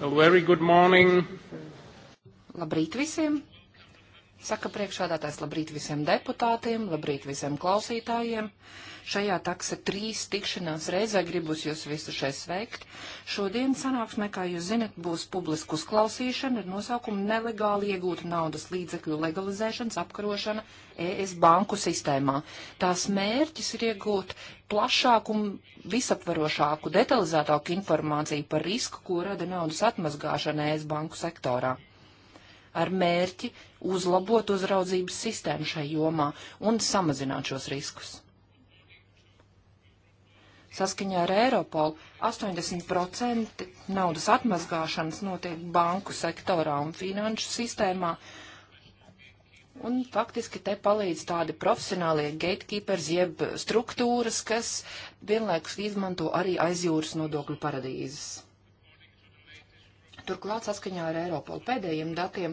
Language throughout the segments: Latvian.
A very good morning. Labrīt visiem. Saka priekšādātājs labrīt visiem deputātiem, labrīt visiem klausītājiem. Šajā taksa trīs tikšanās reizē gribus jūs visu šeit sveikt. Šodien sanāksmē, kā jūs zinat, būs publisku uzklausīšana ar nosaukumu nelegāli iegūta naudas līdzekļu legalizēšanas apkarošana ES banku sistēmā. Tās mērķis ir iegūt plašāku un visapvarošāku, detalizētāku informāciju par risku, ko rada naudas atmazgāšana ES banku sektorā ar mērķi uzlabot uzraudzības sistēmu šai jomā un samazināt šos riskus. Saskaņā ar Eiropolu 80% naudas atmazgāšanas notiek banku sektorā un finanšu sistēmā, un faktiski te palīdz tādi profesionālie gatekeepers jeb struktūras, kas vienlaikus izmanto arī aizjūras nodokļu paradīzes. Turklāt saskaņā ar Eiropolu pēdējiem datiem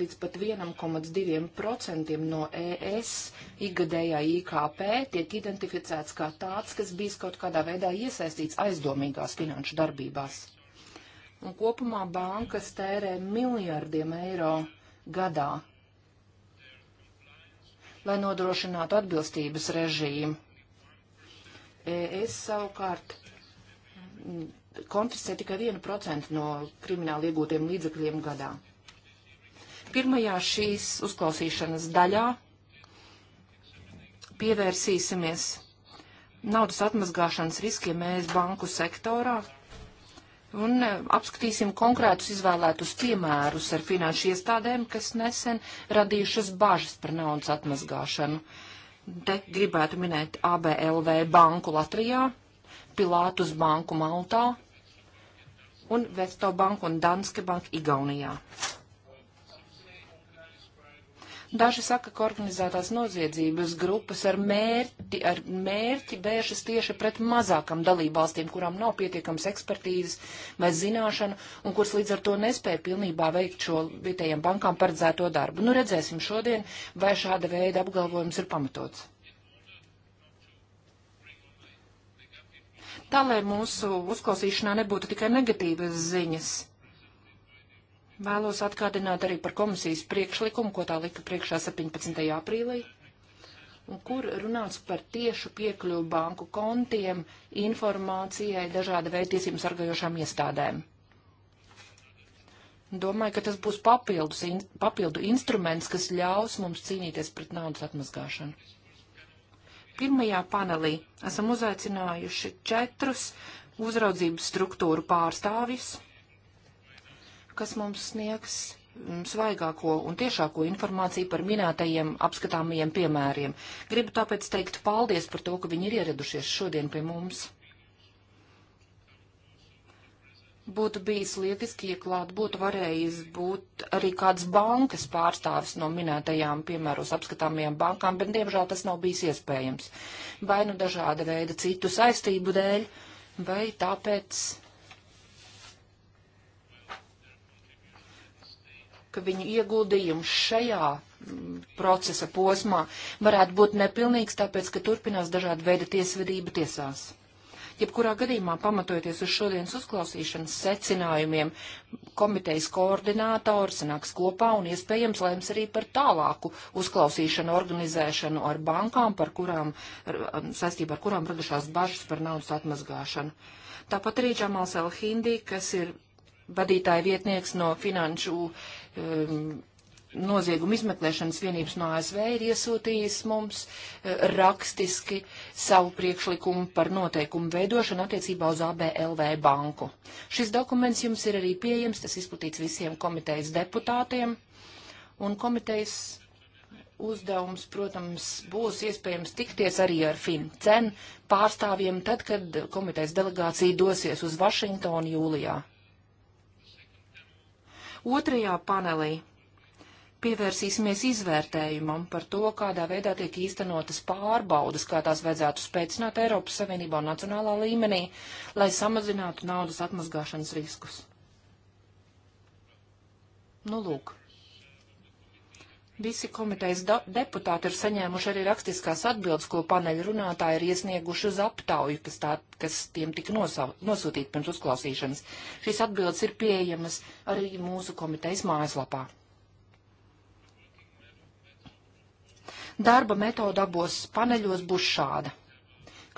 līdz pat 1,2% no ES ikgadējā IKP tiek identificēts kā tāds, kas bijis kaut kādā veidā iesaistīts aizdomīgās finanšu darbībās. Un kopumā bankas tērē miljardiem eiro gadā, lai nodrošinātu atbilstības režīmu. ES savukārt konfiscē tikai 1% no krimināli iegūtiem līdzekļiem gadā. Pirmajā šīs uzklausīšanas daļā pievērsīsimies naudas atmazgāšanas riskiem ES banku sektorā un e, apskatīsim konkrētus izvēlētus piemērus ar finanšu iestādēm, kas nesen radījušas bažas par naudas atmazgāšanu. Te gribētu minēt ABLV banku Latvijā, Pilātus banku Maltā, un Vesto banku un Danske banku Igaunijā. Daži saka, ka organizētās noziedzības grupas ar mērķi, ar mērķi vēršas tieši pret mazākam dalībvalstīm, kurām nav pietiekams ekspertīzes vai zināšana, un kuras līdz ar to nespēja pilnībā veikt šo vietējiem bankām paredzēto darbu. Nu, redzēsim šodien, vai šāda veida apgalvojums ir pamatots. tā lai mūsu uzklausīšanā nebūtu tikai negatīvas ziņas. Vēlos atgādināt arī par komisijas priekšlikumu, ko tā lika priekšā 17. aprīlī, un kur runāts par tiešu piekļuvu banku kontiem, informācijai, dažāda veida tiesību sargājošām iestādēm. Domāju, ka tas būs papildus, in, papildu instruments, kas ļaus mums cīnīties pret naudas atmazgāšanu. Pirmajā panelī esam uzaicinājuši četrus uzraudzības struktūru pārstāvjus, kas mums sniegs mm, svaigāko un tiešāko informāciju par minētajiem apskatāmajiem piemēriem. Gribu tāpēc teikt paldies par to, ka viņi ir ieradušies šodien pie mums. būtu bijis lieliski, ja klāt būtu varējis būt arī kāds bankas pārstāvis no minētajām, piemēros apskatāmajām bankām, bet diemžēl tas nav bijis iespējams. Vai nu dažāda veida citu saistību dēļ, vai tāpēc, ka viņu ieguldījums šajā mm, procesa posmā varētu būt nepilnīgs, tāpēc, ka turpinās dažāda veida tiesvedība tiesās. Jebkurā gadījumā, pamatojoties uz šodienas uzklausīšanas secinājumiem, komitejas koordinātori sanāks kopā un iespējams lēms arī par tālāku uzklausīšanu organizēšanu ar bankām, par kurām, saistībā ar kurām radušās bažas par naudas atmazgāšanu. Tāpat arī Džamals Elhindi, kas ir vadītāja vietnieks no finanšu um, nozieguma izmeklēšanas vienības no ASV ir iesūtījis mums eh, rakstiski savu priekšlikumu par noteikumu veidošanu attiecībā uz ABLV banku. Šis dokuments jums ir arī pieejams, tas izplatīts visiem komitejas deputātiem, un komitejas uzdevums, protams, būs iespējams tikties arī ar FinCEN pārstāvjiem tad, kad komitejas delegācija dosies uz Vašingtonu jūlijā. Otrajā panelī pievērsīsimies izvērtējumam par to, kādā veidā tiek īstenotas pārbaudas, kā tās vajadzētu spēcināt Eiropas Savienībā un nacionālā līmenī, lai samazinātu naudas atmazgāšanas riskus. Nu, lūk. Visi komitejas deputāti ir saņēmuši arī rakstiskās atbildes, ko paneļa runātāji ir iesnieguši uz aptauju, kas, tā, kas tiem tika nosūtīta pirms uzklausīšanas. Šīs atbildes ir pieejamas arī mūsu komitejas mājaslapā. Darba metoda abos paneļos būs šāda.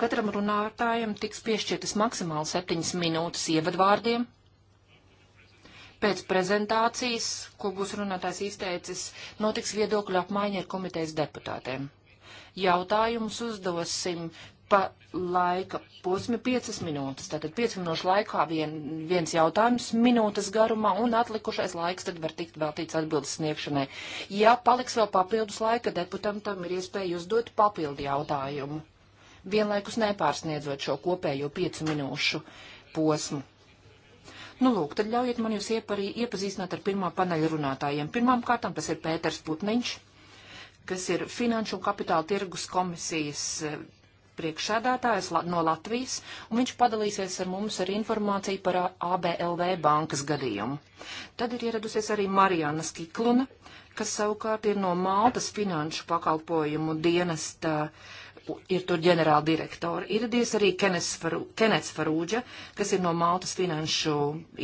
Katram runātājam tiks piešķirtas maksimāli septiņas minūtes ievadvārdiem. Pēc prezentācijas, ko būs runātājs izteicis, notiks viedokļu apmaiņa ar komitejas deputātiem jautājumus uzdosim pa laika posmi 5 minūtes. Tātad 5 minūšu laikā vien, viens jautājums minūtes garumā un atlikušais laiks tad var tikt veltīts atbildes sniegšanai. Ja paliks vēl papildus laika, deputantam ir iespēja uzdot papildu jautājumu, vienlaikus nepārsniedzot šo kopējo 5 minūšu posmu. Nu, lūk, tad ļaujiet man jūs ieparī, iepazīstināt ar pirmā paneļa runātājiem. Pirmām kārtām tas ir Pēters Putniņš, kas ir Finanšu un Kapitāla tirgus komisijas eh, priekšsēdētājs no Latvijas, un viņš padalīsies ar mums ar informāciju par ABLV bankas gadījumu. Tad ir ieradusies arī Marijana Skikluna, kas savukārt ir no Maltas finanšu pakalpojumu dienesta uh, ir tur ģenerāla direktora. Ieradies arī Kenets Farūģa, kas ir no Maltas finanšu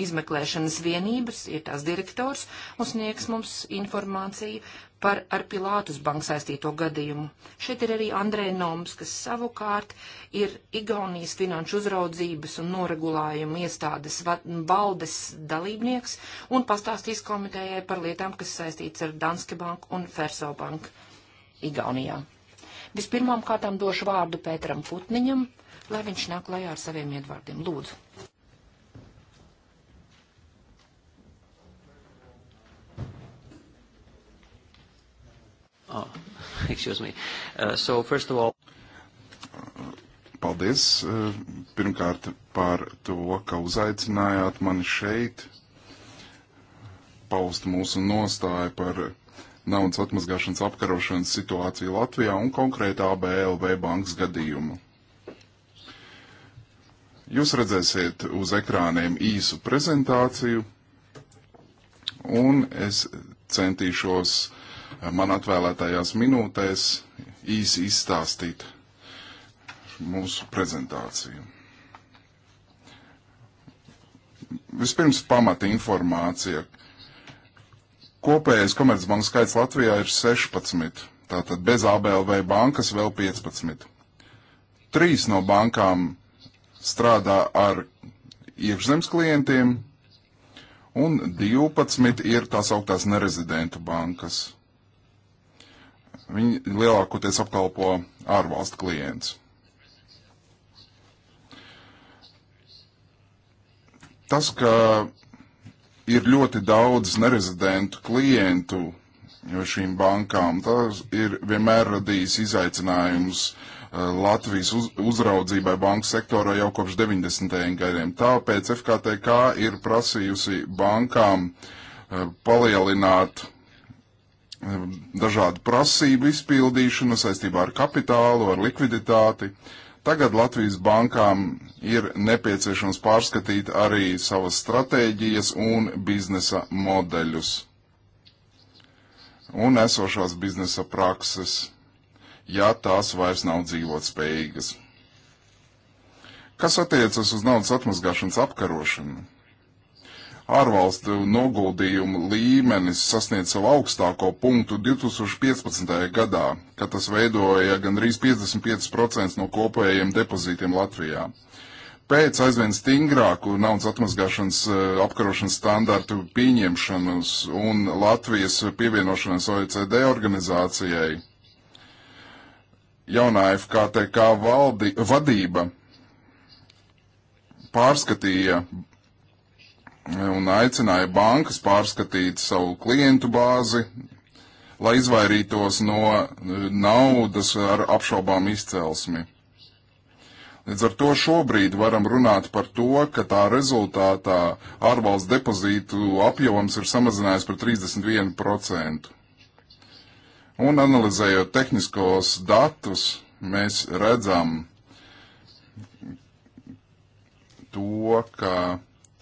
izmeklēšanas vienības, ir tās direktors, un sniegs mums informāciju par ar Pilātus banku saistīto gadījumu. Šeit ir arī Andrē Noms, kas savukārt ir Igaunijas finanšu uzraudzības un noregulājuma iestādes valdes dalībnieks un pastāstīs komitējai par lietām, kas saistīts ar Danske banku un Ferso banku Igaunijā. Vispirmām kārtām došu vārdu Pēteram Futniņam, lai viņš nāk lajā ar saviem iedvārdiem. Lūdzu. Oh, excuse me. Uh, so first of all. Paldies uh, pirmkārt par to, ka uzaicinājāt mani šeit paust mūsu nostāju par naudas atmazgāšanas apkarošanas situāciju Latvijā un konkrēti ABLV bankas gadījumu. Jūs redzēsiet uz ekrāniem īsu prezentāciju, un es centīšos eh, man atvēlētajās minūtēs īsi izstāstīt mūsu prezentāciju. Vispirms pamata informācija, Kopējais komercbanku skaits Latvijā ir 16, tātad bez ABLV bankas vēl 15. Trīs no bankām strādā ar iekšzemes klientiem, un 12 ir tās augtās nerezidentu bankas. Viņi lielākoties apkalpo ārvalstu klients. Tas, ka ir ļoti daudz nerezidentu klientu šīm bankām. Tas ir vienmēr radījis izaicinājums eh, Latvijas uz, uzraudzībai banku sektorā jau kopš 90. gadiem. Tāpēc FKTK ir prasījusi bankām eh, palielināt eh, dažādu prasību izpildīšanu saistībā ar kapitālu, ar likviditāti. Uh, Tagad Latvijas bankām ir nepieciešams pārskatīt arī savas stratēģijas un biznesa modeļus un esošās biznesa prakses, ja tās vairs nav dzīvot spējīgas. Kas attiecas uz naudas atmazgāšanas apkarošanu? ārvalstu noguldījumu līmenis sasniedz savu augstāko punktu 2015. gadā, kad tas veidoja gandrīz 55% no kopējiem depozītiem Latvijā. Pēc aizvien stingrāku naudas atmazgāšanas eh, apkarošanas standartu pieņemšanas un Latvijas pievienošanas OECD organizācijai jaunā FKTK valdi, vadība pārskatīja un aicināja bankas pārskatīt savu klientu bāzi, lai izvairītos no e, naudas ar apšaubām izcelsmi. Līdz ar to šobrīd varam runāt par to, ka tā rezultātā ārvalsts depozītu apjoms ir samazinājies par 31%. Un analizējot tehniskos datus, mēs redzam to, ka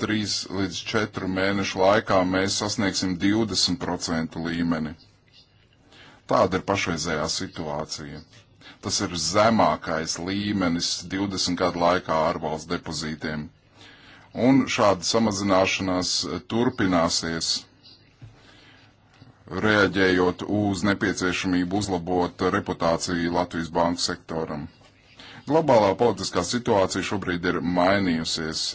3 līdz 4 mēnešu laikā mēs sasniegsim 20% līmeni. Tāda ir pašreizējā situācija. Tas ir zemākais līmenis 20 gadu laikā ārvalsts depozītiem. Un šāda samazināšanās eh, turpināsies, reaģējot uz nepieciešamību uzlabot reputāciju Latvijas banku sektoram. Globālā politiskā situācija šobrīd ir mainījusies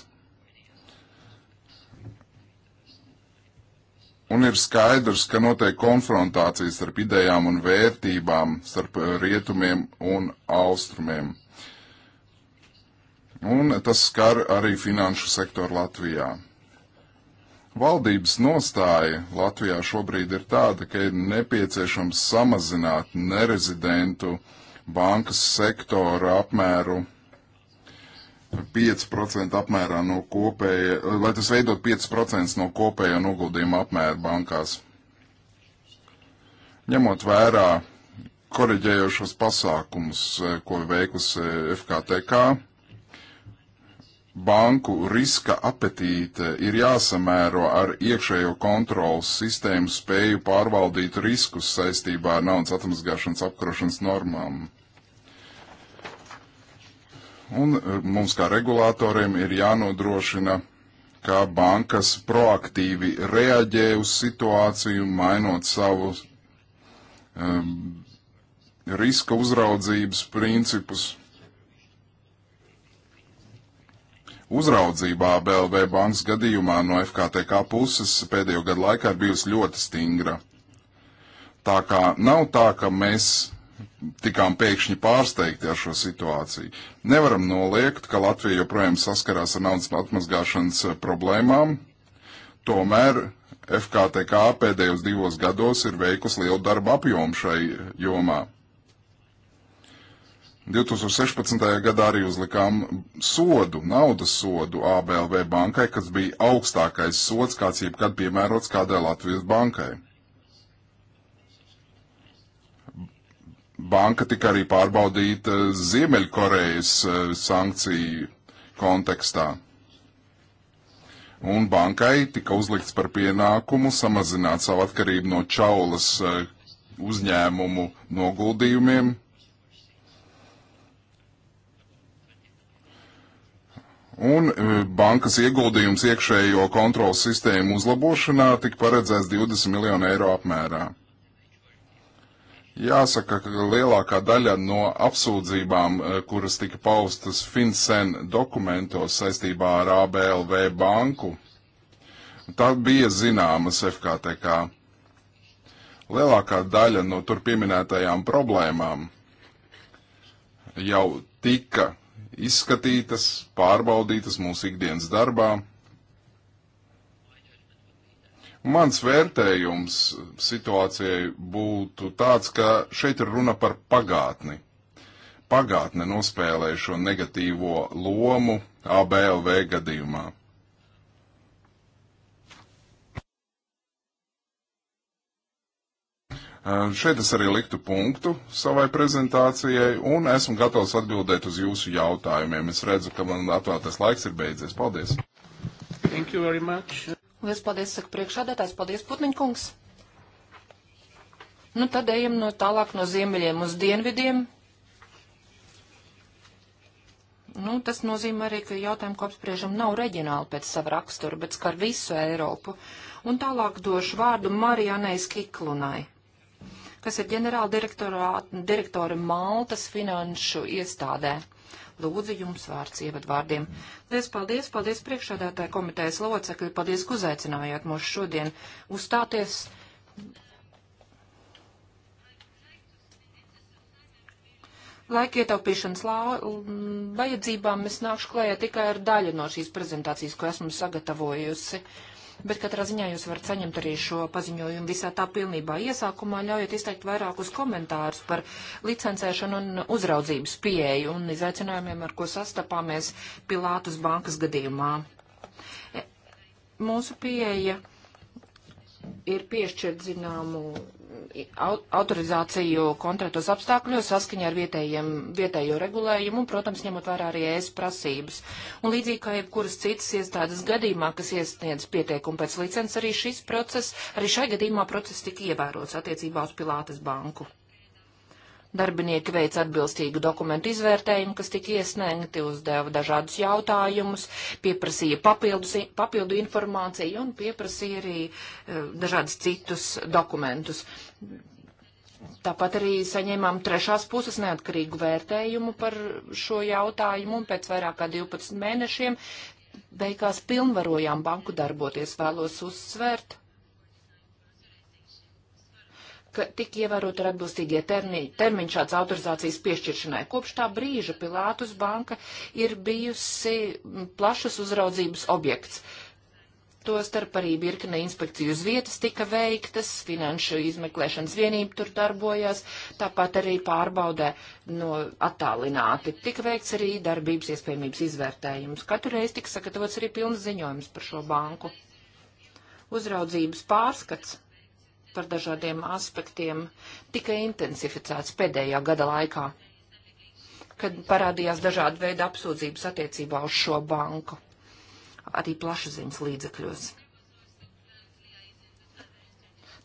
Un ir skaidrs, ka notiek konfrontācijas starp idejām un vērtībām, starp eh, rietumiem un austrumiem. Un tas skar arī finanšu sektoru Latvijā. Valdības nostāja Latvijā šobrīd ir tāda, ka ir nepieciešams samazināt nerezidentu bankas sektora apmēru 5% apmērā no kopēja, lai tas veidot 5% no kopējā noguldījuma apmēra bankās. Ņemot vērā koreģējošos pasākumus, eh, ko veikusi eh, FKTK, banku riska apetīte ir jāsamēro ar iekšējo kontrolas sistēmu spēju pārvaldīt riskus saistībā ar naudas atmazgāšanas apkarošanas normām. Un e, mums kā regulātoriem ir jānodrošina, ka bankas proaktīvi reaģē uz situāciju, mainot savu um, riska uzraudzības principus. Uzraudzībā BLV bankas gadījumā no FKTK puses pēdējo gadu laikā ir bijusi ļoti stingra. Tā kā nav tā, ka mēs tikām pēkšņi pārsteigti ar šo situāciju. Nevaram noliegt, ka Latvija joprojām saskarās ar naudas atmazgāšanas eh, problēmām, tomēr FKTK pēdējos divos gados ir veikusi lielu darbu apjomu šai jomā. 2016. gadā arī uzlikām sodu, naudas sodu ABLV bankai, kas bija augstākais sods, kāds jebkad piemērots kādai Latvijas bankai. banka tika arī pārbaudīta Ziemeļkorejas e, sankciju kontekstā. Un bankai tika uzlikts par pienākumu samazināt savu atkarību no čaulas e, uzņēmumu noguldījumiem. Un e, bankas ieguldījums iekšējo kontrolas sistēmu uzlabošanā tika paredzēts 20 miljonu eiro apmērā. Jāsaka, ka lielākā daļa no apsūdzībām, eh, kuras tika paustas FinCEN dokumentos saistībā ar ABLV banku, tā bija zināmas FKTK. Lielākā daļa no tur pieminētajām problēmām jau tika izskatītas, pārbaudītas mūsu ikdienas darbā. Mans vērtējums situācijai būtu tāds, ka šeit ir runa par pagātni. Pagātne nospēlē šo negatīvo lomu ABLV gadījumā. Šeit es arī liktu punktu savai prezentācijai un esmu gatavs atbildēt uz jūsu jautājumiem. Es redzu, ka man atvēlētais laiks ir beidzies. Paldies! Thank you very much. Lielas paldies, saka priekšādātājs. Paldies, Putniņkungs. Nu, tad ejam no tālāk no ziemeļiem uz dienvidiem. Nu, tas nozīmē arī, ka jautājumu, ko apspriežam, nav reģionāli pēc sava rakstura, bet skar visu Eiropu. Un tālāk došu vārdu Marijanai Skiklunai, kas ir ģenerāla direktora Maltas finanšu iestādē. Lūdzu, jums vārds ievadvārdiem. Lies paldies, paldies priekšādātāju komitejas locekļi, paldies, ka uzaicinājāt mūs šodien uzstāties. Laika ietaupīšanas vajadzībām es nākšu klējā tikai ar daļu no šīs prezentācijas, ko esmu sagatavojusi. Uh, bet katrā ziņā jūs varat saņemt arī šo paziņojumu visā tā pilnībā. Iesākumā ļaujiet izteikt vairākus komentārus par licencēšanu un uzraudzības pieeju un izaicinājumiem, ar ko sastapāmies Pilātus bankas gadījumā. E, mūsu pieeja ir piešķirt zināmu autorizāciju konkrētos apstākļos saskaņā ar vietējiem, vietējo regulējumu un, protams, ņemot vērā arī ES prasības. Un līdzīgi kā jebkuras citas iestādes gadījumā, kas iesniedz pieteikumu pēc licences, arī šis process, arī šai gadījumā process tika ievērots attiecībā uz Pilātes banku. Darbinieki veica atbilstīgu dokumentu izvērtējumu, kas tika iesniegti, uzdeva dažādus jautājumus, pieprasīja papildus, papildu informāciju un pieprasīja arī uh, dažādus citus dokumentus. Tāpat arī saņēmām trešās puses neatkarīgu vērtējumu par šo jautājumu un pēc vairāk kā 12 mēnešiem beigās pilnvarojām banku darboties, vēlos uzsvērt ka tik ievērot ir atbilstīgie termi, termiņi šāds autorizācijas piešķiršanai. Kopš tā brīža Pilātus banka ir bijusi plašas uzraudzības objekts. Tostarp arī virkne inspekciju uz vietas tika veiktas, finanšu izmeklēšanas vienība tur darbojās, tāpat arī pārbaudē no attālināti. Tika veikts arī darbības iespējamības izvērtējums. Katru reizi tika sagatavots arī pilns ziņojums par šo banku. Uzraudzības pārskats par dažādiem aspektiem tikai intensificēts pēdējā gada laikā, kad parādījās dažādi veidi apsūdzības attiecībā uz šo banku, arī plašsaziņas līdzekļos.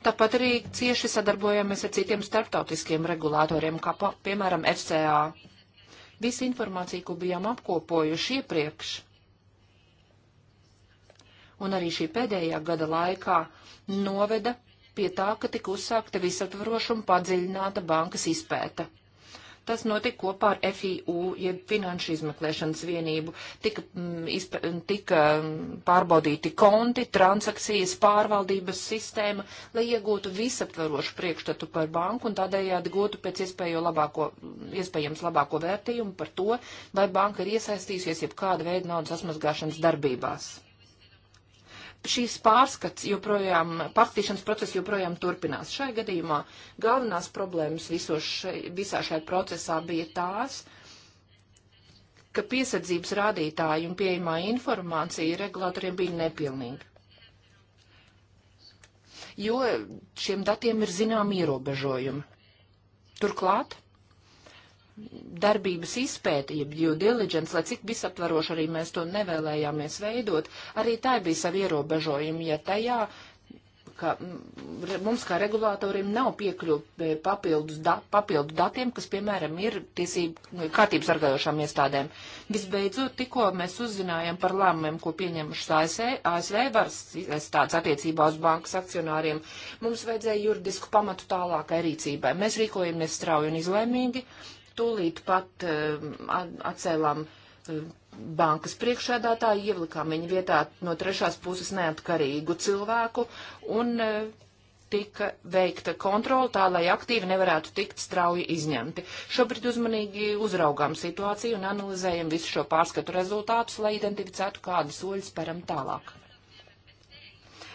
Tāpat arī cieši sadarbojamies ar citiem starptautiskiem regulātoriem, kā pa, piemēram FCA. Visa informācija, ko bijām apkopojuši iepriekš, un arī šī pēdējā gada laikā noveda pie tā, ka tika uzsākta visaptvaroša un padziļināta bankas izpēta. Tas notika kopā ar FIU, jeb ja Finanšu izmeklēšanas vienību. Tika, mm, izpē, tika pārbaudīti konti, transakcijas, pārvaldības sistēma, lai iegūtu visaptvarošu priekšstatu par banku un tādējādi gūtu pēc labāko, iespējams labāko vērtījumu par to, vai banka ir iesaistījusies jeb kāda veida naudas atmazgāšanas darbībās šīs pārskats joprojām, pārskatīšanas process joprojām turpinās. Šai gadījumā galvenās problēmas šai, visā šai procesā bija tās, ka piesardzības rādītāji un pieejamā informācija regulatoriem bija nepilnīga. Jo šiem datiem ir zinām ierobežojumi. Turklāt darbības izpēti, jeb due diligence, lai cik visaptvaroši arī mēs to nevēlējāmies veidot, arī tā bija savi ierobežojumi, ja tajā, ka mm, mums kā regulātoriem nav piekļuvi eh, papildus, da, papildu datiem, kas, piemēram, ir tiesību kārtības argājošām iestādēm. Visbeidzot, tikko mēs uzzinājām par lēmumiem, ko pieņemušas ASV, e, ASV varas iestādes attiecībā uz bankas akcionāriem, mums vajadzēja juridisku pamatu tālākai rīcībai. Mēs rīkojamies strauji un izlēmīgi, Tūlīt pat ehm, atcēlām ehm, bankas priekšēdātāju, ievlikām viņa vietā no trešās puses neatkarīgu cilvēku un ehm, tika veikta kontrola tā, lai aktīvi nevarētu tikt strauji izņemti. Šobrīd uzmanīgi uzraugām situāciju un analizējam visu šo pārskatu rezultātus, lai identificētu, kādas soļas peram tālāk.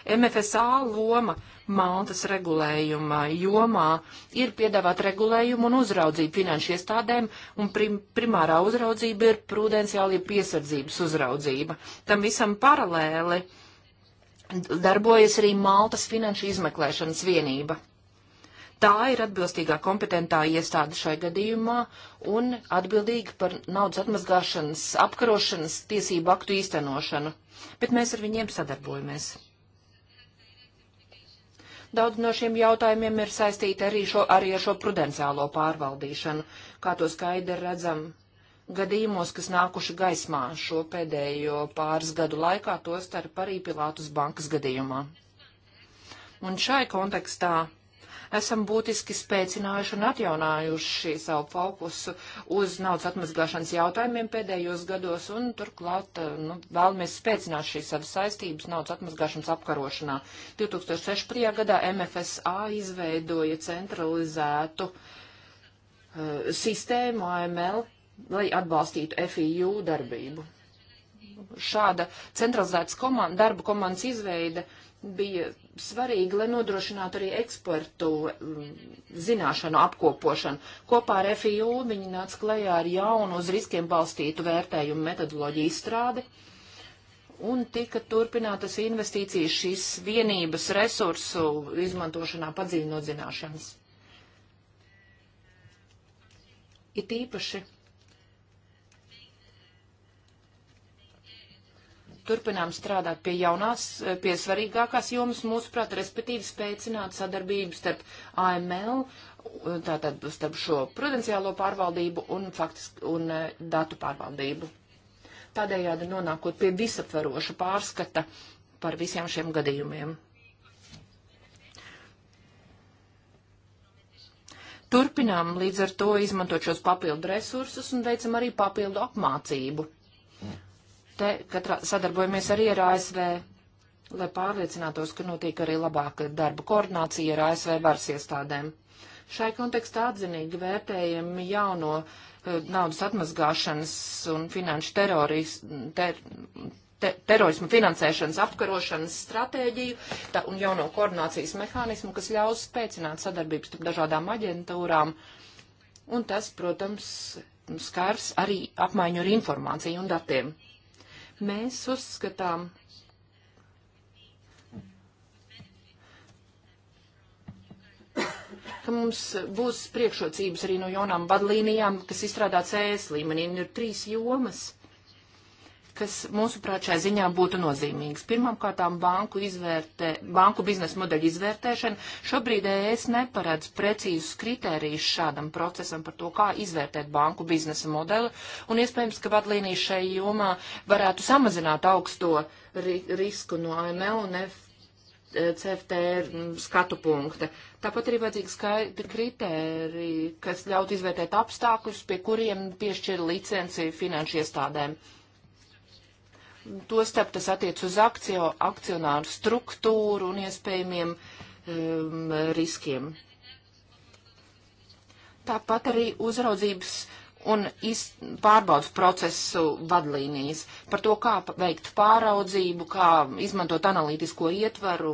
MFSA loma Maltas regulējuma jomā ir piedāvāt regulējumu un uzraudzību finanšu iestādēm, un prim, primārā uzraudzība ir prudenciālie piesardzības uzraudzība. Tam visam paralēli darbojas arī Maltas finanšu izmeklēšanas vienība. Tā ir atbilstīgā kompetentā iestāde šai gadījumā un atbildīga par naudas atmazgāšanas, apkarošanas tiesību aktu īstenošanu, bet mēs ar viņiem sadarbojamies. Daudz no šiem jautājumiem ir saistīti arī, šo, arī ar šo prudenciālo pārvaldīšanu, kā to skaidri redzam gadījumos, kas nākuši gaismā šo pēdējo pāris gadu laikā, to starp arī Pilātus bankas gadījumā. Un šai kontekstā esam būtiski spēcinājuši un atjaunājuši savu fokusu uz naudas atmazgāšanas jautājumiem pēdējos gados, un turklāt eh, nu, vēlamies spēcināt šīs savas saistības naudas atmazgāšanas apkarošanā. 2006. gadā MFSA izveidoja centralizētu uh, sistēmu AML, lai atbalstītu FIU darbību. Šāda centralizētas komanda, darba komandas izveida uh, bija svarīgi, lai nodrošinātu arī ekspertu mm, zināšanu apkopošanu. Kopā ar FIU viņi nāca klajā ar jaunu uz riskiem balstītu vērtējumu metodoloģiju izstrādi un tika turpinātas investīcijas šīs vienības resursu izmantošanā padziļinot zināšanas. It īpaši turpinām strādāt pie jaunās, eh, pie svarīgākās jomas, mūsuprāt, respektīvi spēcināt sadarbību starp AML, tātad starp šo prudenciālo pārvaldību un, faktiski, un eh, datu pārvaldību. Tādējādi nonākot pie visaptveroša pārskata par visiem šiem gadījumiem. Turpinām līdz ar to izmantot šos papildu resursus un veicam arī papildu apmācību Te katrā sadarbojamies arī ar ASV, lai pārliecinātos, ka notiek arī labāka darba koordinācija ar ASV varas iestādēm. Šai kontekstā atzinīgi vērtējam jauno uh, naudas atmazgāšanas un finanšu teroris, ter, te, terorismu finansēšanas apkarošanas stratēģiju tā, un jauno koordinācijas mehānismu, kas ļaus spēcināt sadarbības starp dažādām aģentūrām. Un tas, protams, skars arī apmaiņu ar informāciju un datiem. Mēs uzskatām, ka mums būs priekšrocības arī no jaunām vadlīnijām, kas izstrādāts ES līmenī. Un ir trīs jomas kas mūsuprāt šai ziņā būtu nozīmīgas. Pirmkārtām banku, izvērtē, banku biznesa modeļu izvērtēšana. Šobrīd ES neparedz precīzus kritērijus šādam procesam par to, kā izvērtēt banku biznesa modeli, un iespējams, ka vadlīnijas šai jomā varētu samazināt augsto ri risku no AML un F. CFT skatu punkta. Tāpat arī vajadzīgi skaidri kritēriji, kas ļaut izvērtēt apstākļus, pie kuriem piešķir licenciju finanšu iestādēm. Uh, Tostarp tas attiec uz akcio, akcionāru struktūru un iespējamiem um, riskiem. Tāpat arī uzraudzības un pārbaudas procesu vadlīnijas par to, kā veikt pāraudzību, kā izmantot analītisko ietvaru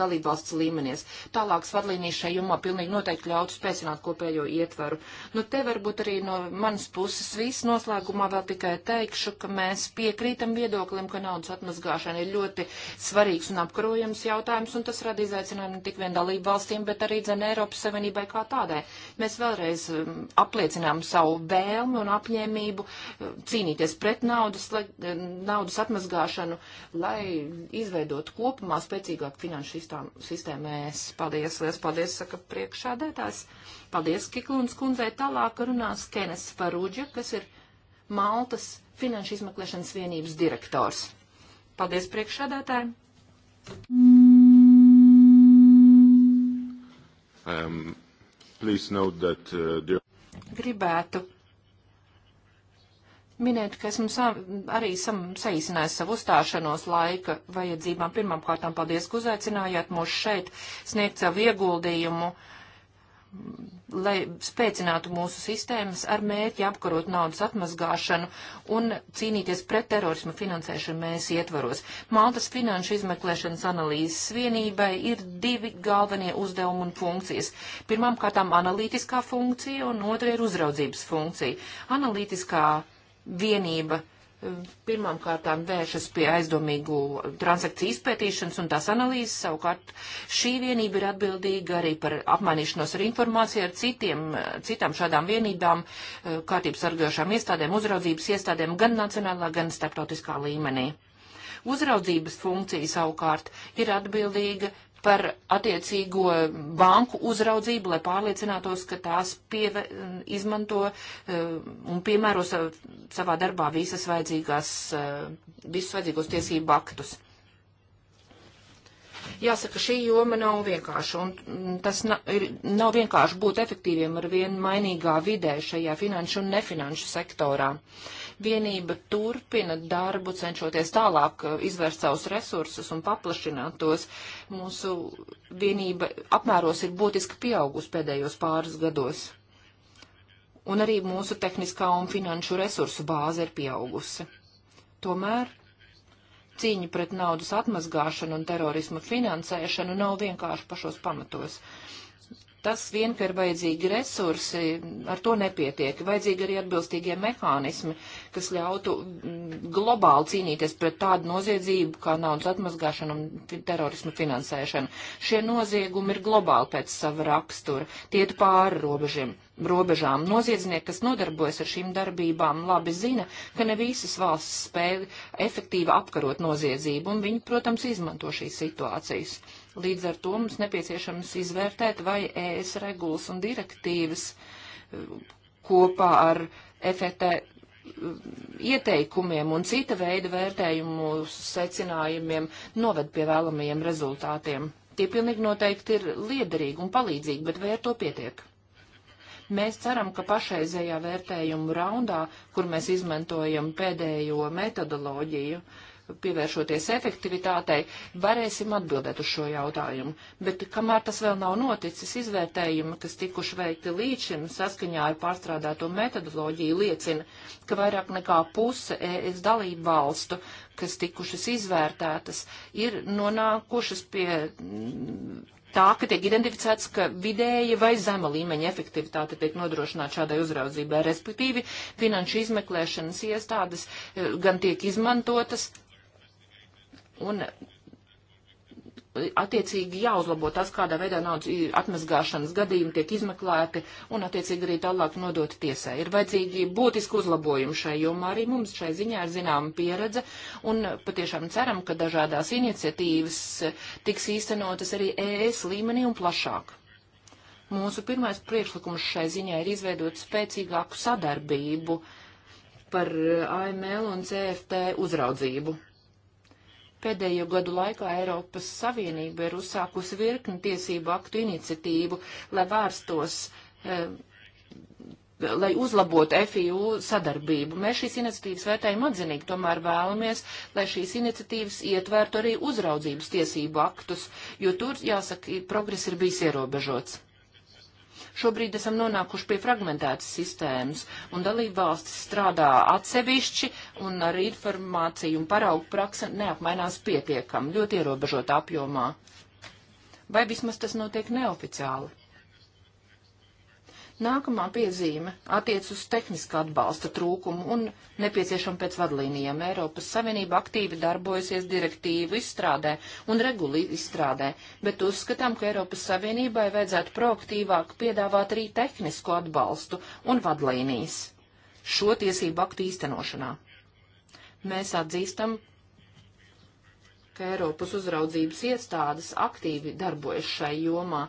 dalībvalsts līmenies. Tālākas vadlīnijas šai jomā pilnīgi noteikti ļautu spēcināt kopējo ietvaru. Nu, te varbūt arī no manas puses viss noslēgumā vēl tikai teikšu, ka mēs piekrītam viedoklim, ka naudas atmazgāšana ir ļoti svarīgs un apkarojams jautājums, un tas rada izaicinājumu ne tik vien dalībvalstīm, bet arī dzen Eiropas Savienībai kā tādai. Mēs vēlreiz um, apliecinām savu vērtību vēlmi un apņēmību eh, cīnīties pret naudas, eh, naudas atmazgāšanu, lai izveidotu kopumā spēcīgāku finanšu sistēmu. Paldies, liels paldies, saka priekšādētājs. Paldies, Kiklunas kundzei. Tālāk runās Kenes Farūģa, kas ir Maltas finanšu izmeklēšanas vienības direktors. Paldies priekšādētājiem. Um, please note that uh, the... Gribētu minēt, ka esmu sa arī sam saīsinājis savu uzstāšanos laika vajadzībām. Pirmām kārtām paldies, ka uzaicinājāt mūs šeit sniegt savu ieguldījumu, lai spēcinātu mūsu sistēmas ar mērķi apkarot naudas atmazgāšanu un cīnīties pret terorismu finansēšanu mēs ietvaros. Maltas finanšu izmeklēšanas analīzes vienībai ir divi galvenie uzdevumi un funkcijas. Pirmām kārtām analītiskā funkcija un otra ir uzraudzības funkcija. Analītiskā vienība eh, pirmām kārtām vēršas pie aizdomīgu transakciju izpētīšanas un tās analīzes. Savukārt šī vienība ir atbildīga arī par apmainīšanos ar informāciju ar citiem, eh, citām šādām vienībām, eh, kārtības sargājušām iestādēm, uzraudzības iestādēm gan nacionālā, gan starptautiskā līmenī. Uzraudzības funkcija savukārt ir atbildīga par attiecīgo banku uzraudzību, lai pārliecinātos, ka tās pieve, izmanto uh, un piemēro sav, savā darbā visas vajadzīgās, uh, visus vajadzīgos tiesību aktus. Jāsaka, šī joma nav vienkārša, un mm, tas nav, ir, nav vienkārši būt efektīviem ar vien mainīgā vidē šajā finanšu un nefinanšu sektorā. Uh, vienība turpina darbu, cenšoties tālāk eh, izvērst savus resursus un paplašināt tos. Mūsu vienība apmēros ir būtiski pieaugusi pēdējos pāris gados. Un arī mūsu tehniskā un finanšu resursu bāze ir pieaugusi. Tomēr cīņa pret naudas atmazgāšanu un terorismu finansēšanu nav vienkārši pašos pamatos. Uh, Tas vien, ka ir vajadzīgi resursi, ar to nepietiek. Vajadzīgi arī atbilstīgie mehānismi, kas ļautu mm, globāli cīnīties pret tādu noziedzību kā naudas atmazgāšana un terorismu finansēšana. Šie noziegumi ir globāli pēc sava rakstura. Tie ir pāri robežiem robežām. Noziedznieki, kas nodarbojas ar šīm darbībām, labi zina, ka ne visas valsts spēj efektīvi apkarot noziedzību, un viņi, protams, izmanto šīs situācijas. Līdz ar to mums nepieciešams izvērtēt, vai ES regulas un direktīvas eh, kopā ar FET eh, ieteikumiem un cita veida vērtējumu secinājumiem noved pie vēlamajiem rezultātiem. Tie pilnīgi noteikti ir liederīgi un palīdzīgi, bet vai ar to pietiek? Mēs ceram, ka pašreizējā vērtējumu raundā, kur mēs izmantojam pēdējo metodoloģiju, uh, pievēršoties efektivitātei, varēsim atbildēt uz šo jautājumu. Bet kamēr tas vēl nav noticis, izvērtējumi, kas tikuši veikti līdz šim saskaņā ar pārstrādāto metodoloģiju, liecina, ka vairāk nekā puse ES dalību valstu, kas tikušas izvērtētas, ir nonākušas pie mm, tā, ka tiek identificēts, ka vidēja vai zema līmeņa efektivitāte tiek nodrošināta šādai uzraudzībai, respektīvi finanšu izmeklēšanas iestādes eh, gan tiek izmantotas, un attiecīgi jāuzlabo tas, kādā veidā naudas atmazgāšanas gadījumi tiek izmeklēti un attiecīgi arī tālāk nodot tiesai. Ir vajadzīgi būtiski uzlabojumi šai jomā. Arī mums šai ziņā ir zināma pieredze un patiešām ceram, ka dažādās iniciatīvas e, tiks īstenotas arī ES līmenī un plašāk. Mūsu pirmais priekšlikums šai ziņā ir izveidot spēcīgāku sadarbību par e, AML un CFT uzraudzību Pēdējo gadu laikā Eiropas Savienība ir uzsākusi virkni tiesību aktu iniciatīvu, lai vērstos, eh, lai uzlabotu FIU sadarbību. Mēs šīs iniciatīvas vērtējam atzinīgi, tomēr vēlamies, lai šīs iniciatīvas ietvērtu arī uzraudzības tiesību aktus, jo tur, jāsaka, progress ir bijis ierobežots. Šobrīd esam nonākuši pie fragmentētas sistēmas, un dalībvalstis strādā atsevišķi, un ar informāciju un paraugu praksa neapmainās pietiekam, ļoti ierobežot apjomā. Vai vismaz tas notiek neoficiāli? Nākamā piezīme attiec uz tehniska atbalsta trūkumu un nepieciešam pēc vadlīnijām. Eiropas Savienība aktīvi darbojasies direktīvu izstrādē un regulu izstrādē, bet uzskatām, ka Eiropas Savienībai vajadzētu proaktīvāk piedāvāt arī tehnisko atbalstu un vadlīnijas šo tiesību aktu īstenošanā. Mēs atzīstam, ka Eiropas uzraudzības iestādes aktīvi darbojas šai jomā,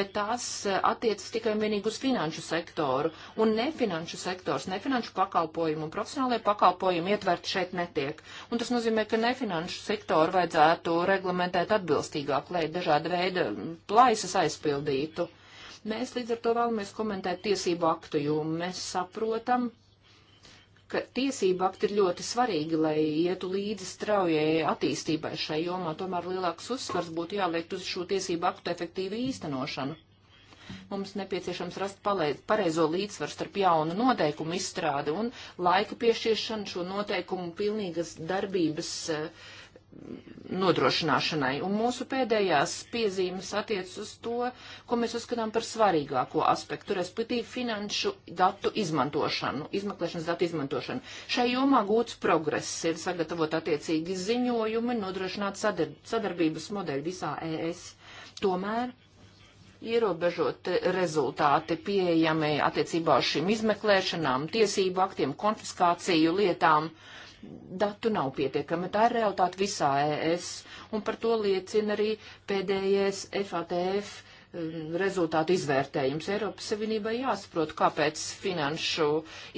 bet tās e, attiecas tikai un vienīgi uz finanšu sektoru, un nefinanšu sektors, nefinanšu pakalpojumu un profesionālajie pakalpojumi ietverti šeit netiek. Un tas nozīmē, ka nefinanšu sektoru vajadzētu reglamentēt atbilstīgāk, lai dažāda veida plaisas aizpildītu. Mēs līdz ar to vēlamies komentēt tiesību aktu, jo mēs saprotam, ka tiesība akti ir ļoti svarīgi, lai ietu līdzi straujai attīstībai šai jomā, tomēr lielāks uzsvars būtu jāliek uz šo tiesību aktu efektīvu īstenošanu. Mums nepieciešams rast palēd, pareizo līdzsvaru starp jaunu noteikumu izstrādi un laika piešķiršanu šo noteikumu pilnīgas darbības uh, nodrošināšanai. Un mūsu pēdējās piezīmes attiec uz to, ko mēs uzskatām par svarīgāko aspektu, respektīvi finanšu datu izmantošanu, izmeklēšanas datu izmantošanu. Šai jomā gūts progress ir sagatavot attiecīgi ziņojumi, nodrošināt sadar sadarbības modeļu visā ES. Tomēr ierobežot rezultāti pieejami attiecībā uz šīm izmeklēšanām, tiesību aktiem, konfiskāciju lietām. Uh, datu nav pietiekami. Tā ir realitāte visā ES, un par to liecina arī pēdējais FATF um, rezultātu izvērtējums. Eiropas Savienībai jāsaprot, kāpēc finanšu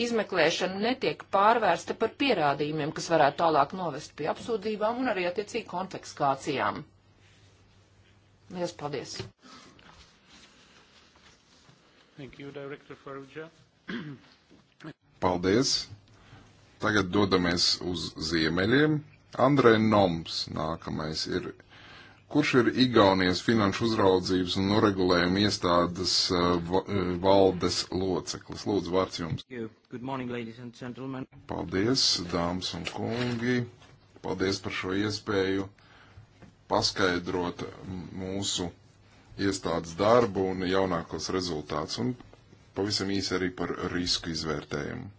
izmeklēšana netiek pārvērsta par pierādījumiem, kas varētu tālāk novest pie apsūdzībām un arī attiecīgi konfiskācijām. Lielas paldies! Thank you, Director Faruja. paldies! Tagad dodamies uz ziemeļiem. Andrei Noms nākamais ir, kurš ir Igaunijas finanšu uzraudzības un noregulējuma iestādes eh, va, eh, valdes loceklis. Lūdzu, vārds jums. Morning, Paldies, dāmas un kungi. Paldies par šo iespēju paskaidrot mūsu iestādes darbu un jaunākos rezultātus un pavisam īsi arī par risku izvērtējumu.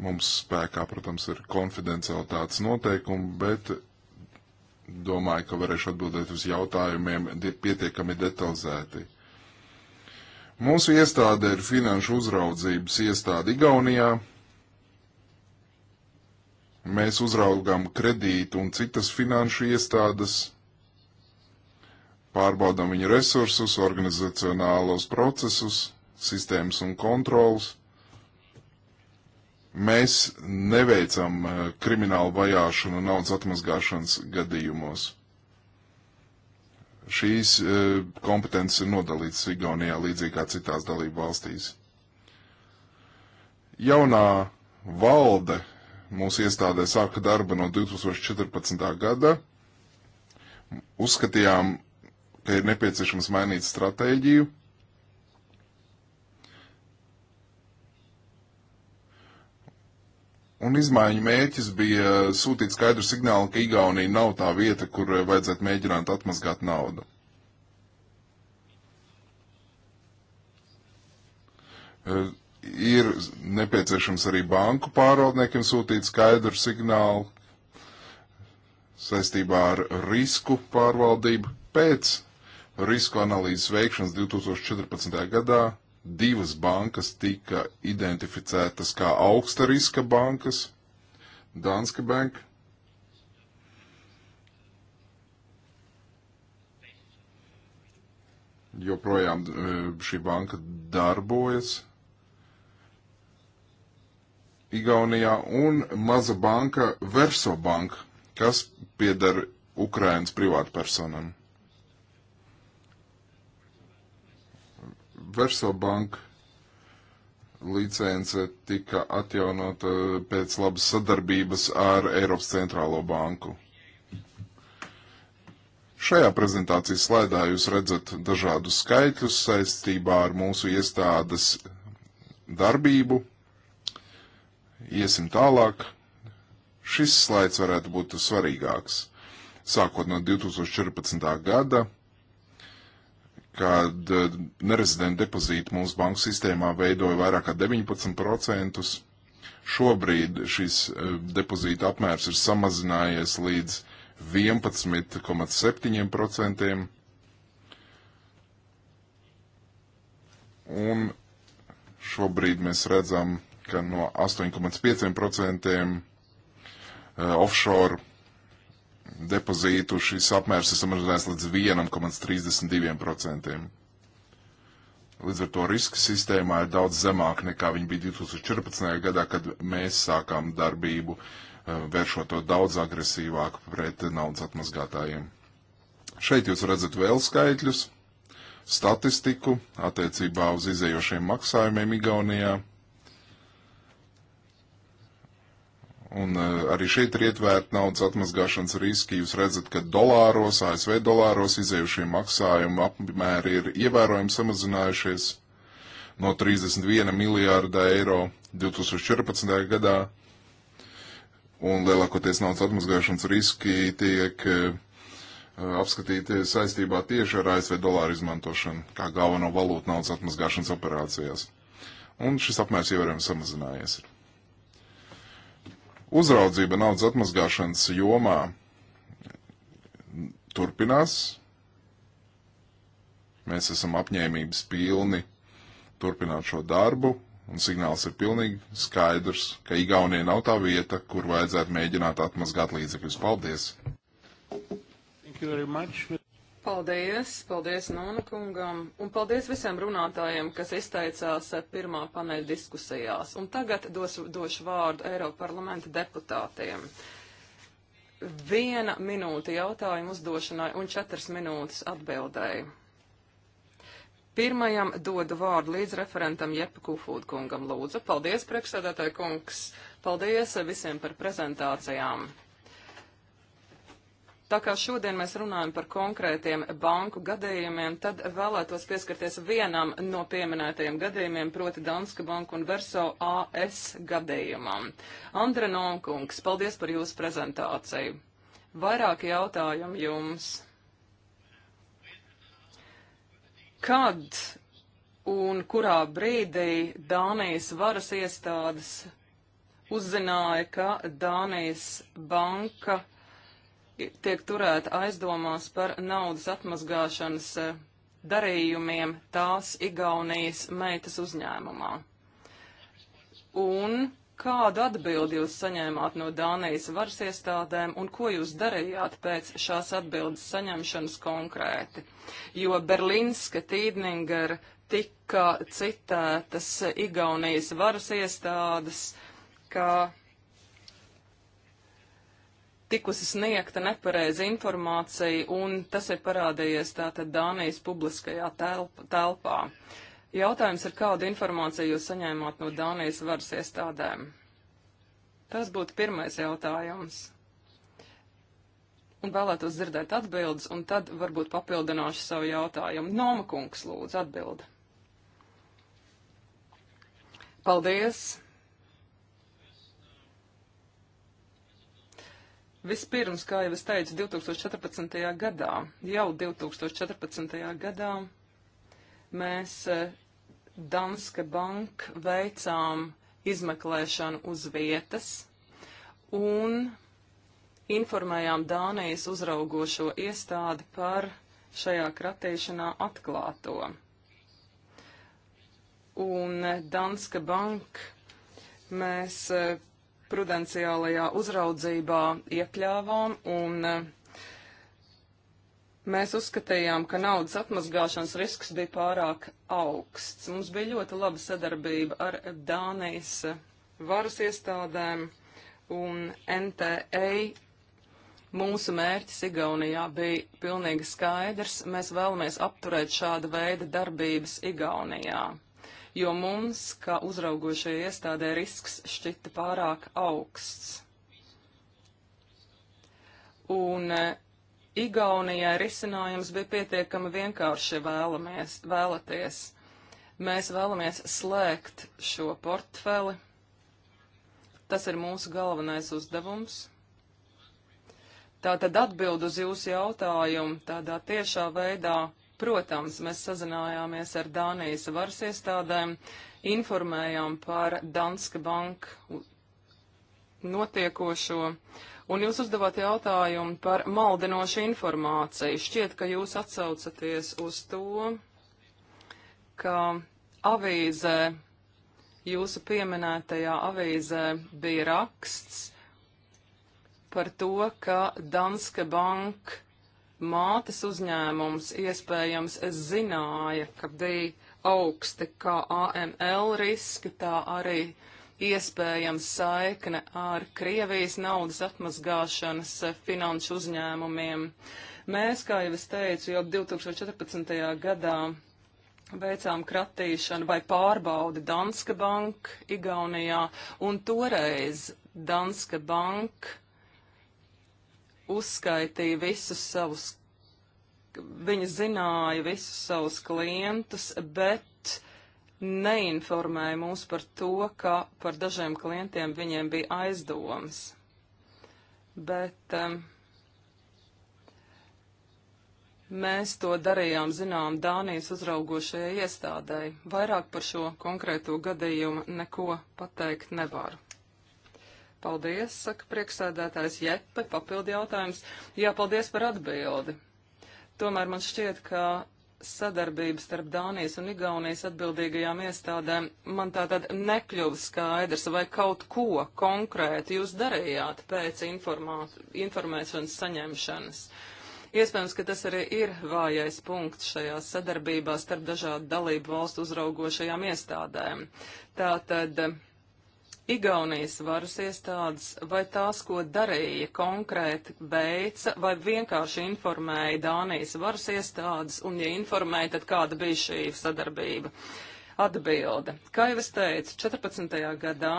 Mums spēkā, protams, ir konfidencialitātes noteikumi, bet domāju, ka varēšu atbildēt uz jautājumiem pietiekami detalizēti. Mūsu iestāde ir finanšu uzraudzības iestāde Igaunijā. Mēs uzraugām kredītu un citas finanšu iestādes, pārbaudām viņu resursus, organizacionālos procesus, sistēmas un kontrols. Mēs neveicam uh, kriminālu vajāšanu naudas atmazgāšanas gadījumos. Šīs uh, kompetences ir nodalītas Igaunijā līdzīgi kā citās dalību valstīs. Jaunā valde mūsu iestādē sāka darba no 2014. gada. Uzskatījām, ka ir nepieciešams mainīt stratēģiju Un izmaiņu mēķis bija sūtīt skaidru signālu, ka Igaunija nav tā vieta, kur vajadzētu mēģināt atmazgāt naudu. E, ir nepieciešams arī banku pārvaldniekiem sūtīt skaidru signālu saistībā ar risku pārvaldību pēc risku analīzes veikšanas 2014. gadā divas bankas tika identificētas kā augsta riska bankas - Danske Bank. Joprojām e, šī banka darbojas Igaunijā un maza banka Verso banka, kas piedara Ukrainas privātpersonam. Versobank licence tika atjaunota pēc labas sadarbības ar Eiropas centrālo banku. Šajā prezentācijas slaidā jūs redzat dažādus skaitļus saistībā ar mūsu iestādes darbību. Iesim tālāk. Šis slaids varētu būt svarīgāks. Sākot no 2014. gada kad eh, nerezidenta depozīta mūsu banku sistēmā veidoja vairāk kā 19%. Šobrīd šis eh, depozīta apmērs ir samazinājies līdz 11,7%. Un šobrīd mēs redzam, ka no 8,5% eh, offshore depozītu šis apmērs ir samazinājies līdz 1,32%. Līdz ar to riska sistēmā ir daudz zemāk nekā viņi bija 2014. gadā, kad mēs sākām darbību, eh, vēršot to daudz agresīvāk pret naudas atmazgātājiem. Šeit jūs redzat vēl skaitļus, statistiku attiecībā uz izējošiem maksājumiem Igaunijā Un eh, arī šeit ir ietvērt naudas atmazgāšanas riski. Jūs redzat, ka dolāros, ASV dolāros izējušie maksājumi apmēri ir ievērojami samazinājušies no 31 miljārda eiro 2014. gadā. Un lielākoties naudas atmazgāšanas riski tiek eh, apskatīti saistībā tieši ar ASV dolāru izmantošanu kā galveno valūtu naudas atmazgāšanas operācijās. Un šis apmērs ievērojami samazinājies. Uzraudzība naudas atmazgāšanas jomā turpinās. Mēs esam apņēmības pilni turpināt šo darbu, un signāls ir pilnīgi skaidrs, ka Igaunija nav tā vieta, kur vajadzētu mēģināt atmazgāt līdzekļus. Paldies! Paldies, paldies Nona kungam, un paldies visiem runātājiem, kas izteicās pirmā paneļa diskusijās. Un tagad dos, došu vārdu Eiropa parlamenta deputātiem. Viena minūte jautājumu uzdošanai un četras minūtes atbildēji. Pirmajam dodu vārdu līdz referentam Jepa Kufūda kungam lūdzu. Paldies, priekšsēdētāji kungs! Paldies visiem par prezentācijām! Tā kā šodien mēs runājam par konkrētiem banku gadījumiem, tad vēlētos pieskarties vienam no pieminētajiem gadījumiem, proti Danska Banka un Verso AS gadījumam. Andre Nonkungs, paldies par jūsu prezentāciju. Vairāki jautājumi jums. Kad un kurā brīdī Dānijas varas iestādes uzzināja, ka Dānijas banka tiek turēta aizdomās par naudas atmazgāšanas e, darījumiem tās Igaunijas meitas uzņēmumā. Un kādu atbildi jūs saņēmāt no Dānijas varas iestādēm un ko jūs darījāt pēc šās atbildes saņemšanas konkrēti? Jo Berlīnska Tīdninger tika citētas Igaunijas varas iestādes, kā tikusi sniegta nepareiza informācija, un tas ir parādījies tātad Dānijas publiskajā telp telpā. Jautājums ir, kādu informāciju jūs saņēmāt no Dānijas varas iestādēm? Tas būtu pirmais jautājums. Un vēlētos dzirdēt atbildes, un tad varbūt papildināšu savu jautājumu. Noma kungs, lūdzu, atbildi. Paldies! Vispirms, kā jau es teicu, 2014. gadā, jau 2014. gadā mēs e, Danske Bank veicām izmeklēšanu uz vietas un informējām Dānijas uzraugošo iestādi par šajā kratīšanā atklāto. Un e, Danske Bank mēs e, prudenciālajā uzraudzībā iekļāvām un eh, mēs uzskatījām, ka naudas atmazgāšanas risks bija pārāk augsts. Mums bija ļoti laba sadarbība ar Dānijas eh, varas iestādēm un NTA Mūsu mērķis Igaunijā bija pilnīgi skaidrs. Mēs vēlamies apturēt šāda veida darbības Igaunijā jo mums, kā uzraugošajai iestādē, risks šķita pārāk augsts. Un e, Igaunijai risinājums bija pietiekami vienkārši vēlamies, vēlaties. Mēs vēlamies slēgt šo portfeli. Tas ir mūsu galvenais uzdevums. Tātad atbild uz jūsu jautājumu tādā tiešā veidā Protams, mēs sazinājāmies ar Dānijas varas iestādēm, informējām par Danske Bank notiekošo, un jūs uzdevāt jautājumu par maldinošu informāciju. Šķiet, ka jūs atsaucaties uz to, ka avīzē, jūsu pieminētajā avīzē bija raksts par to, ka Danske Bank mātes uzņēmums iespējams zināja, ka bija augsti kā AML riski, tā arī iespējams saikne ar Krievijas naudas atmazgāšanas finanšu uzņēmumiem. Mēs, kā jau es teicu, jau 2014. gadā veicām kratīšanu vai pārbaudi Danske Bank Igaunijā, un toreiz Danske Bank uzskaitīja visus savus, viņa zināja visus savus klientus, bet neinformēja mūs par to, ka par dažiem klientiem viņiem bija aizdomas. Bet um, Mēs to darījām zinām Dānijas uzraugošajai iestādēji. Vairāk par šo konkrēto gadījumu neko pateikt nevaru. Paldies, saka prieksēdētājs Jeppe, papildi jautājums. Jā, paldies par atbildi. Tomēr man šķiet, ka sadarbības starp Dānijas un Igaunijas atbildīgajām iestādēm man tātad nekļuva skaidrs, vai kaut ko konkrēti jūs darījāt pēc informēšanas saņemšanas. Iespējams, ka tas arī ir vājais punkts šajā sadarbībā starp dažādu dalību valstu uzraugošajām iestādēm. Tātad Igaunijas varas iestādes, vai tās, ko darīja konkrēti veica, vai vienkārši informēja Dānijas varas iestādes, un ja informēja, tad kāda bija šī sadarbība? Atbilde. Kā jau es teicu, 14. gadā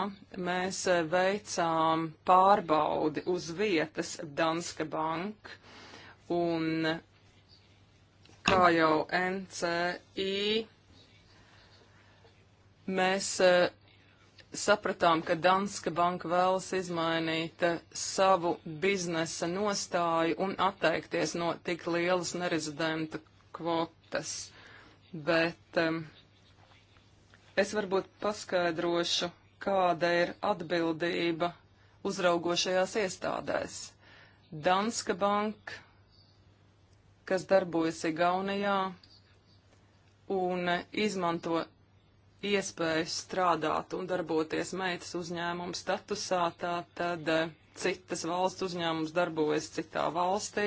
mēs eh, veicām pārbaudi uz vietas Danske Bank, un kā jau NCI mēs eh, sapratām, ka Danska banka vēlas izmainīt eh, savu biznesa nostāju un atteikties no tik lielas nerezidentu kvotas. Bet um, es varbūt paskaidrošu, kāda ir atbildība uzraugošajās iestādēs. Danska banka, kas darbojas Igaunijā un izmanto iespēju strādāt un darboties meitas uzņēmuma statusā, tā tad eh, citas valsts uzņēmums darbojas citā valstī.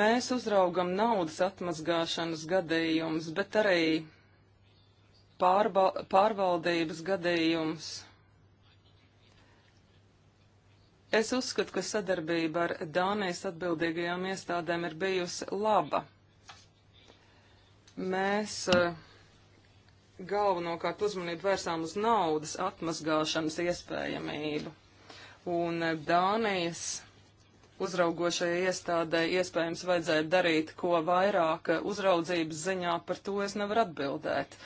Mēs uzraugam naudas atmazgāšanas gadījumus, bet arī pārba pārvaldības gadījumus. Es uzskatu, ka sadarbība ar Dānijas atbildīgajām iestādēm ir bijusi laba. Mēs eh, galvenokārt uzmanību vērsām uz naudas atmazgāšanas iespējamību. Un eh, Dānijas uzraugošajai iestādē iespējams vajadzēja darīt ko vairāk uzraudzības ziņā, par to es nevaru atbildēt.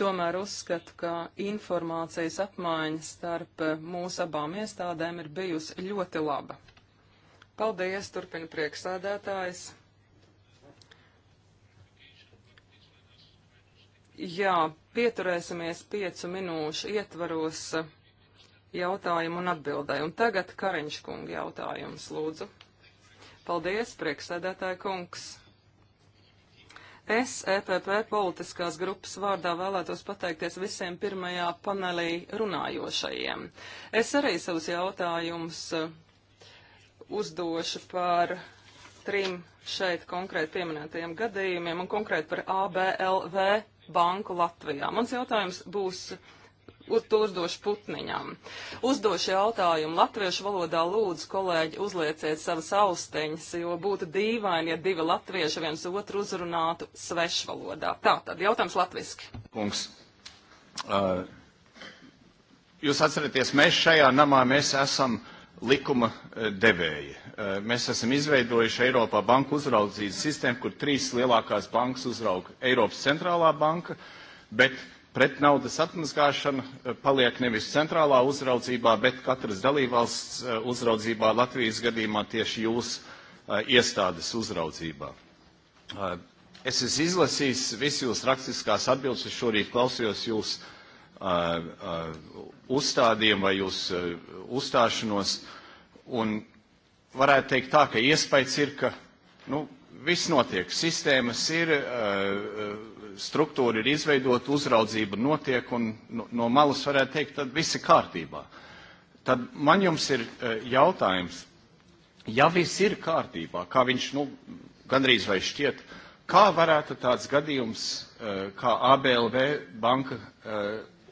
Tomēr uzskatu, ka informācijas apmaiņa starp eh, mūsu abām iestādēm ir bijusi ļoti laba. Paldies, turpina priekšsēdētājs. Jā, pieturēsimies piecu minūšu ietvaros jautājumu un atbildēju. Un tagad Kariņš kunga jautājums, lūdzu. Paldies, prieksēdētāja kungs. Es EPP politiskās grupas vārdā vēlētos pateikties visiem pirmajā panelī runājošajiem. Es arī savus jautājumus uh, uzdošu par trim šeit konkrēti pieminētajiem gadījumiem un konkrēti par ABLV banku Latvijā. Mans jautājums būs to uzdošu putniņam. Uzdošu jautājumu latviešu valodā lūdzu kolēģi uzlieciet savas austiņas, jo būtu dīvaini, ja divi latvieši viens otru uzrunātu svešvalodā. Tā tad jautājums latviski. Kungs, uh, jūs atceraties, mēs šajā namā mēs esam uh, likuma eh, devēji. Eh, mēs esam izveidojuši Eiropā banku uzraudzības sistēmu, kur trīs lielākās bankas uzrauga Eiropas centrālā banka, bet pret naudas atmazgāšana eh, paliek nevis centrālā uzraudzībā, bet katras dalībvalsts uzraudzībā, Latvijas gadījumā tieši jūs iestādes uzraudzībā. Es esmu izlasījis visus jūsu rakstiskās atbildes, es šorīt klausījos jūs uh, uh, uzstādījumu vai uz eh, uzstāšanos. Un varētu teikt tā, ka iespējas ir, ka nu, viss notiek. Sistēmas ir, eh, eh, struktūra ir izveidota, uzraudzība notiek, un no malas varētu teikt, tad viss ir kārtībā. Tad man jums ir jautājums, ja viss ir kārtībā, kā viņš nu, gandrīz vai šķiet, kā varētu tāds gadījums, kā ABLV banka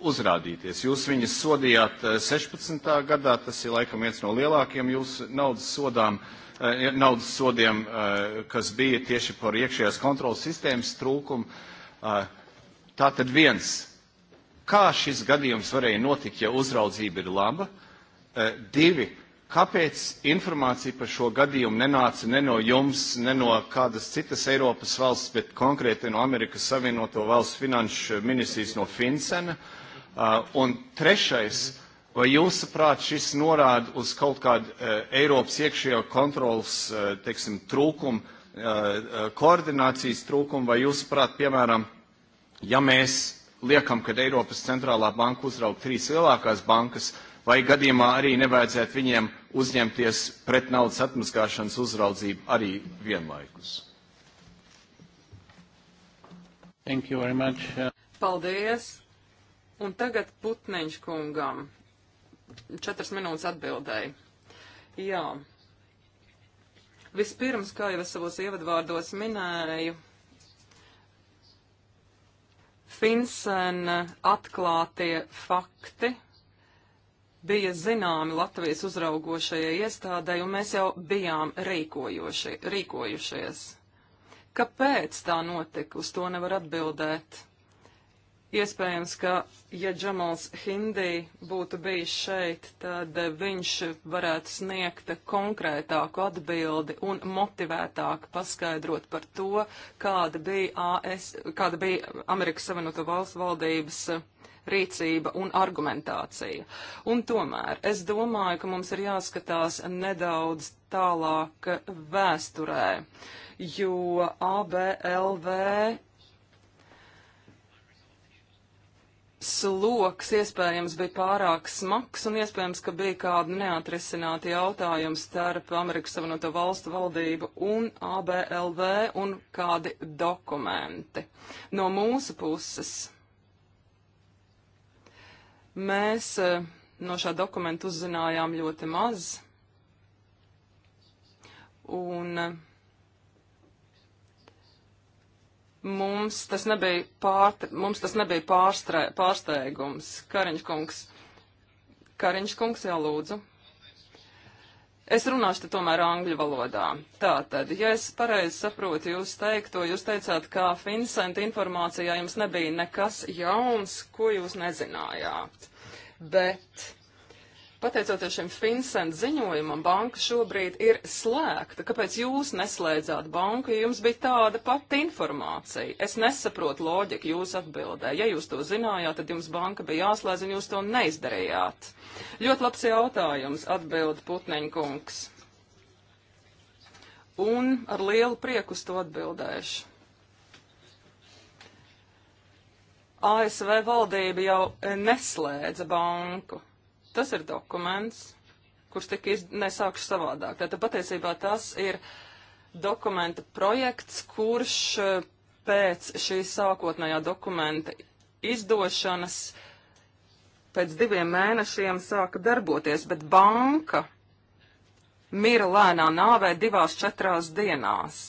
uzrādīties. Jūs viņas sodījāt 16. Eh, gadā, tas ir laikam viens no lielākiem jūsu naudas sodām, eh, naudas sodiem, eh, kas bija tieši par iekšējās kontrolas sistēmas trūkumu. Tā tad viens, kā šis gadījums varēja notikt, ja uzraudzība ir laba? Divi, kāpēc informācija par šo gadījumu nenāca ne no jums, ne no kādas citas Eiropas valsts, bet konkrēti no Amerikas Savienoto Valstu finanšu ministrijas no Finsena? Uh, Uh, un trešais, vai jūsuprāt šis norāda uz kaut kādu uh, Eiropas iekšējo kontrols, uh, teiksim, trūkumu, koordinācijas trūkumu, vai jūsuprāt, piemēram, ja mēs liekam, ka Eiropas centrālā banka uzraug trīs lielākās bankas, vai gadījumā arī nevajadzētu viņiem uzņemties pret naudas atmazgāšanas uzraudzību arī vienlaikus. Thank you very much. Paldies. Un tagad putniņš kungam. Četras minūtes atbildēji. Jā. Vispirms, kā jau es savos ievadvārdos minēju, Finsen atklātie fakti bija zināmi Latvijas uzraugošajai iestādēji, un mēs jau bijām rīkojušies. Kāpēc tā notika, uz to nevar atbildēt. Iespējams, ka ja Džamals Hindī būtu bijis šeit, tad viņš varētu sniegt konkrētāku atbildi un motivētāk paskaidrot par to, kāda bija, AS, kāda bija Amerikas Savienoto Valstu valdības rīcība un argumentācija. Un tomēr es domāju, ka mums ir jāskatās nedaudz tālāk vēsturē, jo ABLV sloks iespējams bija pārāk smags un iespējams, ka bija kādi neatrisināti jautājumi starp Amerikas Savienoto Valstu valdību un ABLV un kādi dokumenti. No mūsu puses mēs eh, no šā dokumenta uzzinājām ļoti maz. Un eh, Mums tas nebija, pār, mums tas nebija pārstrē, pārsteigums. Kariņš kungs. Kariņš kungs, jā, lūdzu. Es runāšu te tomēr angļu valodā. Tātad, ja es pareizi saprotu jūs teikto, jūs teicāt, ka Finsenta informācijā jums nebija nekas jauns, ko jūs nezinājāt. Bet Pateicoties šim Finsens ziņojumam, banka šobrīd ir slēgta. Kāpēc jūs neslēdzāt banku, ja jums bija tāda pati informācija? Es nesaprotu loģiku jūsu atbildē. Ja jūs to zinājāt, tad jums banka bija jāslēdz un jūs to neizdarījāt. Ļoti labs jautājums, atbild Putneņkungs. Un ar lielu prieku uz to atbildēšu. ASV valdība jau neslēdza banku. Tas ir dokuments, kurš tika iz... nesākšu savādāk. Tātad patiesībā tas ir dokumenta projekts, kurš e, pēc šī sākotnējā dokumenta izdošanas pēc diviem mēnešiem sāka darboties, bet banka mira lēnā nāvē divās četrās dienās.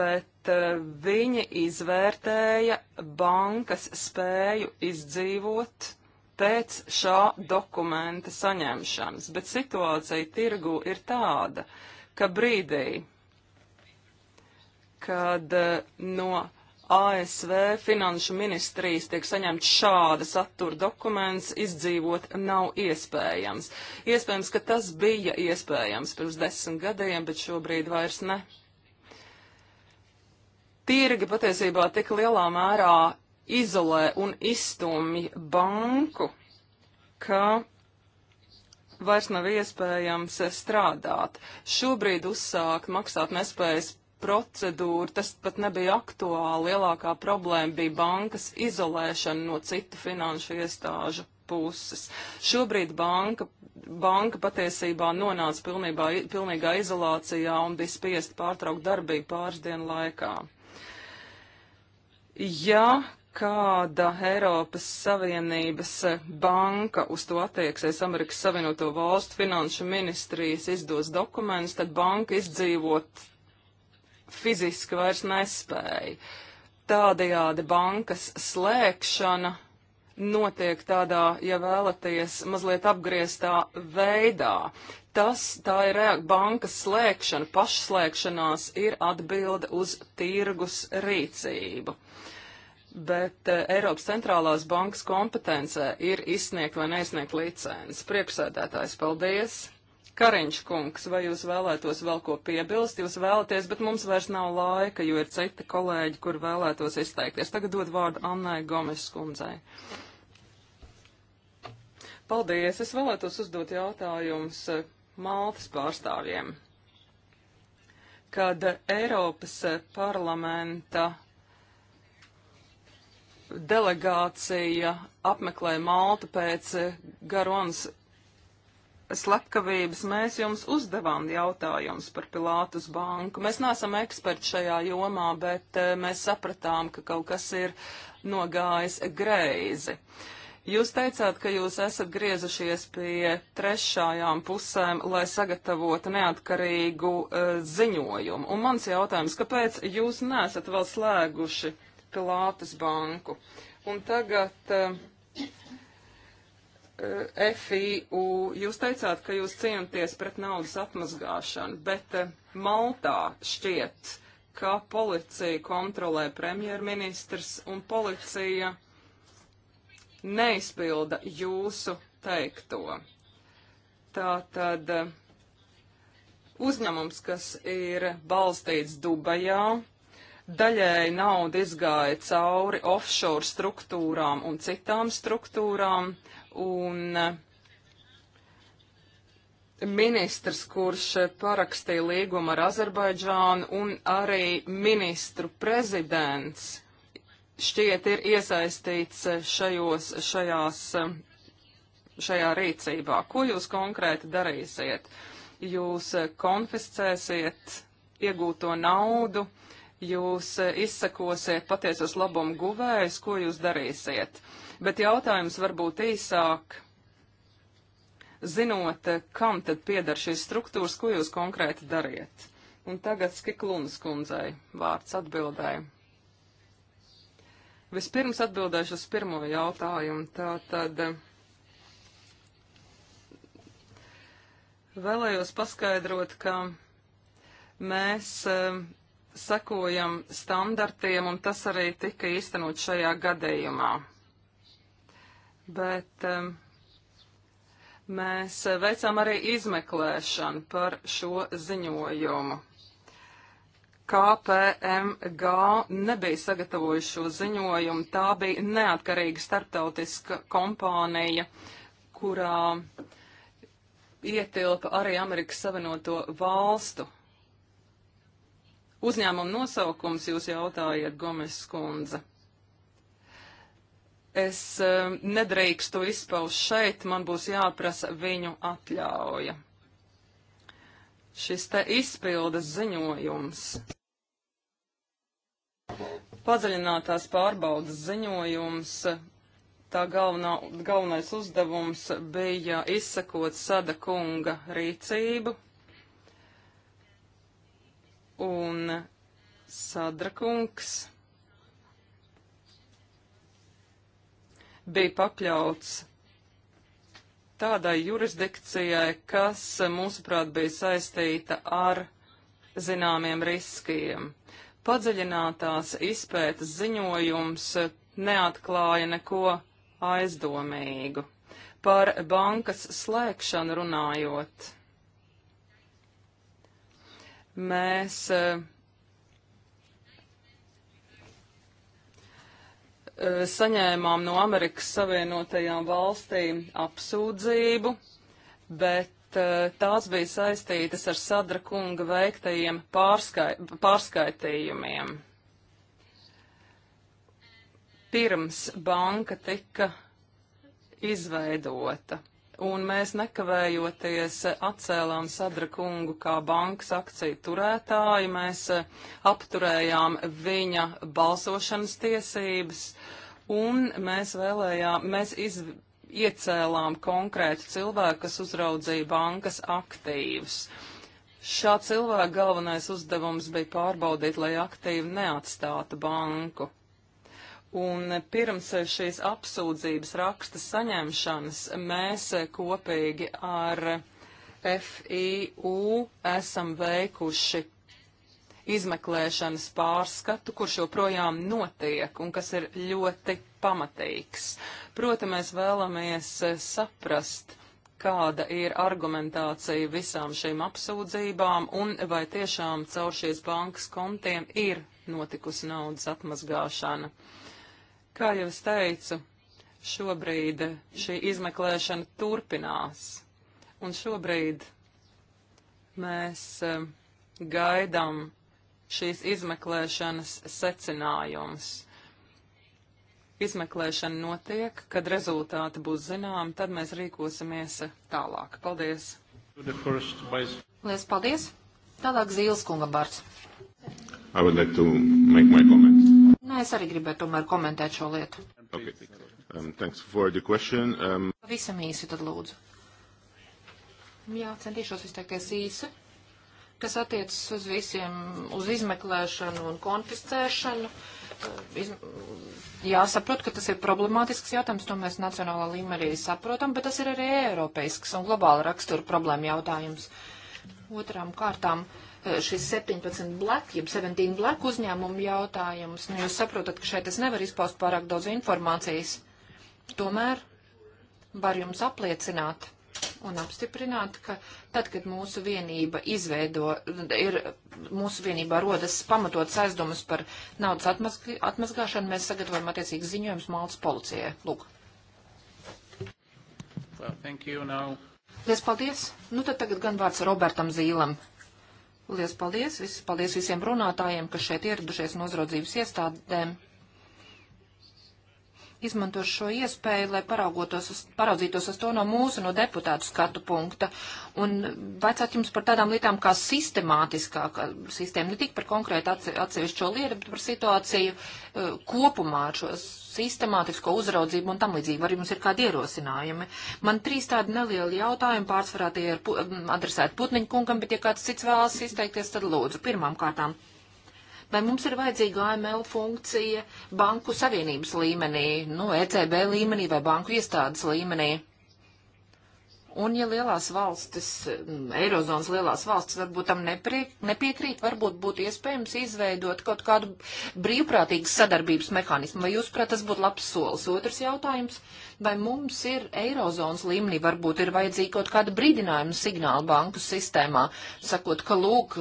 Bet uh, viņi izvērtēja bankas spēju izdzīvot pēc šā dokumenta saņemšanas, bet situācija tirgu ir tāda, ka brīdī, kad eh, no ASV finanšu ministrijas tiek saņemts šāda satura dokuments, izdzīvot nav iespējams. Iespējams, ka tas bija iespējams pirms desmit gadiem, bet šobrīd vairs ne. Tirgi patiesībā tik lielā mērā izolē un izstumj banku, ka vairs nav iespējams strādāt. Šobrīd uzsākt maksāt nespējas procedūru, tas pat nebija aktuāli. Lielākā problēma bija bankas izolēšana no citu finanšu iestāžu puses. Šobrīd banka, banka patiesībā nonāca pilnībā, pilnīgā izolācijā un bija spiest pārtraukt darbību pāris dienu laikā. Ja kāda Eiropas Savienības banka uz to attieksies Amerikas Savienoto Valstu finanšu ministrijas izdos dokumentus, tad banka izdzīvot fiziski vairs nespēja. Tādējādi bankas slēgšana notiek tādā, ja vēlaties, mazliet apgrieztā veidā. Tas, tā ir bankas slēgšana, pašslēgšanās ir atbilde uz tirgus rīcību. Uh, bet uh, Eiropas centrālās bankas kompetencē ir izsniegt vai neizsniegt licences. Priekšsēdētājs, paldies! Kariņš kungs, vai jūs vēlētos vēl ko piebilst? Jūs vēlaties, bet mums vairs nav laika, jo ir citi kolēģi, kur vēlētos izteikties. Tagad dod vārdu Annai Gomes kundzei. Paldies! Es vēlētos uzdot jautājumus eh, Maltas pārstāvjiem. Kad Eiropas eh, parlamenta delegācija apmeklē Maltu pēc eh, Garonas slepkavības, mēs jums uzdevām jautājumus par Pilātus banku. Mēs neesam eksperti šajā jomā, bet eh, mēs sapratām, ka kaut kas ir nogājis greizi. Jūs teicāt, ka jūs esat griezušies pie trešajām pusēm, lai sagatavotu neatkarīgu uh, ziņojumu. Un mans jautājums, kāpēc jūs nesat vēl slēguši Pilātas banku. Un tagad uh, eh, FIU, jūs teicāt, ka jūs cīnāties pret naudas apmazgāšanu, bet uh, Maltā šķiet, ka policija kontrolē premjerministrs un policija neizpilda jūsu teikto. Tā tad eh, uzņēmums, kas ir balstīts Dubajā, Daļēji nauda izgāja cauri offshore struktūrām un citām struktūrām, un eh, ministrs, kurš parakstīja līgumu ar Azerbaidžānu, un arī ministru prezidents šķiet ir iesaistīts šajos, šajās, šajā rīcībā. Ko jūs konkrēti darīsiet? Jūs konfiscēsiet iegūto naudu, jūs eh, izsakosiet patiesos labumu guvējus, ko jūs darīsiet. Bet jautājums varbūt īsāk zinot, kam tad pieder šīs struktūras, ko jūs konkrēti dariet. Un tagad Skiklunas kundzei vārds atbildēja. Vispirms atbildēšu uz pirmo jautājumu. Tā tad vēlējos paskaidrot, ka mēs eh, sekojam standartiem, un tas arī tika īstenot šajā gadījumā. Bet um, mēs veicām arī izmeklēšanu par šo ziņojumu. KPMG nebija sagatavojuši šo ziņojumu. Tā bija neatkarīga starptautiska kompānija, kurā ietilpa arī Amerikas Savienoto valstu Uzņēmuma nosaukums jūs jautājiet, Gomes skundze. Es uh, nedrīkstu izpaust šeit, man būs jāprasa viņu atļauja. Šis te izpildes ziņojums. Padziļinātās pārbaudas ziņojums tā galvenā, galvenais uzdevums bija izsekot Sada kunga rīcību, un Sadrakungs bija pakļauts tādai jurisdikcijai, kas, mūsuprāt, bija saistīta ar zināmiem riskiem. Padziļinātās izpētes ziņojums neatklāja neko aizdomīgu. Par bankas slēgšanu runājot mēs eh, eh, saņēmām no Amerikas Savienotajām valstīm apsūdzību, bet eh, tās bija saistītas ar Sadra kunga veiktajiem pārskai, pārskaitījumiem. Pirms banka tika izveidota un mēs nekavējoties atcēlām Sadra kungu kā bankas akciju turētāju, mēs eh, apturējām viņa balsošanas tiesības, un mēs vēlējām, mēs iz, iecēlām konkrētu cilvēku, kas uzraudzīja bankas aktīvus. Šā cilvēka galvenais uzdevums bija pārbaudīt, lai aktīvi neatstātu banku. Un pirms šīs apsūdzības raksta saņemšanas mēs kopīgi ar FIU esam veikuši izmeklēšanas pārskatu, kurš joprojām notiek un kas ir ļoti pamatīgs. Proti, mēs vēlamies saprast, kāda ir argumentācija visām šīm apsūdzībām un vai tiešām caur šīs bankas kontiem ir notikusi naudas atmazgāšana. Uh, Kā jau es teicu, šobrīd šī izmeklēšana turpinās, un šobrīd mēs eh, gaidām šīs izmeklēšanas secinājumus izmeklēšana notiek, kad rezultāti būs zināmi, tad mēs rīkosimies tālāk. Paldies! Lielas paldies! Tālāk Zīles kunga bārds. Like Nē, es arī gribēju tomēr komentēt šo lietu. Okay. Um, um... Visam īsi tad lūdzu. Jā, centīšos izteikties īsi. Kas attiecas uz visiem, uz izmeklēšanu un konfiscēšanu, uh, iz... jāsaprot, ka tas ir problemātisks jautājums, to mēs nacionālā līmenī saprotam, bet tas ir arī eiropeisks un globāla rakstura problēma jautājums. Otrām kārtām. Uh, Eh, šis 17 black, jeb 17 black uzņēmumu jautājums. Nu, jūs saprotat, ka šeit es nevaru izpaust pārāk daudz informācijas. Tomēr var jums apliecināt un apstiprināt, ka tad, kad mūsu vienība izveido, ir, mūsu vienībā rodas pamatotas aizdomas par naudas atmazg atmazgāšanu, mēs sagatavojam attiecīgi ziņojums Maltas policijai. Lūk. Well, Lies paldies. Nu tad tagad gan vārds Robertam Zīlam. Lielas paldies! Vis, paldies visiem runātājiem, kas šeit ieradušies no uzraudzības iestādēm izmantošu šo iespēju, lai uz, paraudzītos uz to no mūsu, no deputātu skatu punkta. Un vajadzētu jums par tādām lietām kā sistemātiskāka sistēma, ne tik par konkrētu atse, atsevišķo lietu, bet par situāciju uh, kopumā ar šo sistemātisko uzraudzību un tam līdzīgi. Var jums ir kādi ierosinājumi? Man trīs tādi nelieli jautājumi, pārsvarā tie ir pu adresēti Putniņa kungam, bet ja kāds cits vēlas izteikties, tad lūdzu. Pirmām kārtām Vai mums ir vajadzīga AML funkcija banku savienības līmenī, nu, ECB līmenī vai banku iestādes līmenī? Un ja lielās valstis, mm, Eirozonas lielās valstis varbūt tam nepriek, nepiekrīt, varbūt būtu iespējams izveidot kaut kādu brīvprātīgas sadarbības mehānismu. Vai jūs prāt, tas būtu labs solis? Otrs jautājums. Uh, vai mums ir eirozonas līmenī, varbūt ir vajadzīgi kaut kāda brīdinājuma signāla banku sistēmā, sakot, ka lūk,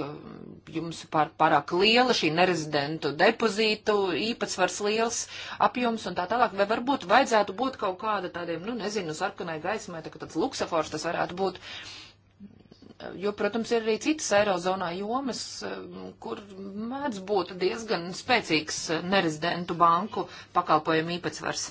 jums pār, pārāk liela šī nerezidentu depozītu īpatsvars liels apjoms un tā tālāk, vai varbūt vajadzētu būt kaut kāda tādiem, nu, nezinu, sarkanai gaismai, tā kā tāds luksafors tas varētu būt jo, protams, ir arī citas eirozonā jomas, kur mēdz būt diezgan spēcīgs nerezidentu banku pakalpojumu īpatsvars.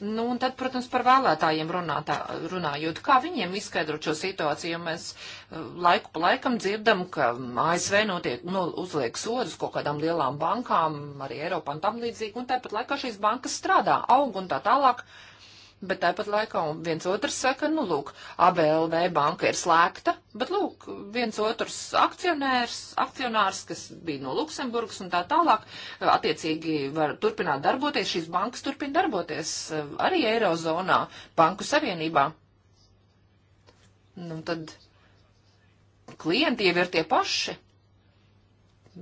Nu, un tad, protams, par vēlētājiem runātā, runājot, kā viņiem izskaidrot šo situāciju, jo mēs eh, laiku pa laikam dzirdam, ka ASV notiek, nu, uzliek sodus kaut kādām lielām bankām, arī Eiropā un tam līdzīgi, un tāpat laikā šīs bankas strādā, aug un tā tālāk. Uh, bet tāpat laikā viens otrs saka, nu, lūk, ABLV banka ir slēgta, bet, lūk, viens otrs akcionērs, akcionārs, kas bija no Luksemburgas un tā tālāk, attiecīgi var turpināt darboties, šīs bankas turpina darboties eh, arī Eirozonā, Banku Savienībā. Nu, tad klienti jau ir tie paši.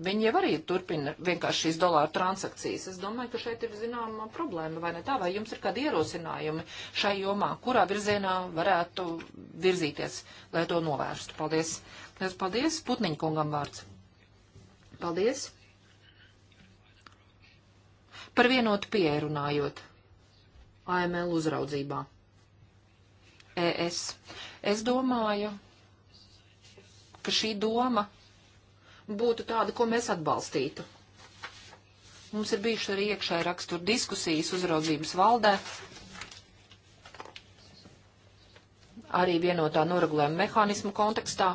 Viņi jau arī turpina vienkārši šīs dolāru transakcijas. Es domāju, ka šeit ir zināma problēma, vai ne tā, vai jums ir kādi ierosinājumi šai jomā, kurā virzienā varētu virzīties, lai to novērstu. Paldies. Liels paldies. Putniņa kungam vārds. Paldies. Par vienotu pieeju runājot. AML uzraudzībā. ES. Es domāju, ka šī doma būtu tāda, ko mēs atbalstītu. Mums ir bijuši arī iekšē rakstur diskusijas uzraudzības valdē. Arī vienotā noregulējuma mehānismu kontekstā.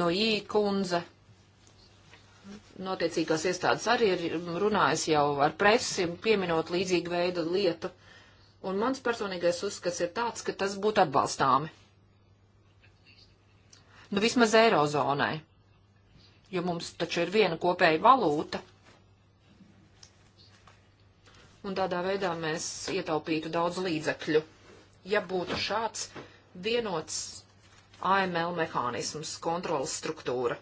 No īkundze. Notiecīgās iestādes arī ir runājis jau ar presi, pieminot līdzīgu veidu lietu. Un mans personīgais uzskats ir tāds, ka tas būtu atbalstāmi nu vismaz eirozonai, jo mums taču ir viena kopēja valūta. Un tādā veidā mēs ietaupītu daudz līdzekļu, ja būtu šāds vienots AML mehānisms, kontrolas struktūra.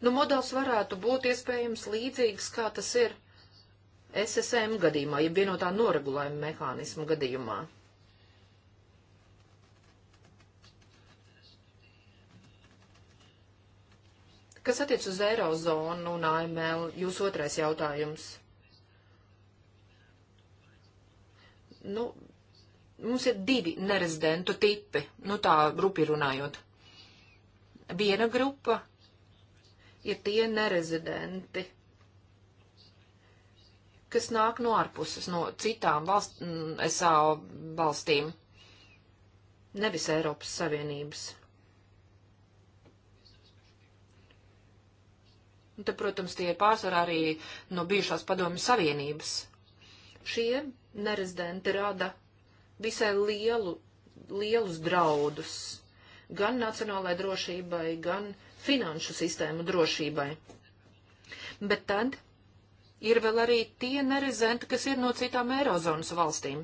Nu, modelis varētu būt iespējams līdzīgs, kā tas ir SSM gadījumā, ja vienotā noregulējuma mehānismu gadījumā. Kas attiec uz Eirozonu un AML, jūs otrais jautājums. Nu, mums ir divi nerezidentu tipi, nu tā rupi runājot. Viena grupa ir tie nerezidenti, kas nāk no ārpuses, no citām valst, mm, SAO valstīm, nevis Eiropas Savienības. Un te, protams, tie ir pārsvarā arī no bijušās padomju savienības. Šie nerezidenti rada visai lielu, lielus draudus gan nacionālajai drošībai, gan finanšu sistēmu drošībai. Bet tad ir vēl arī tie nerezidenti, kas ir no citām Eirozonas valstīm.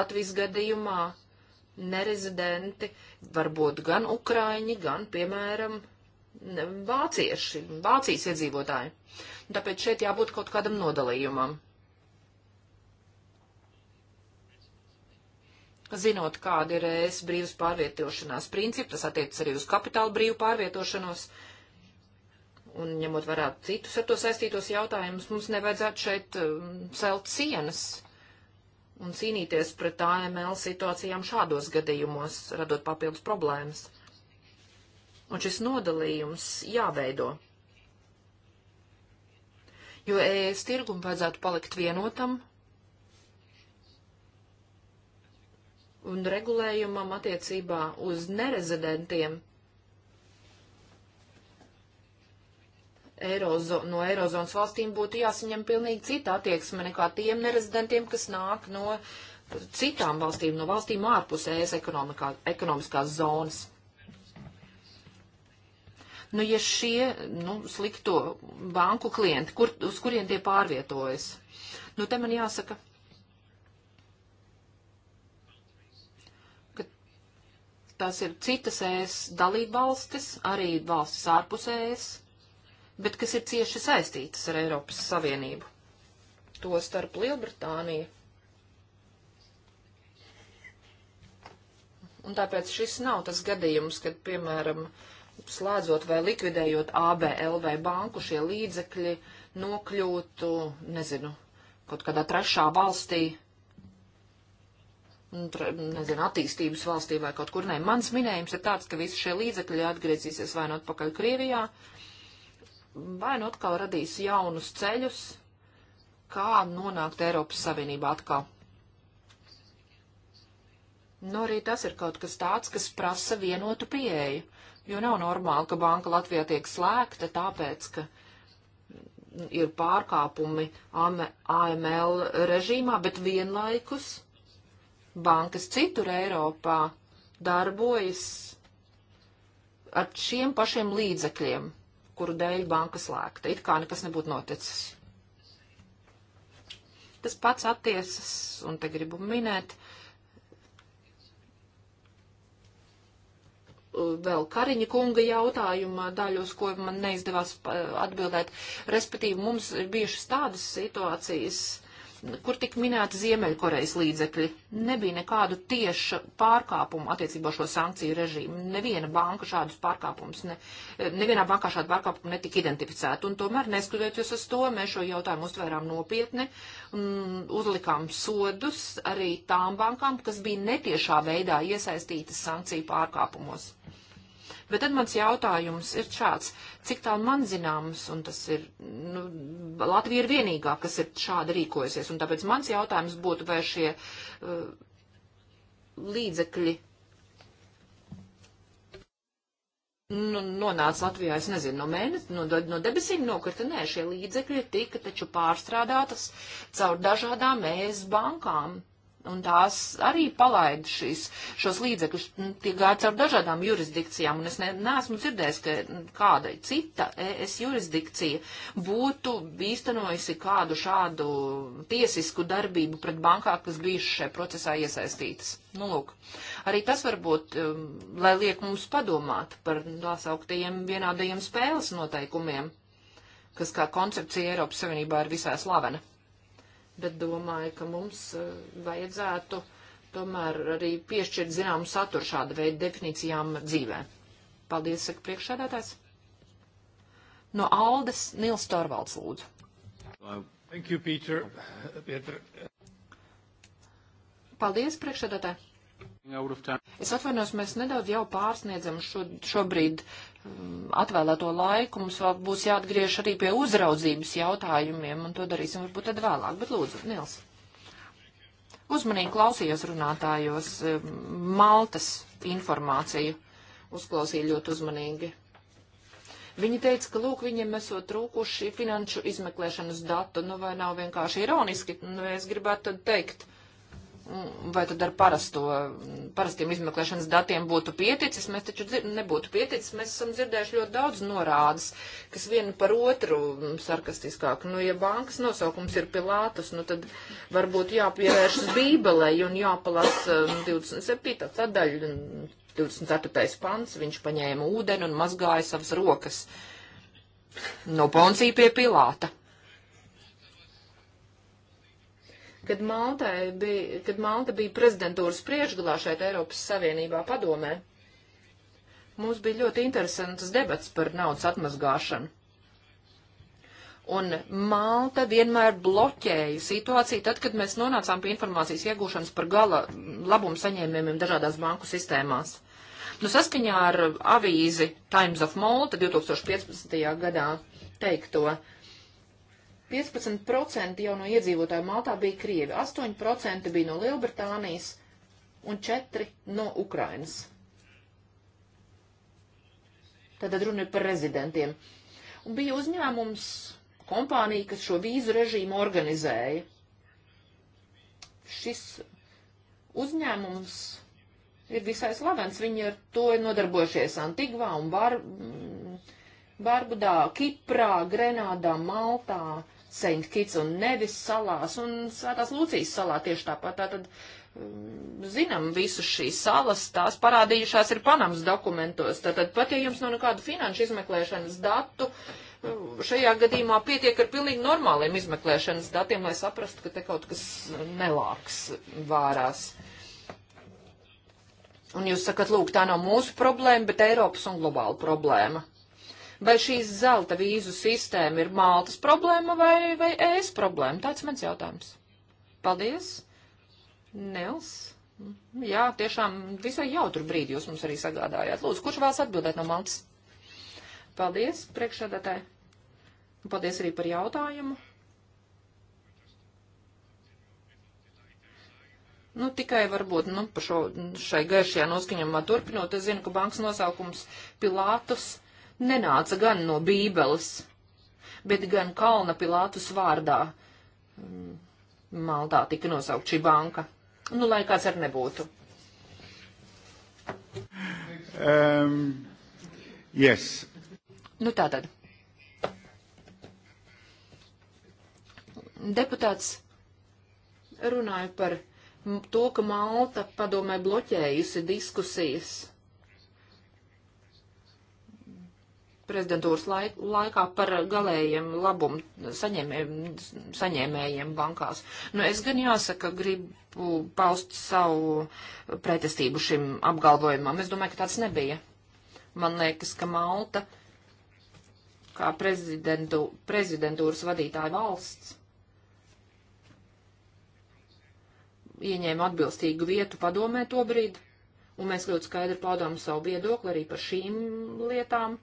Latvijas gadījumā nerezidenti var būt gan ukraiņi, gan, piemēram, vācieši, Vācijas iedzīvotāji. Un tāpēc šeit jābūt kaut kādam nodalījumam. Zinot, kāda ir ES brīvas pārvietošanās principi, tas attiecas arī uz kapitāla brīvu pārvietošanos, un ņemot vērā citus ar to saistītos jautājumus, mums nevajadzētu šeit um, celt sienas un cīnīties pret AML situācijām šādos gadījumos, radot papildus problēmas un šis nodalījums jāveido. Jo ES tirgumu vajadzētu palikt vienotam un regulējumam attiecībā uz nerezidentiem Eirozo, no Eirozonas valstīm būtu jāsaņem pilnīgi cita attieksme nekā tiem nerezidentiem, kas nāk no citām valstīm, no valstīm ārpus ES ekonomiskās zonas. Nu, ja šie nu, slikto banku klienti, kur, uz kuriem tie pārvietojas? Nu, te man jāsaka, ka tās ir citas ēs dalībvalstis, arī valstis ārpus ēs, bet kas ir cieši saistītas ar Eiropas Savienību. To starp Lielbritāniju Un tāpēc šis nav tas gadījums, kad, piemēram, slēdzot vai likvidējot ABL vai banku, šie līdzekļi nokļūtu, nezinu, kaut kādā trešā valstī, tre, nezinu, attīstības valstī vai kaut kur. Nē, mans minējums ir tāds, ka visi šie līdzekļi atgriezīsies vai nu atpakaļ Krievijā, vai nu atkal radīs jaunus ceļus, kā nonākt Eiropas Savienībā atkal. Nu, arī tas ir kaut kas tāds, kas prasa vienotu pieeju Jo nav normāli, ka banka Latvijā tiek slēgta tāpēc, ka ir pārkāpumi AML režīmā, bet vienlaikus bankas citur Eiropā darbojas ar šiem pašiem līdzekļiem, kuru dēļ banka slēgta. It kā nekas nebūtu noticis. Tas pats attiecas, un te gribu minēt, vēl Kariņa kunga jautājuma daļu, uz ko man neizdevās atbildēt. Respektīvi, mums ir bijušas tādas situācijas, kur tik minēta Ziemeļkorejas līdzekļi. Nebija nekādu tiešu pārkāpumu attiecībā šo sankciju režīmu. Neviena banka šādus pārkāpumus, ne, nevienā bankā šādu pārkāpumu netika identificēta. Un tomēr, neskatoties uz to, mēs šo jautājumu uztvērām nopietni un uzlikām sodus arī tām bankām, kas bija netiešā veidā iesaistītas sankciju pārkāpumos. Bet tad mans jautājums ir šāds, cik tālu man zināms, un tas ir, nu, Latvija ir vienīgā, kas ir šādi rīkojusies, un tāpēc mans jautājums būtu, vai šie uh, līdzekļi nu, nonāca Latvijā, es nezinu, no mēnesis, no, no debesīm nokrita. Nē, šie līdzekļi tika taču pārstrādātas caur dažādām ES bankām un tās arī palaida šīs, šos līdzekļus, nu, tie gāja caur dažādām jurisdikcijām, un es ne, neesmu dzirdējis, ka kāda cita ES jurisdikcija būtu īstenojusi kādu šādu tiesisku darbību pret bankām, kas bijuši šajā procesā iesaistītas. Nu, lūk, arī tas varbūt, um, lai liek mums padomāt par tā sauktajiem vienādajiem spēles noteikumiem, kas kā koncepcija Eiropas Savienībā ir visai slavena bet domāju, ka mums eh, vajadzētu tomēr arī piešķirt zināmu saturu šāda veida definīcijām dzīvē. Paldies, saka priekšsēdētājs. No Aldes Nils Torvalds lūdzu. Thank you, Peter. Peter. Paldies, priekšsēdētāji. Es atvainos, mēs nedaudz jau pārsniedzam šo, šobrīd um, atvēlēto laiku. Mums vēl būs jāatgriež arī pie uzraudzības jautājumiem, un to darīsim varbūt tad vēlāk. Bet lūdzu, Nils. Uzmanīgi klausījos runātājos um, Maltas informāciju. Uzklausīju ļoti uzmanīgi. Viņi teica, ka lūk, viņiem esot trūkuši finanšu izmeklēšanas datu, nu vai nav vienkārši ironiski, nu es gribētu tad teikt vai tad ar parasto, parastiem izmeklēšanas datiem būtu pieticis, mēs taču dzir, nebūtu pieticis, mēs esam dzirdējuši ļoti daudz norādes, kas vienu par otru sarkastiskāk. Nu, ja bankas nosaukums ir Pilātus, nu tad varbūt jāpievēršas Bībelē un jāpalas 27. Um, sadaļa, 24. pants, viņš paņēma ūdeni un mazgāja savas rokas no Poncija pie Pilāta. kad, Maltai bija, kad Malta bija prezidentūras priekšgalā šeit Eiropas Savienībā padomē. Mums bija ļoti interesants debats par naudas atmazgāšanu. Un Malta vienmēr bloķēja situāciju, tad, kad mēs nonācām pie informācijas iegūšanas par gala labumu saņēmējumiem dažādās banku sistēmās. Nu, saskaņā ar avīzi Times of Malta 2015. gadā teikto, uh, 15% jau no iedzīvotāju Maltā bija krievi, 8% bija no Lielbritānijas un 4% no Ukrainas. Tātad runa ir par rezidentiem. Un bija uzņēmums, kompānija, kas šo vīzu režīmu organizēja. Šis uzņēmums ir visai slavens. Viņi ar to ir nodarbojušies Antigvā un var, mm, Barbudā, Kiprā, Grenādā, Maltā, Saintkits un Nevis salās un Svētās Lūcijas salā tieši tāpat. Tātad mm, zinām visus šīs salas, tās parādījušās ir Panamas dokumentos. Tātad pat, ja jums nav nekādu finanšu izmeklēšanas datu, mm, šajā gadījumā pietiek ar pilnīgi normāliem izmeklēšanas datiem, lai saprastu, ka te kaut kas nelāks vārās. Un jūs sakat, lūk, tā nav mūsu problēma, bet Eiropas un globāla problēma. Vai šīs zelta vīzu sistēma ir Maltas problēma vai, vai ES problēma? Tāds mans jautājums. Paldies, Nils. Jā, tiešām visai jautru brīdi jūs mums arī sagādājāt. Lūdzu, kurš vēlas atbildēt no Maltas? Paldies, priekšsēdētāji. Paldies arī par jautājumu. Nu, tikai varbūt, nu, par šo, šai gaišajā noskaņamā turpinot, es zinu, ka bankas nosaukums Pilātus nenāca gan no Bībeles, bet gan Kalna Pilātus vārdā. Mm, Maltā tika nosaukt šī banka. Nu, lai kāds ar nebūtu. Um, yes. Nu, tātad. Deputāts runāja par to, ka Malta padomē bloķējusi diskusijas prezidentūras laik, laikā par galējiem labumu saņēmējiem, saņēmējiem bankās. Nu, es gan jāsaka, gribu paust savu pretestību šim apgalvojumam. Es domāju, ka tāds nebija. Man liekas, ka Malta, kā prezidentu, prezidentūras vadītāja valsts, ieņēma atbilstīgu vietu padomē to brīdi, un mēs ļoti skaidri paudām savu viedokli arī par šīm lietām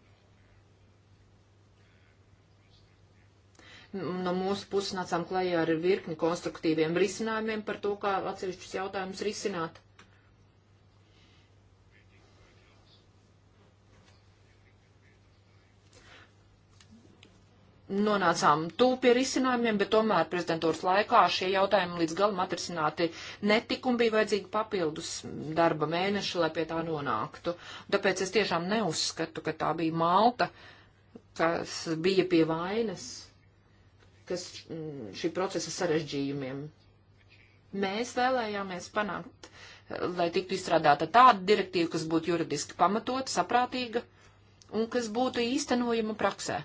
No mūsu puses nācām klajā ar virkni konstruktīviem risinājumiem par to, kā atsevišķus jautājumus risināt. nonācām tuvu pie risinājumiem, bet tomēr prezidentūras laikā šie jautājumi līdz galam atrisināti netika un bija vajadzīgi papildus darba mēneši, lai pie tā nonāktu. Tāpēc es tiešām neuzskatu, ka tā bija Malta, kas bija pie vainas kas mm, šī procesa sarežģījumiem. Mēs vēlējāmies panākt, lai tiktu izstrādāta tāda direktīva, kas būtu juridiski pamatota, saprātīga un kas būtu īstenojama praksē.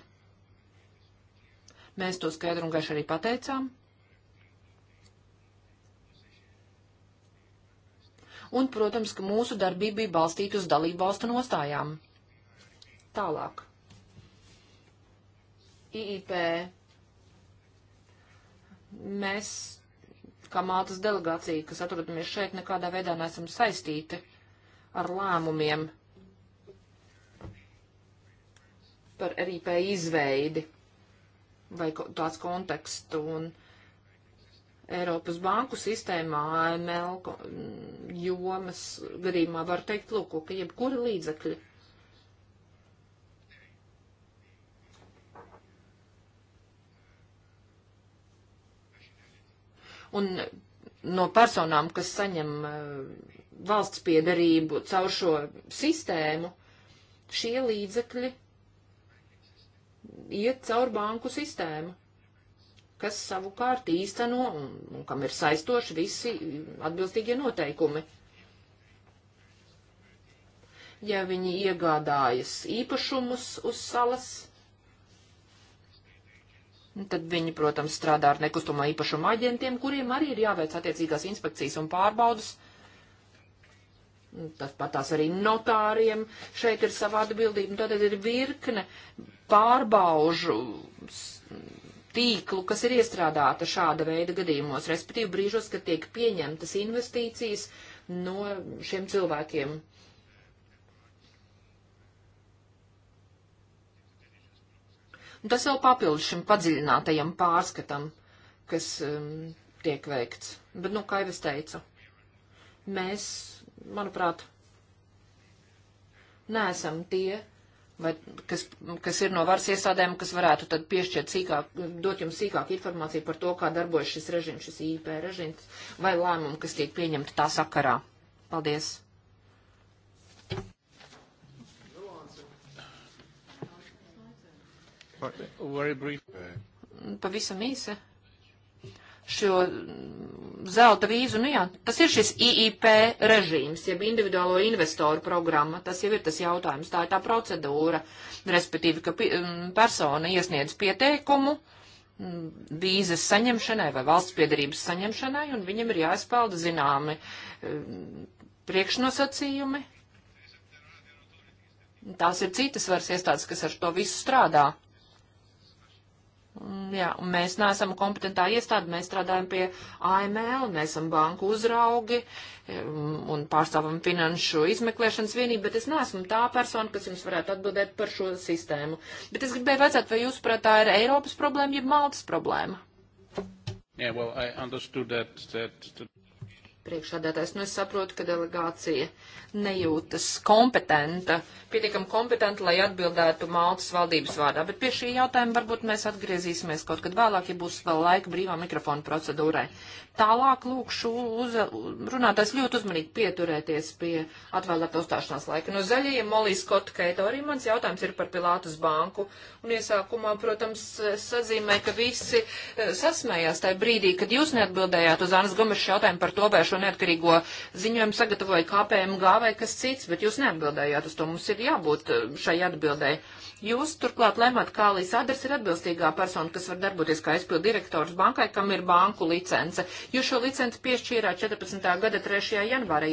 Mēs to skaidru un gaišu arī pateicām. Un, protams, ka mūsu darbība bija balstīta uz dalību valstu nostājām. Tālāk. IIP mēs, kā mātas delegācija, kas atrodamies šeit, nekādā veidā neesam saistīti ar lēmumiem par RIP izveidi vai tāds kontekstu. Un Eiropas banku sistēmā AML jomas gadījumā var teikt, lūk, ka jebkura līdzekļa un no personām, kas saņem eh, valsts piedarību caur šo sistēmu, šie līdzekļi iet caur banku sistēmu kas savukārt īsteno un, un kam ir saistoši visi atbilstīgie noteikumi. Ja viņi iegādājas īpašumus uz salas, Tad viņi, protams, strādā ar nekustamā īpašuma aģentiem, kuriem arī ir jāveic attiecīgās inspekcijas un pārbaudas. Tas pat tās arī notāriem šeit ir savā atbildība. Tātad ir virkne pārbaužu tīklu, kas ir iestrādāta šāda veida gadījumos, respektīvi brīžos, kad tiek pieņemtas investīcijas no šiem cilvēkiem. Un tas vēl papildus šim padziļinātajam pārskatam, kas um, tiek veikts. Bet, nu, kā jau es teicu, mēs, manuprāt, neesam tie, vai kas, kas ir no varas iestādēm, kas varētu tad piešķirt sīkāk, dot jums sīkāk informāciju par to, kā darbojas šis režīms, šis IP režīms, vai lēmumu, kas tiek pieņemta tā sakarā. Paldies! Mm, pavisam īsi. Šo zelta vīzu, nu jā, tas ir šis IIP režīms, jeb individuālo investoru programma, tas jau ir tas jautājums, tā ir tā procedūra, respektīvi, ka mm, persona iesniedz pieteikumu, mm, vīzas saņemšanai vai valsts piedarības saņemšanai, un viņam ir jāizpelda zināmi priekšnosacījumi. Tās ir citas varas iestādes, kas ar to visu strādā. Mm, jā, un mēs neesam kompetentā iestāde, mēs strādājam pie AML, neesam banku uzraugi mm, un pārstāvam finanšu izmeklēšanas vienību, bet es neesmu tā persona, kas jums varētu atbildēt par šo sistēmu. Bet es gribēju vajadzēt, vai jūs prāt tā ir Eiropas problēma, jeb Maltas problēma? Yeah, well, I understood that, that priekšādātājs. Nu, es saprotu, ka delegācija nejūtas kompetenta, pietiekam kompetenta, lai atbildētu Maltas valdības vārdā. Bet pie šī jautājuma varbūt mēs atgriezīsimies kaut kad vēlāk, ja būs vēl laika brīvā mikrofona procedūrai. Tālāk lūkšu uz, runātājs ļoti uzmanīgi pieturēties pie atvēlētā uzstāšanās laika. No zaļajiem Molijas Skotu Keita arī mans jautājums ir par Pilātus banku. Un iesākumā, protams, sazīmē, ka visi eh, sasmējās tajā brīdī, kad jūs neatbildējāt uz Anas Gomeša jautājumu par to, vai šo neatkarīgo ziņojumu sagatavoja KPMG vai kas cits, bet jūs neatbildējāt uz to. Mums ir jābūt eh, šai atbildēji. Jūs turklāt lemat, kā līdz adrese ir atbilstīgā persona, kas var darboties kā aizpildu direktors bankai, kam ir banku licence. Jūs šo licenci piešķīrāt 14. gada 3. janvārī.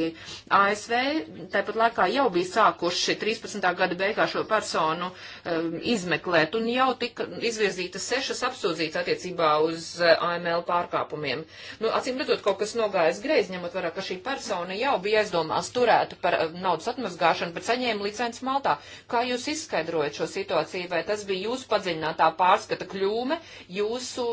ASV tāpat laikā jau bija sākuši 13. gada beigā šo personu um, izmeklēt un jau tika izvirzītas sešas apsūdzības attiecībā uz uh, AML pārkāpumiem. Nu, acīm redzot, kaut kas nogājas greizi, ņemot vērā, ka šī persona jau bija aizdomās turēta par uh, naudas atmazgāšanu, bet saņēma licenci Maltā. Kā jūs izskaidrojat šos situācija, vai tas bija jūsu padziļinātā pārskata kļūme, jūsu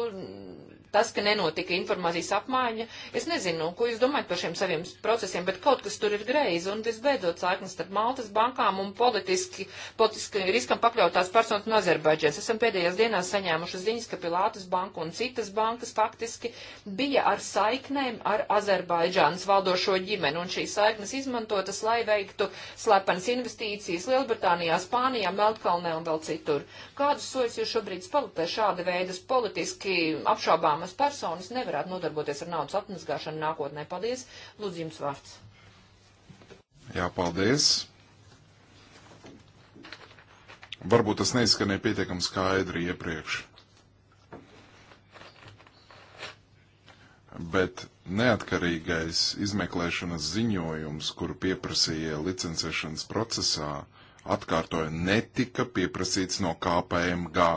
tas, ka nenotika informācijas apmaiņa. Es nezinu, ko jūs domājat par šiem saviem procesiem, bet kaut kas tur ir greizi. Un visbeidzot, saiknes starp Maltas bankām un politiski, politiski riskam pakļautās personas no Azerbaidžas. Esam pēdējās dienās saņēmuši ziņas, ka Pilātas banka un citas bankas faktiski bija ar saiknēm ar Azerbaidžānas valdošo ģimeni. Un šīs saiknes izmantotas, lai veiktu slepenas investīcijas Lielbritānijā, Spānijā, Meltkalnē un vēl citur. Kādus soļus jūs šobrīd spalutē šāda veida politiski apšaubāmas? zināmas personas nevarētu nodarboties ar naudas atmazgāšanu nākotnē. Paldies! Lūdzu, jums vārds. Jā, paldies! Varbūt tas neizskanēja pietiekami skaidri iepriekš. Bet neatkarīgais izmeklēšanas ziņojums, kuru pieprasīja licencēšanas procesā, atkārtoja, netika pieprasīts no KPMG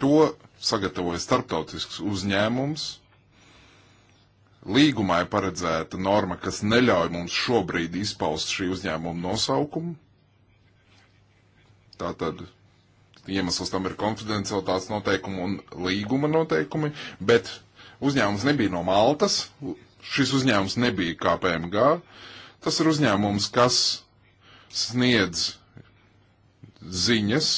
To sagatavoja starptautisks uzņēmums. Līgumā ir paredzēta norma, kas neļauj mums šobrīd izpaust šī uzņēmuma nosaukumu. Tātad iemesls tam ir konfidencialitātes noteikumi un līguma noteikumi, bet uzņēmums nebija no Maltas, šis uzņēmums nebija KPMG. Tas ir uzņēmums, kas sniedz ziņas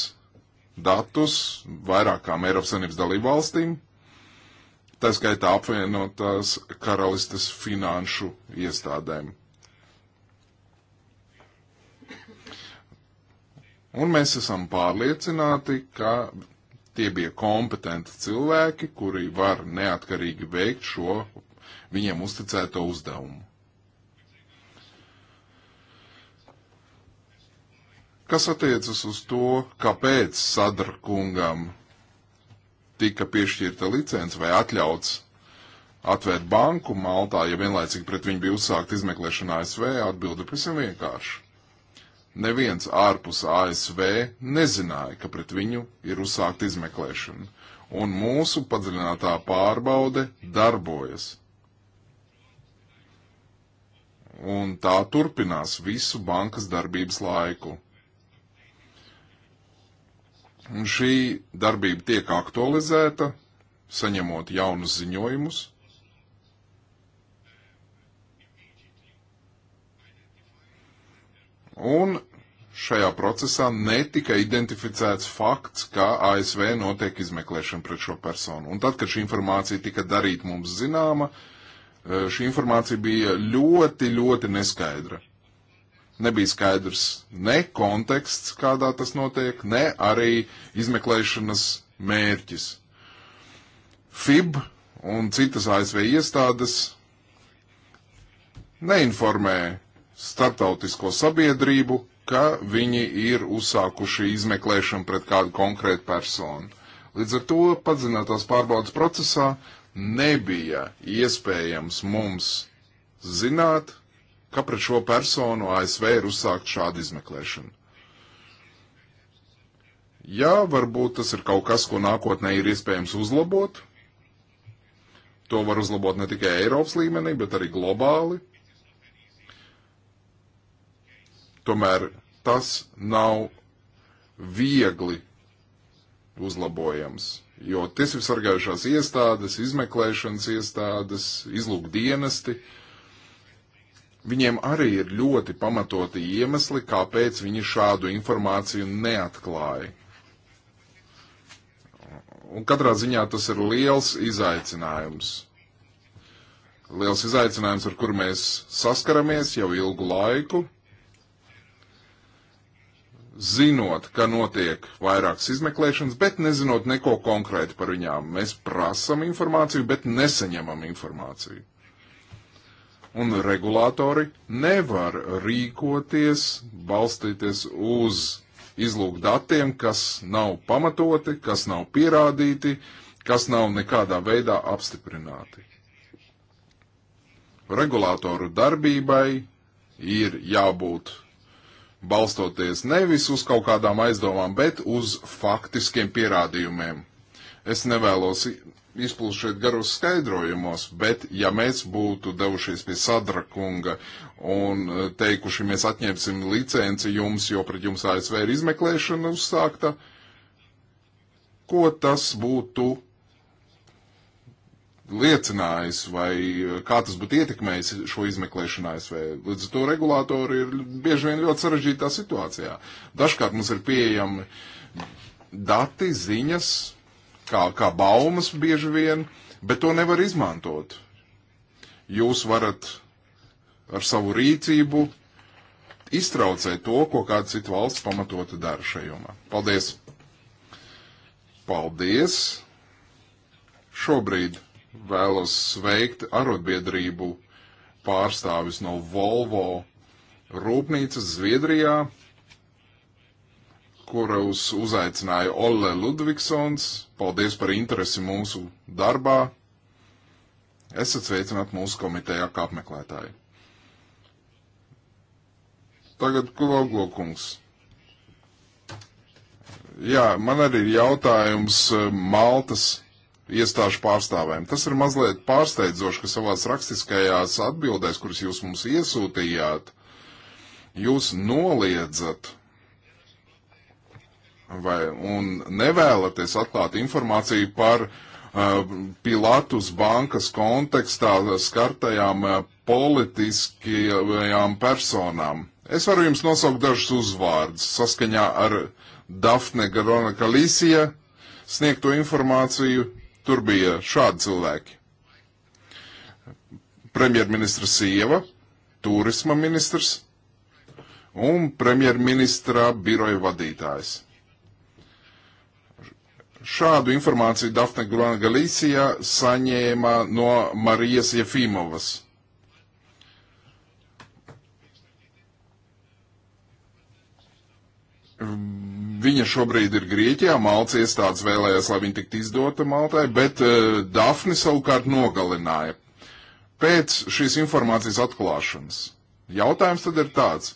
datus vairākām Eiropas Savienības dalību valstīm, tā skaitā apvienotās karalistes finanšu iestādēm. Un mēs esam pārliecināti, ka tie bija kompetenti cilvēki, kuri var neatkarīgi veikt šo viņiem uzticēto uzdevumu. Kas attiecas uz to, kāpēc sadrakungam tika piešķirta licence vai atļauts atvērt banku Maltā, ja vienlaicīgi pret viņu bija uzsākt izmeklēšana ASV, atbilde pavisam vienkārši. Neviens ārpus ASV nezināja, ka pret viņu ir uzsākt izmeklēšana, un mūsu padziļinātā pārbaude darbojas. Un tā turpinās visu bankas darbības laiku. Un šī darbība tiek aktualizēta, saņemot jaunus ziņojumus. Un šajā procesā netika identificēts fakts, ka ASV notiek izmeklēšana pret šo personu. Un tad, kad šī informācija tika darīta mums zināma, eh, šī informācija bija ļoti, ļoti neskaidra. Nebija skaidrs ne konteksts, kādā tas notiek, ne arī izmeklēšanas mērķis. FIB un citas ASV iestādes neinformē starptautisko sabiedrību, ka viņi ir uzsākuši izmeklēšanu pret kādu konkrētu personu. Līdz ar to padzinātās pārbaudas procesā nebija iespējams mums zināt, ka pret šo personu ASV ir uzsākt šādu izmeklēšanu. Jā, varbūt tas ir kaut kas, ko nākotnē ir iespējams uzlabot. To var uzlabot ne tikai Eiropas līmenī, bet arī globāli. Tomēr tas nav viegli uzlabojams, jo tiesības sargājušās iestādes, izmeklēšanas iestādes, izlūkdienesti dienesti Viņiem arī ir ļoti pamatoti iemesli, kāpēc viņi šādu informāciju neatklāja. Un katrā ziņā tas ir liels izaicinājums. Liels izaicinājums, ar kuru mēs saskaramies jau ilgu laiku. Zinot, ka notiek vairākas izmeklēšanas, bet nezinot neko konkrēti par viņām, mēs prasam informāciju, bet nesaņemam informāciju un regulātori nevar rīkoties, balstīties uz izlūk datiem, kas nav pamatoti, kas nav pierādīti, kas nav nekādā veidā apstiprināti. Regulātoru darbībai ir jābūt balstoties nevis uz kaut kādām aizdomām, bet uz faktiskiem pierādījumiem. Es nevēlos izplūst šeit garos skaidrojumos, bet ja mēs būtu devušies pie Sadrakunga un e, teikuši, mēs atņemsim licenci jums, jo pret jums ASV ir izmeklēšana uzsākta, ko tas būtu liecinājis vai e, kā tas būtu ietekmējis šo izmeklēšanu ASV. Līdz ar to regulātori ir bieži vien ļoti sarežģītā situācijā. Dažkārt mums ir pieejami dati, ziņas, kā, kā baumas bieži vien, bet to nevar izmantot. Jūs varat ar savu rīcību iztraucēt to, ko kāda cita valsts pamatoti dara šajomā. Paldies! Paldies! Šobrīd vēlos sveikt arotbiedrību pārstāvis no Volvo rūpnīcas Zviedrijā kurus uzaicināja Olle Ludvigsons. Paldies par interesi mūsu darbā. Esat sveicināt mūsu komitejā kā apmeklētāji. Tagad Klovglokungs. Jā, man arī ir jautājums eh, Maltas iestāžu pārstāvēm. Tas ir mazliet pārsteidzoši, ka savās rakstiskajās atbildēs, kuras jūs mums iesūtījāt, jūs noliedzat vai, un nevēlaties atklāt informāciju par uh, Pilatus bankas kontekstā skartajām uh, politiskajām personām. Es varu jums nosaukt dažus uzvārdus saskaņā ar Dafne Garona Kalīsija sniegto informāciju. Tur bija šādi cilvēki. Premjerministra sieva, turisma ministrs un premjerministra biroja vadītājs. Šādu informāciju Dafne Grona Galicija saņēma no Marijas Jefimovas. Viņa šobrīd ir Grieķijā, Malts iestādes vēlējās, lai viņa tiktu izdota Maltai, bet uh, eh, Dafni savukārt nogalināja. Pēc šīs informācijas atklāšanas jautājums tad ir tāds,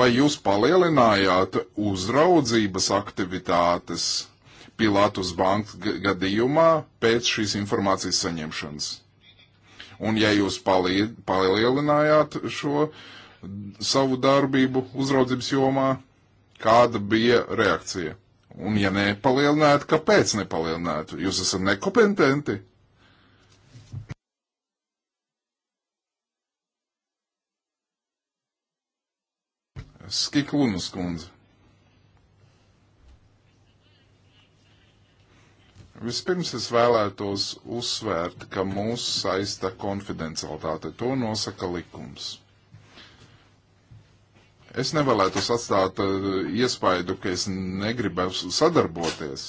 vai jūs palielinājāt uzraudzības aktivitātes Pilatus banka gadījumā pēc šīs informācijas saņemšanas. Un ja jūs palielinājāt šo savu darbību uzraudzības jomā, kāda bija reakcija? Un ja nepalielinājāt, kāpēc nepalielinājāt? Jūs esat nekompetenti? Skiklunas kundze. Vispirms es vēlētos uzsvērt, ka mūs saista konfidencialitāte. To nosaka likums. Es nevēlētos atstāt eh, iespaidu, ka es negribu sadarboties,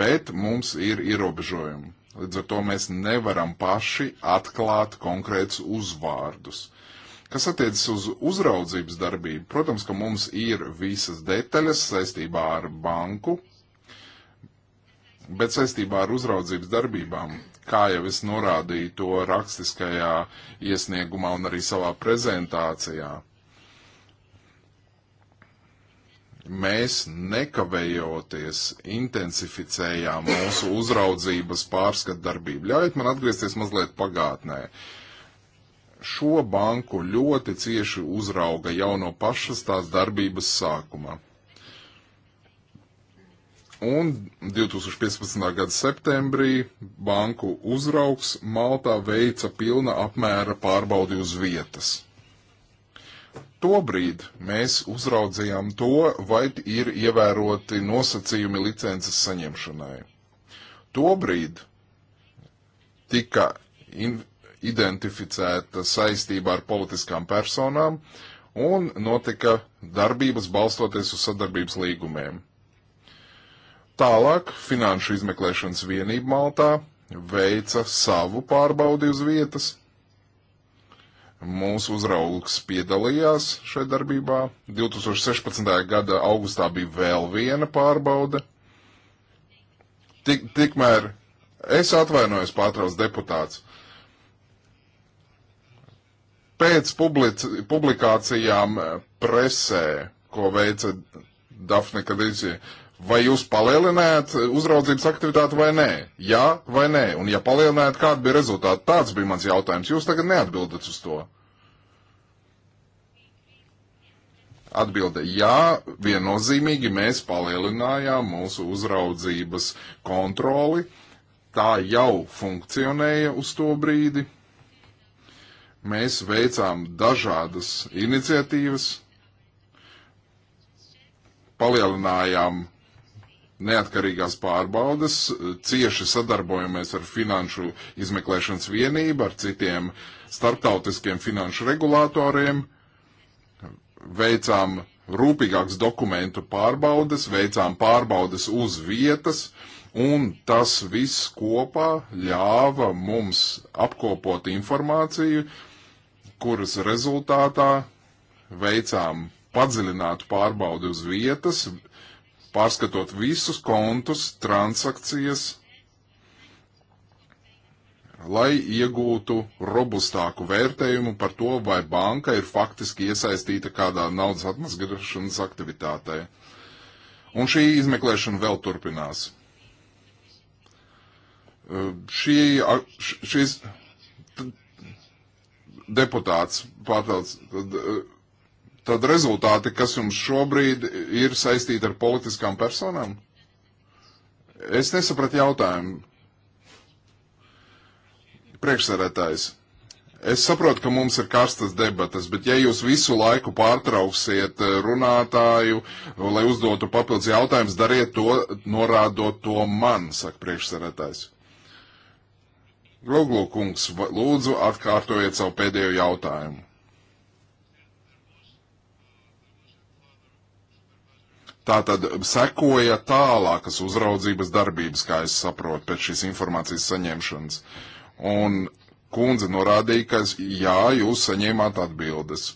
bet mums ir ierobežojumi. Līdz ar to mēs nevaram paši atklāt konkrētus uzvārdus. Kas attiecas uz uzraudzības darbību, protams, ka mums ir visas detaļas saistībā ar banku, Bet saistībā ar uzraudzības darbībām, kā jau es norādīju to rakstiskajā iesniegumā un arī savā prezentācijā, mēs nekavējoties intensificējām mūsu uzraudzības pārskatdarbību. Ļaujiet man atgriezties mazliet pagātnē. Šo banku ļoti cieši uzrauga jau no pašas tās darbības sākuma. Un 2015. gada septembrī banku uzraugs Maltā veica pilna apmēra pārbaudi uz vietas. Tobrīd mēs uzraudzījām to, vai ir ievēroti nosacījumi licences saņemšanai. Tobrīd tika identificēta saistībā ar politiskām personām un notika darbības balstoties uz sadarbības līgumiem. Tālāk Finanšu izmeklēšanas vienība Maltā veica savu pārbaudi uz vietas. Mūsu uzraugs piedalījās šajā darbībā. 2016. gada augustā bija vēl viena pārbaude. Tik, tikmēr es atvainojos pārtrauc deputāts. Pēc public, publikācijām eh, presē, ko veica Dafne Kadīcija, uh, vai jūs palielinājāt uzraudzības aktivitāti vai nē? Jā vai nē? Un ja palielinājāt, kāda bija rezultāta? Tāds bija mans jautājums. Jūs tagad neatbildat uz to. Atbilde - jā, viennozīmīgi mēs palielinājām mūsu uzraudzības kontroli. Tā jau funkcionēja uz to brīdi. Mēs veicām dažādas iniciatīvas, palielinājām neatkarīgās pārbaudas, cieši sadarbojamies ar Finanšu izmeklēšanas vienību, ar citiem starptautiskiem finanšu regulātoriem, veicām rūpīgākas dokumentu pārbaudas, veicām pārbaudas uz vietas, un tas viss kopā ļāva mums apkopot informāciju, kuras rezultātā veicām padziļinātu pārbaudi uz vietas, pārskatot visus kontus, transakcijas, lai iegūtu robustāku vērtējumu par to, vai banka ir faktiski iesaistīta kādā naudas atmazgāšanas aktivitātē. Un šī izmeklēšana vēl turpinās. Šī, šis deputāts pārtauc Tad rezultāti, kas jums šobrīd ir saistīti ar politiskām personām? Es nesapratu jautājumu. Priekšsēdētājs. Es saprotu, ka mums ir karstas debatas, bet ja jūs visu laiku pārtrauksiet eh, runātāju, lai uzdotu papildus jautājumus, dariet to, norādot to man, saka priekšsarētājs. Gloglo kungs, lūdzu, atkārtojiet savu pēdējo jautājumu. Tā tad sekoja tālākas uzraudzības darbības, kā es saprotu, pēc šīs informācijas saņemšanas. Un kundze norādīja, ka jā, jūs saņēmāt atbildes.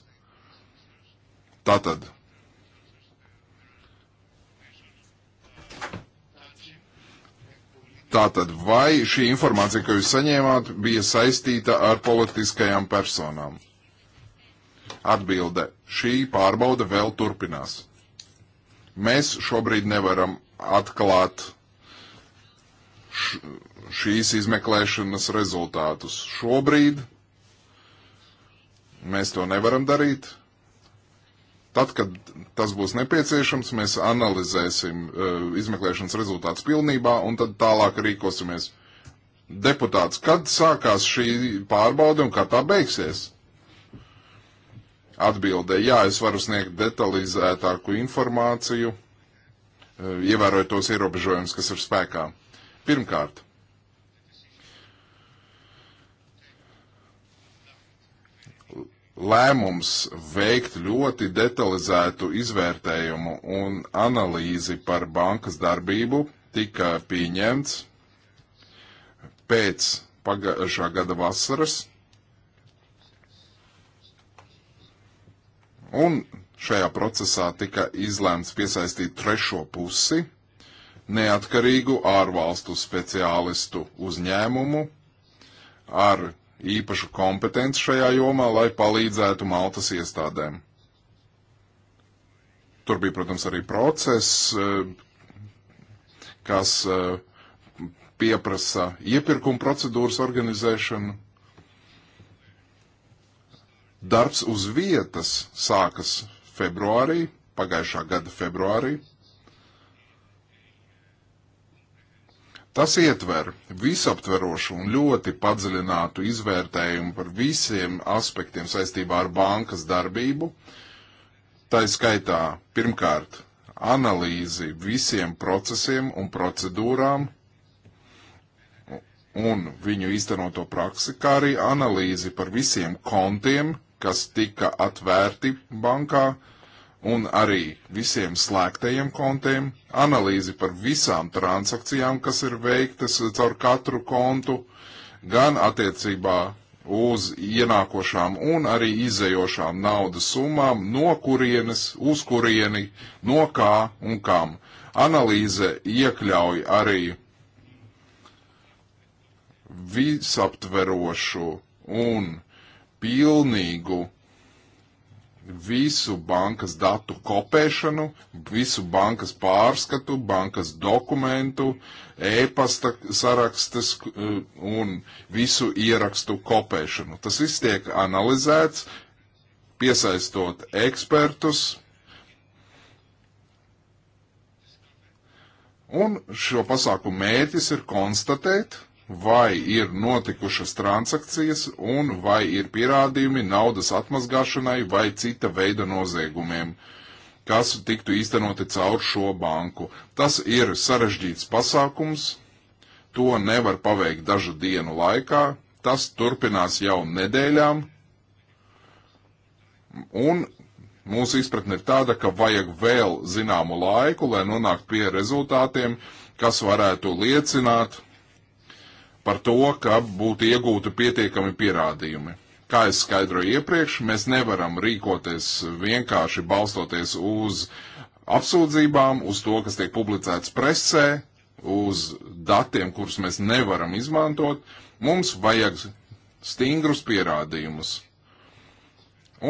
Tātad. Tātad, vai šī informācija, ko jūs saņēmāt, bija saistīta ar politiskajām personām? Atbilde. Šī pārbauda vēl turpinās. Mēs šobrīd nevaram atklāt šīs izmeklēšanas rezultātus. Šobrīd mēs to nevaram darīt. Tad, kad tas būs nepieciešams, mēs analizēsim uh, izmeklēšanas rezultātus pilnībā un tad tālāk rīkosimies. Deputāts, kad sākās šī pārbauda un kā tā beigsies? Atbildē, jā, es varu sniegt detalizētāku informāciju, eh, ievērojot tos ierobežojumus, kas ir spēkā. Pirmkārt, lēmums veikt ļoti detalizētu izvērtējumu un analīzi par bankas darbību tika pieņemts pēc pagājušā gada vasaras Un šajā procesā tika izlēmts piesaistīt trešo pusi, neatkarīgu ārvalstu speciālistu uzņēmumu ar īpašu kompetenci šajā jomā, lai palīdzētu Maltas iestādēm. Tur bija, protams, arī process, eh, kas eh, pieprasa iepirkuma procedūras organizēšanu Darbs uz vietas sākas februārī, pagājušā gada februārī. Tas ietver visaptverošu un ļoti padziļinātu izvērtējumu par visiem aspektiem saistībā ar bankas darbību. Tā skaitā pirmkārt analīzi visiem procesiem un procedūrām un viņu īstenoto praksi, kā arī analīzi par visiem kontiem, kas tika atvērti bankā, un arī visiem slēgtajiem kontiem, analīzi par visām transakcijām, kas ir veiktas caur katru kontu, gan attiecībā uz ienākošām un arī izējošām naudas summām, no kurienes, uz kurieni, no kā un kam. Analīze iekļauj arī visaptverošu un pilnīgu visu bankas datu kopēšanu, visu bankas pārskatu, bankas dokumentu, e-pasta sarakstus eh, un visu ierakstu kopēšanu. Tas viss tiek analizēts, piesaistot ekspertus. Un šo pasākumu mērķis ir konstatēt, vai ir notikušas transakcijas un vai ir pierādījumi naudas atmazgāšanai vai cita veida noziegumiem, kas tiktu īstenoti caur šo banku. Tas ir sarežģīts pasākums, to nevar paveikt dažu dienu laikā, tas turpinās jau nedēļām, un mūsu izpratne ir tāda, ka vajag vēl zināmu laiku, lai nonāktu pie rezultātiem, kas varētu liecināt, par to, ka būtu iegūti pietiekami pierādījumi. Kā es skaidroju iepriekš, mēs nevaram rīkoties vienkārši balstoties uz apsūdzībām, uz to, kas tiek publicēts presē, uz datiem, kurus mēs nevaram izmantot. Mums vajag stingrus pierādījumus.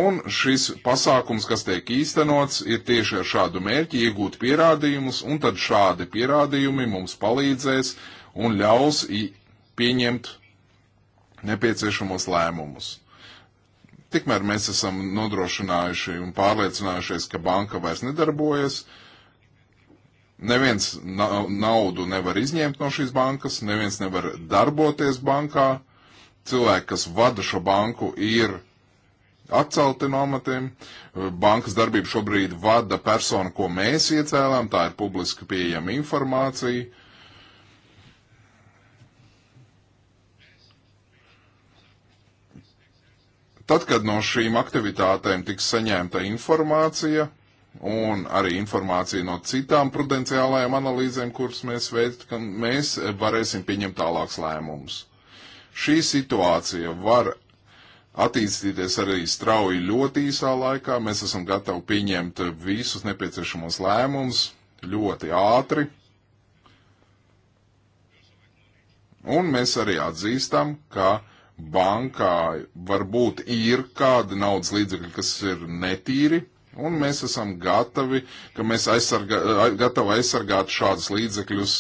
Un šis pasākums, kas tiek īstenots, ir tieši ar šādu mērķi iegūt pierādījumus, un tad šādi pierādījumi mums palīdzēs un ļaus pieņemt nepieciešamos lēmumus. Tikmēr mēs esam nodrošinājuši un pārliecinājušies, ka banka vairs nedarbojas. Neviens na naudu nevar izņemt no šīs bankas, neviens nevar darboties bankā. Cilvēki, kas vada šo banku, ir atcelti no amatiem. Bankas darbību šobrīd vada persona, ko mēs iecēlām, tā ir publiski pieejama informācija. Uh, Tad, kad no šīm aktivitātēm tiks saņemta informācija un arī informācija no citām prudenciālajām analīzēm, kuras mēs veicam, mēs varēsim pieņemt tālāks lēmumus. Šī situācija var attīstīties arī strauji ļoti īsā laikā. Mēs esam gatavi pieņemt visus nepieciešamos lēmumus ļoti ātri. Un mēs arī atzīstam, ka bankā varbūt ir kādi naudas līdzekļi, kas ir netīri, un mēs esam gatavi, ka mēs aizsargā, gatavi aizsargāt šādus līdzekļus,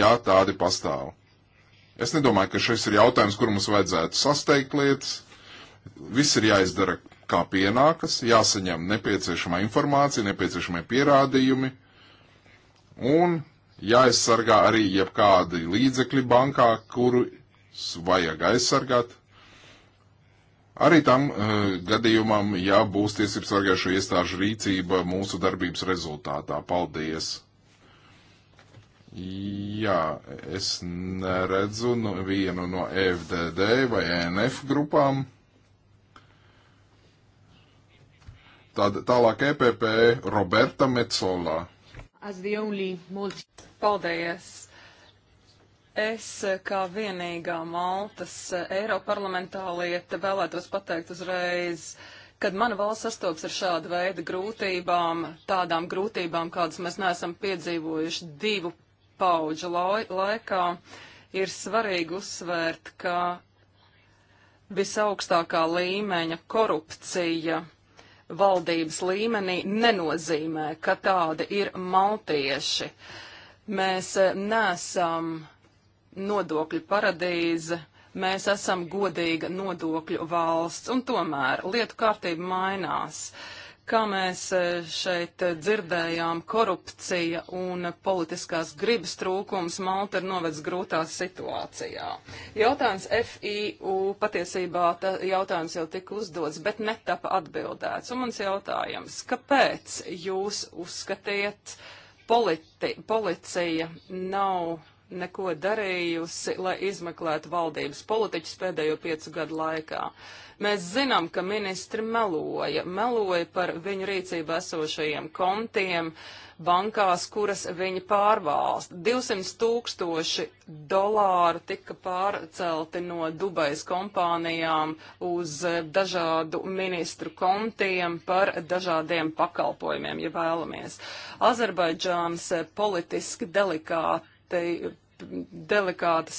ja tādi pastāv. Es nedomāju, ka šis ir jautājums, kur mums vajadzētu sasteigt lietas. Viss ir jāizdara kā pienākas, jāsaņem nepieciešamā informācija, nepieciešamie pierādījumi un jāaizsargā arī jebkādi līdzekļi bankā, kuru vajag aizsargāt. Arī tam uh, gadījumam, ja būs tiesības sargājušo iestāžu rīcība mūsu darbības rezultātā. Paldies! Jā, es neredzu nu, vienu no FDD vai NF grupām. Tad tālāk EPP Roberta Metzola. Paldies! Es kā vienīgā Maltas eh, Eiroparlamentāliete vēlētos pateikt uzreiz, kad mana valsts sastopas ar šādu veidu grūtībām, tādām grūtībām, kādas mēs neesam piedzīvojuši divu pauģu laikā, ir svarīgi uzsvērt, ka visaugstākā līmeņa korupcija valdības līmenī nenozīmē, ka tādi ir maltieši. Mēs eh, nesam nodokļu paradīze, mēs esam godīga nodokļu valsts, un tomēr lietu kārtība mainās. Kā mēs e, šeit dzirdējām, korupcija un politiskās gribas trūkums Malta ir novedis grūtā situācijā. Jautājums FIU patiesībā jautājums jau tika uzdots, bet netapa atbildēts. Un mans jautājums, kāpēc jūs uzskatiet, politi, policija nav neko darījusi, lai izmeklētu valdības politiķus pēdējo piecu gadu laikā. Mēs zinām, ka ministri meloja, meloja par viņu rīcību esošajiem kontiem bankās, kuras viņi pārvalsta. 200 tūkstoši dolāru tika pārcelti no Dubajas kompānijām uz dažādu ministru kontiem par dažādiem pakalpojumiem, ja vēlamies. Azerbaidžāns politiski delikāti ļoti delikātas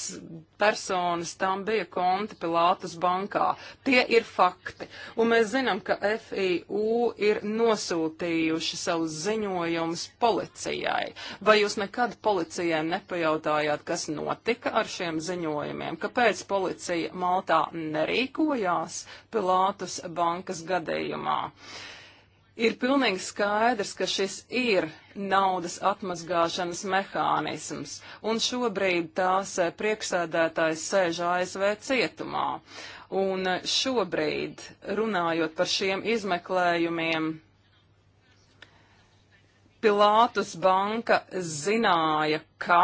personas, tām bija konti Pilātus bankā. Tie ir fakti. Un mēs zinām, ka FIU ir nosūtījuši savus ziņojumus policijai. Vai jūs nekad policijai nepajautājāt, kas notika ar šiem ziņojumiem? Kāpēc policija Maltā nerīkojās Pilātus bankas gadījumā? Uh, Ir pilnīgi skaidrs, ka šis ir naudas atmazgāšanas mehānisms, un šobrīd tās eh, priekšsēdētājs sēž ASV cietumā. Un eh, šobrīd, runājot par šiem izmeklējumiem, Pilātus banka zināja, ka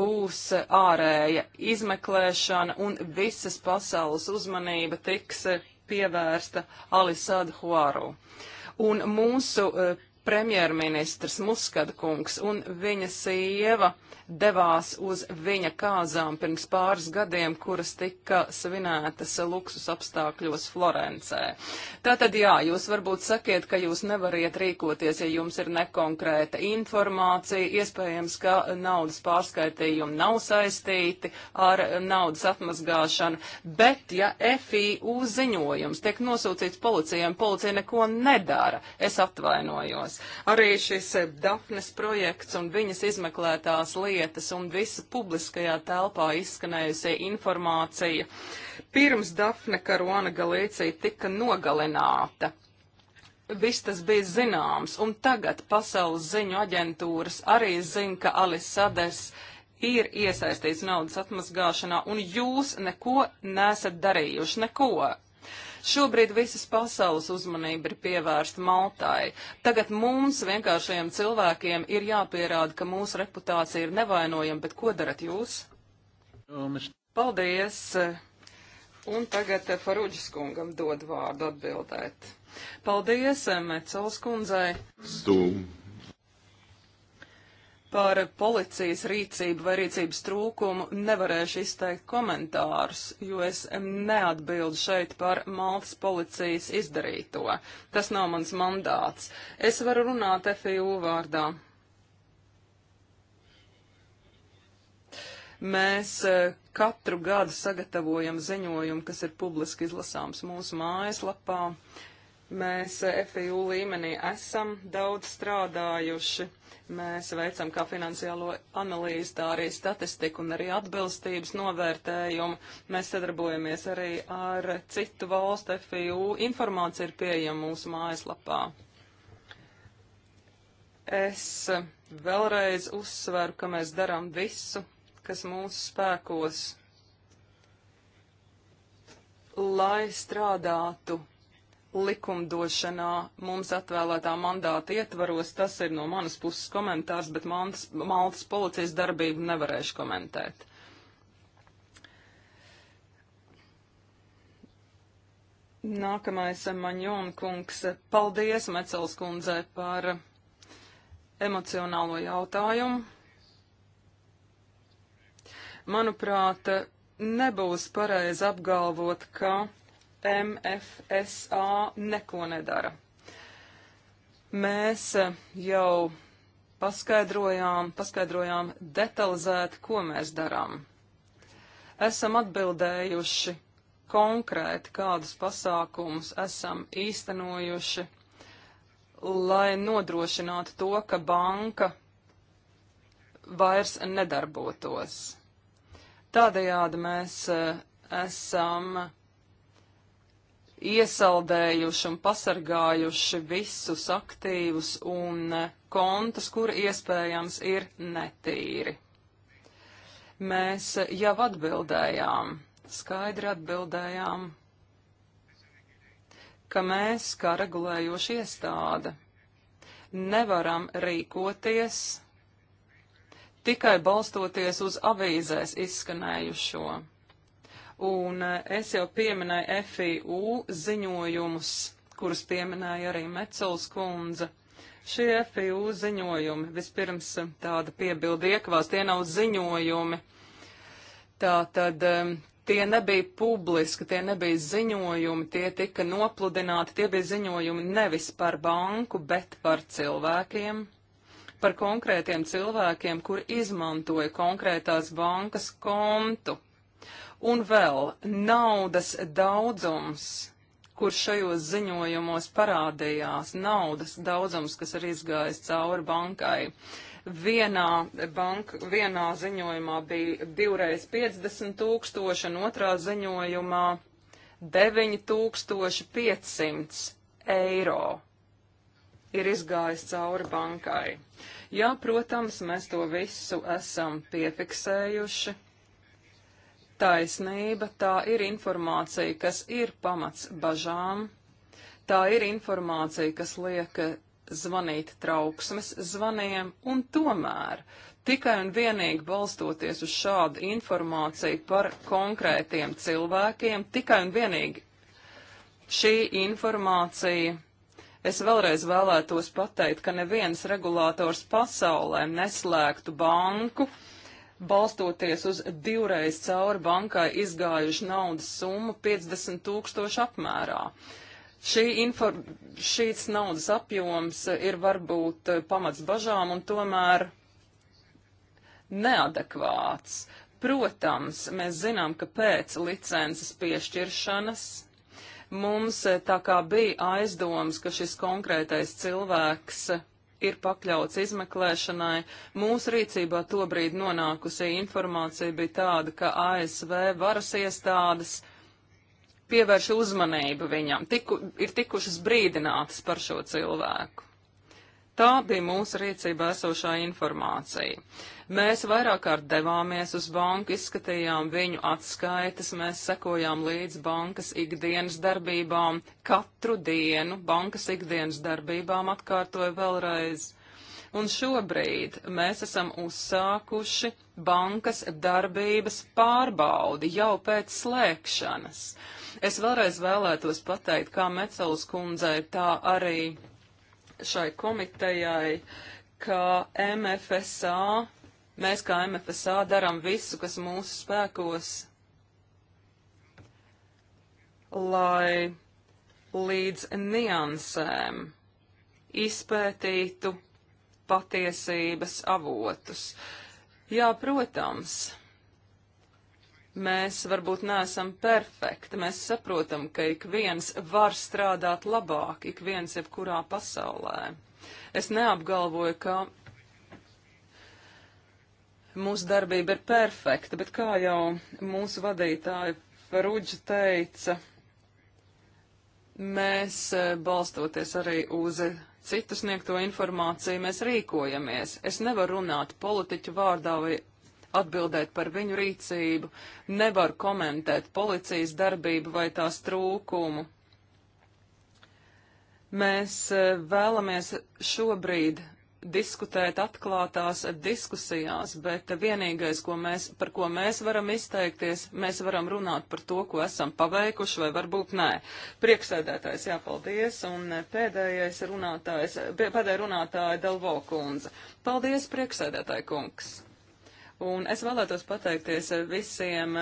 būs eh, ārēja izmeklēšana un visas pasaules uzmanība tiks pievērsta Alisādu Huāru. Uh, un mūsu uh, premjerministrs Muskatkungs un viņa sieva devās uz viņa kāzām pirms pāris gadiem, kuras tika svinētas luksus apstākļos Florencē. Tātad jā, jūs varbūt sakiet, ka jūs nevariet rīkoties, ja jums ir nekonkrēta informācija, iespējams, ka naudas pārskaitījumi nav saistīti ar naudas atmazgāšanu, bet ja FIU ziņojums tiek nosūcīts policijai un policija neko nedara, es atvainojos mājās. Arī šis Dafnes projekts un viņas izmeklētās lietas un visa publiskajā telpā izskanējusie informācija pirms Dafne Karuana Galīcija tika nogalināta. Viss tas bija zināms, un tagad pasaules ziņu aģentūras arī zina, ka Alis Sades ir iesaistīts naudas atmazgāšanā, un jūs neko nesat darījuši, neko. Šobrīd visas pasaules uzmanība ir pievērsta Maltai. Tagad mums, vienkāršajiem cilvēkiem, ir jāpierāda, ka mūsu reputācija ir nevainojama, bet ko darat jūs? Paldies! Un tagad Farūģis kungam dod vārdu atbildēt. Paldies, Mecels kundzei! Stūm! Par policijas rīcību vai rīcības trūkumu nevarēšu izteikt komentārus, jo es neatbildu šeit par Maltas policijas izdarīto. Tas nav mans mandāts. Es varu runāt FIU vārdā. Mēs e, katru gadu sagatavojam ziņojumu, kas ir publiski izlasāms mūsu mājaslapā. Mēs FIU līmenī esam daudz strādājuši. Mēs veicam kā finansiālo analīzi, tā arī statistiku un arī atbilstības novērtējumu. Mēs sadarbojamies arī ar citu valstu FIU. Informācija ir pieejama mūsu mājaslapā. Es vēlreiz uzsveru, ka mēs darām visu, kas mūsu spēkos, lai strādātu likumdošanā mums atvēlētā mandāta ietvaros. Tas ir no manas puses komentārs, bet mans, Maltas policijas darbību nevarēšu komentēt. Nākamais Maņona kungs. Paldies Mecels kundzei par emocionālo jautājumu. Manuprāt, nebūs pareizi apgalvot, ka MFSA neko nedara. Mēs eh, jau paskaidrojām, paskaidrojām detalizēti, ko mēs darām. Esam atbildējuši konkrēti, kādus pasākumus esam īstenojuši, lai nodrošinātu to, ka banka vairs nedarbotos. Tādējādi mēs eh, esam iesaldējuši un pasargājuši visus aktīvus un kontus, kuri iespējams ir netīri. Mēs jau atbildējām, skaidri atbildējām, ka mēs, kā regulējoša iestāde, nevaram rīkoties tikai balstoties uz avīzēs izskanējušo Un eh, es jau pieminēju FIU ziņojumus, kurus pieminēja arī Mecels kundze. Šie FIU ziņojumi, vispirms eh, tāda piebilda iekvās, tie nav ziņojumi. Tā tad eh, tie nebija publiski, tie nebija ziņojumi, tie tika nopludināti, tie bija ziņojumi nevis par banku, bet par cilvēkiem par konkrētiem cilvēkiem, kur izmantoja konkrētās bankas kontu. Un vēl naudas daudzums, kur šajos ziņojumos parādījās, naudas daudzums, kas ir izgājis cauri bankai. Vienā, banka, vienā ziņojumā bija divreiz 50 tūkstoši, un otrā ziņojumā 9500 eiro ir izgājis cauri bankai. Jā, protams, mēs to visu esam piefiksējuši, taisnība, tā ir informācija, kas ir pamats bažām, tā ir informācija, kas liek zvanīt trauksmes zvaniem, un tomēr tikai un vienīgi balstoties uz šādu informāciju par konkrētiem cilvēkiem, tikai un vienīgi šī informācija. Es vēlreiz vēlētos pateikt, ka neviens regulators pasaulē neslēgtu banku, uh, balstoties uz divreiz cauri bankai izgājušu naudas summu 50 tūkstošu apmērā. Šī info, šīs naudas apjoms ir varbūt pamats bažām un tomēr neadekvāts. Protams, mēs zinām, ka pēc licences piešķiršanas mums tā kā bija aizdoms, ka šis konkrētais cilvēks ir pakļauts izmeklēšanai. Mūsu rīcībā tobrīd nonākusī informācija bija tāda, ka ASV varas iestādes pievērš uzmanību viņam, tiku, ir tikušas brīdinātas par šo cilvēku. Tā bija mūsu rīcībā esošā informācija. Mēs vairāk kārt devāmies uz banku, izskatījām viņu atskaitas, mēs sekojām līdz bankas ikdienas darbībām, katru dienu bankas ikdienas darbībām atkārtoju vēlreiz. Un šobrīd mēs esam uzsākuši bankas darbības pārbaudi jau pēc slēgšanas. Es vēlreiz vēlētos pateikt, kā Mecelas kundzei, tā arī šai komitejai, ka MFSA, mēs kā MFSA daram visu, kas mūsu spēkos, lai līdz niansēm izpētītu patiesības avotus. Jā, protams Mēs varbūt neesam perfekti, mēs saprotam, ka ik viens var strādāt labāk, ik viens jebkurā pasaulē. Es neapgalvoju, ka mūsu darbība ir perfekta, bet kā jau mūsu vadītāja Faruģa teica, mēs e, balstoties arī uz citu sniegto informāciju, mēs rīkojamies. Es nevaru runāt politiķu vārdā vai atbildēt par viņu rīcību, nevar komentēt policijas darbību vai tās trūkumu. Mēs e, vēlamies šobrīd diskutēt atklātās diskusijās, bet vienīgais, ko mēs, par ko mēs varam izteikties, mēs varam runāt par to, ko esam paveikuši vai varbūt nē. Prieksēdētājs jāpaldies un pēdējais runātājs, pēdējā runātāja Delvo kundze. Paldies, prieksēdētāja kungs! Un es vēlētos pateikties visiem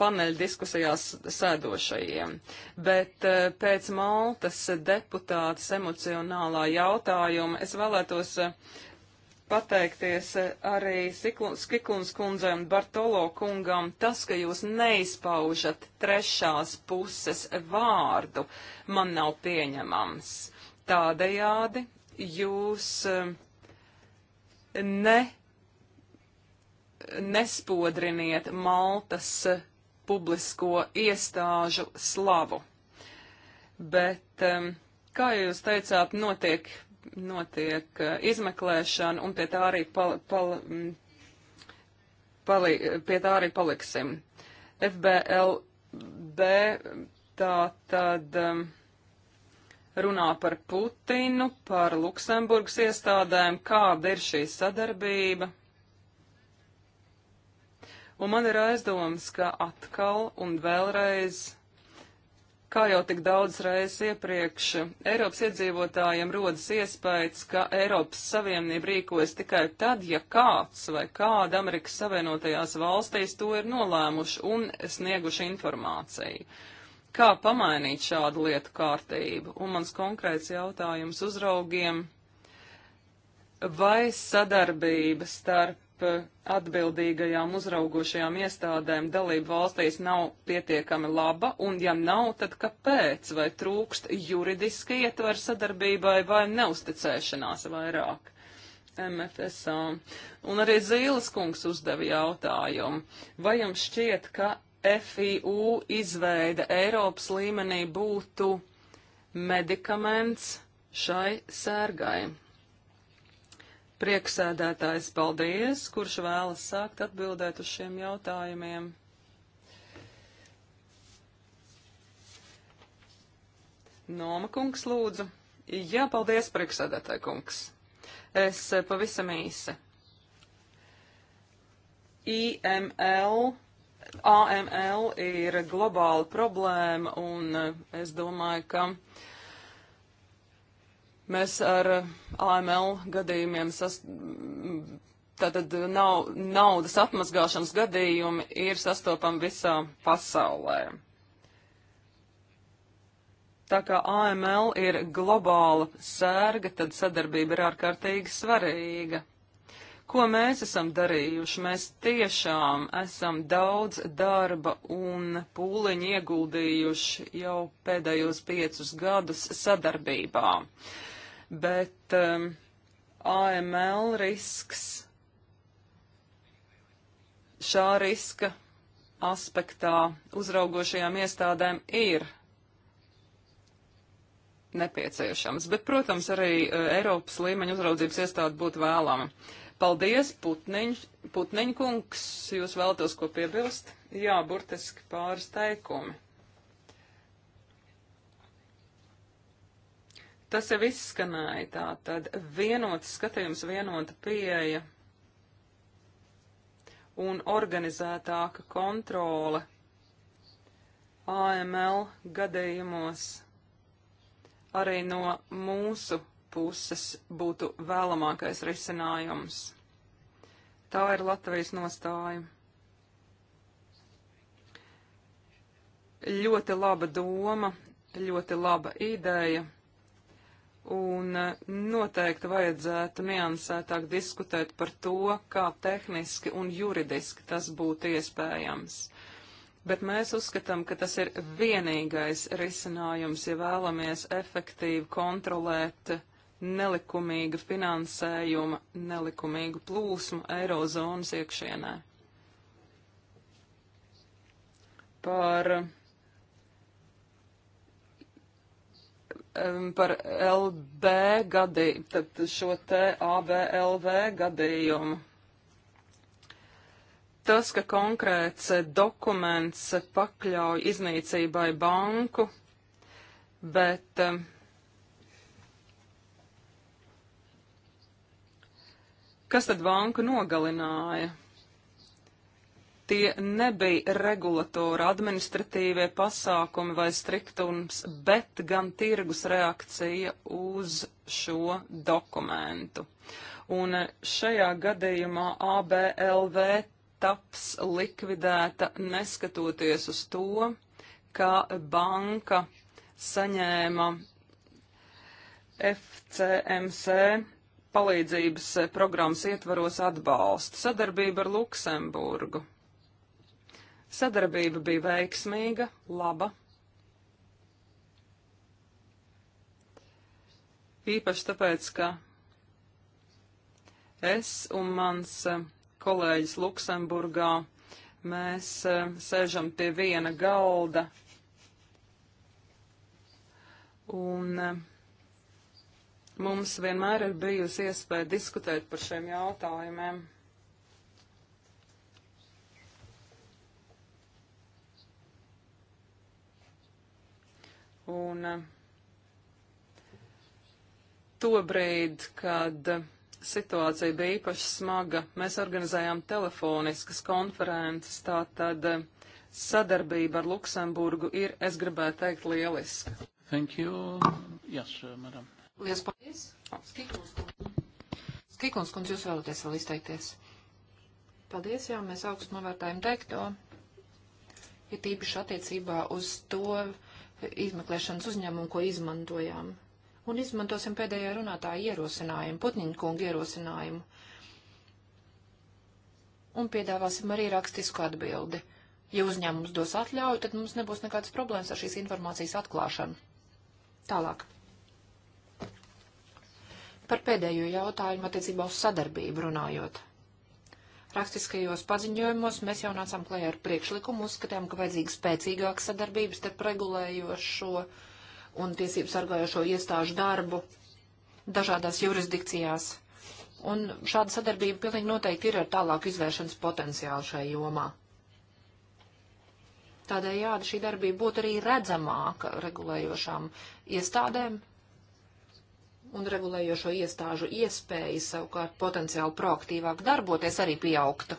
paneļa diskusijās sēdošajiem, bet eh, pēc Maltas deputātas emocionālā jautājuma es vēlētos eh, pateikties eh, arī Skikluns kundzei un Bartolo kungam tas, ka jūs neizpaužat trešās puses vārdu, man nav pieņemams. Tādējādi jūs ne nespodriniet Maltas publisko iestāžu slavu. Bet, kā jūs teicāt, notiek, notiek eh, izmeklēšana un pie tā arī, pal, pal, pali, pie tā arī paliksim. FBLB tā tad runā par Putinu, par Luksemburgas iestādēm, kāda ir šī sadarbība, Un man ir aizdoms, ka atkal un vēlreiz, kā jau tik daudz reizes iepriekš, Eiropas iedzīvotājiem rodas iespējas, ka Eiropas Savienība rīkojas tikai tad, ja kāds vai kāda Amerikas Savienotajās valstīs to ir nolēmuši un snieguši informāciju kā pamainīt šādu lietu kārtību. Un mans konkrēts jautājums uzraugiem, vai sadarbība starp starp atbildīgajām uzraugošajām iestādēm dalību valstīs nav pietiekami laba, un ja nav, tad kāpēc? Vai trūkst juridiski ietver sadarbībai vai neusticēšanās vairāk? MFSA. Un arī Zīles kungs uzdeva jautājumu. Vai jums šķiet, ka FIU izveida Eiropas līmenī būtu medikaments šai sērgai? Prieksēdētājs paldies, kurš vēlas sākt atbildēt uz šiem jautājumiem. Noma kungs lūdzu. Jā, paldies, prieksēdētāji kungs. Es eh, pavisam īsi. IML, AML ir globāla problēma, un eh, es domāju, ka Mēs ar AML gadījumiem sas... Tātad nav, naudas atmazgāšanas gadījumi ir sastopami visā pasaulē. Tā kā AML ir globāla sērga, tad sadarbība ir ārkārtīgi svarīga. Ko mēs esam darījuši? Mēs tiešām esam daudz darba un pūliņu ieguldījuši jau pēdējos piecus gadus sadarbībā. Uh, bet um, AML risks šā riska aspektā uzraugošajām iestādēm ir nepieciešams, bet, protams, arī uh, Eiropas līmeņa uzraudzības iestāde būtu vēlama. Paldies, Putniņ, Putniņkungs, jūs vēlatos ko piebilst? Jā, burtiski pāris teikumi. Tas jau izskanēja tā, tad vienots skatījums, vienota pieeja un organizētāka kontrole AML gadījumos arī no mūsu puses būtu vēlamākais risinājums. Tā ir Latvijas nostāja. Ļoti laba doma, ļoti laba ideja Un eh, noteikti vajadzētu niansētāk diskutēt par to, kā tehniski un juridiski tas būtu iespējams. Bet mēs uzskatām, ka tas ir vienīgais risinājums, ja vēlamies efektīvi kontrolēt nelikumīgu finansējumu, nelikumīgu plūsmu Eirozonas iekšienē. Par Um, par LB gadījumu, tad šo te ABLV gadījumu. Tas, ka konkrēts dokuments pakļauj iznīcībai banku, bet um, kas tad banku nogalināja? Tie nebija regulatora administratīvie pasākumi vai striktums, bet gan tirgus reakcija uz šo dokumentu. Un šajā gadījumā ABLV taps likvidēta neskatoties uz to, ka banka saņēma FCMC palīdzības programmas ietvaros atbalstu sadarbību ar Luksemburgu. Sadarbība bija veiksmīga, laba. Īpaši tāpēc, ka es un mans e, kolēģis Luksemburgā mēs e, sēžam pie viena galda un e, mums vienmēr ir bijusi iespēja diskutēt par šiem jautājumiem. Un eh, tobrīd, kad situācija bija īpaši smaga, mēs organizējām telefoniskas konferences, tā tad eh, sadarbība ar Luksemburgu ir, es gribētu teikt, lieliska. Thank you. Yes, madam. Lielas paldies. Skikons, kundze, jūs vēlaties vēl izteikties? Paldies, jā, mēs augstu novērtējam teikto, ir ja tīpaši attiecībā uz to, izmeklēšanas uzņēmumu, ko izmantojām. Un izmantosim pēdējā runātāja ierosinājumu, Putniņa kunga ierosinājumu. Un piedāvāsim arī rakstisku atbildi. Ja uzņēmums dos atļauju, tad mums nebūs nekādas problēmas ar šīs informācijas atklāšanu. Tālāk. Par pēdējo jautājumu attiecībā uz sadarbību runājot praktiskajos paziņojumos mēs jau nācām klajā ar priekšlikumu, uzskatām, ka vajadzīga spēcīgāka sadarbības starp regulējošo un tiesību sargājošo iestāžu darbu dažādās jurisdikcijās. Un šāda sadarbība pilnīgi noteikti ir ar tālāku izvēršanas potenciālu šai jomā. Tādējādi šī darbība būtu arī redzamāka regulējošām iestādēm, un regulējošo iestāžu iespēja savukārt potenciāli proaktīvāk darboties arī pieaugtu.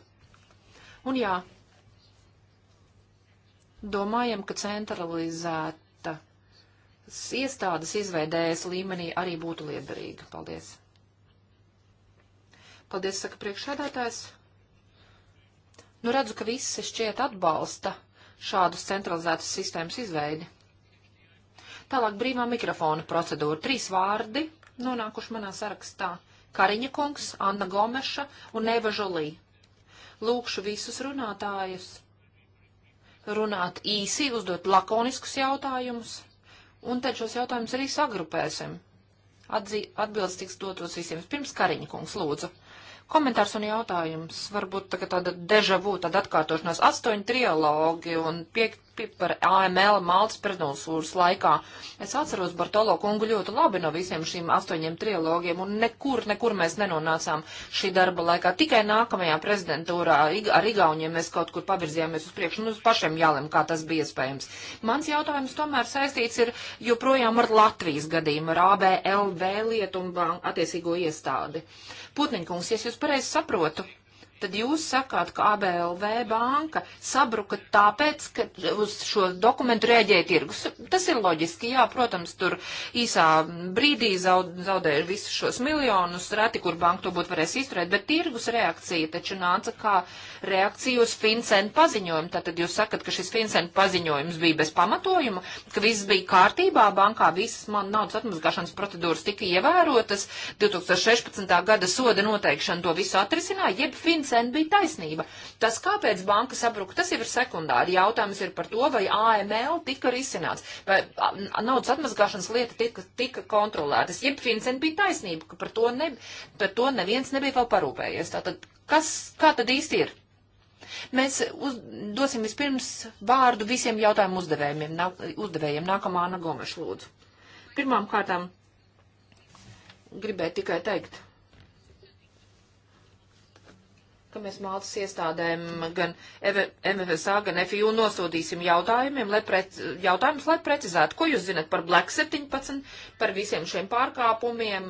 Un jā, domājam, ka centralizēta iestādes izveidējas līmenī arī būtu liederīga. Paldies! Paldies, saka priekšsēdētājs. Nu redzu, ka visi šķiet atbalsta šādus centralizētas sistēmas izveidi. Tālāk brīvā mikrofona procedūra. Trīs vārdi nonākuši manā sarakstā Kariņa kungs, Anna Gomeša un Eva Žolī. Lūkšu visus runātājus runāt īsi, uzdot lakoniskus jautājumus, un tad šos jautājumus arī sagrupēsim. Atzī, atbildes tiks dotos visiem. Pirms Kariņa kungs, lūdzu. Komentārs un jautājums. Varbūt tā, tāda dežavu, tāda atkārtošanās. Astoņi trialogi un piek, par AML Maltas pretnulsūras laikā. Es atceros Bartolo kungu ļoti labi no visiem šīm astoņiem trilogiem, un nekur, nekur mēs nenonācām šī darba laikā. Tikai nākamajā prezidentūrā ar Igauniem mēs kaut kur pavirzījāmies uz priekšu, un nu, uz pašiem jālem, kā tas bija iespējams. Mans jautājums tomēr saistīts ir joprojām ar Latvijas gadījumu, ar ABLV lietu un attiecīgo iestādi. Putniņkungs, ja es jūs pareizi saprotu, tad jūs sakāt, ka ABLV banka sabruka tāpēc, ka uz šo dokumentu rēģēja tirgus. Tas ir loģiski, jā, protams, tur īsā brīdī zaudēja visus šos miljonus, reti, kur banka to būtu varēs izturēt, bet tirgus reakcija taču nāca kā reakcija uz Fincen paziņojumu. Tātad jūs sakat, ka šis Fincen paziņojums bija bez pamatojuma, ka viss bija kārtībā bankā, visas man naudas atmazgāšanas procedūras tika ievērotas, 2016. gada soda noteikšana to visu atrisināja, jeb Fincen Vincent bija taisnība. Tas, kāpēc banka sabruka, tas jau ir sekundāri. Jautājums ir par to, vai AML tika risināts, vai naudas atmazgāšanas lieta tika, tika kontrolētas. Jeb Vincent bija taisnība, ka par to, ne, par to neviens nebija vēl parūpējies. Tātad, kas, kā tad īsti ir? Mēs uz, dosim vispirms vārdu visiem jautājumu uzdevējiem. Nā, uzdevējiem. Nākamā Ana Gomeša lūdzu. Pirmām kārtām gribēju tikai teikt, mēs Maltas iestādēm gan MFSA, gan FIU nosūtīsim jautājumiem, lai prec, jautājumus, lai precizētu, ko jūs zinat par Black 17, par visiem šiem pārkāpumiem,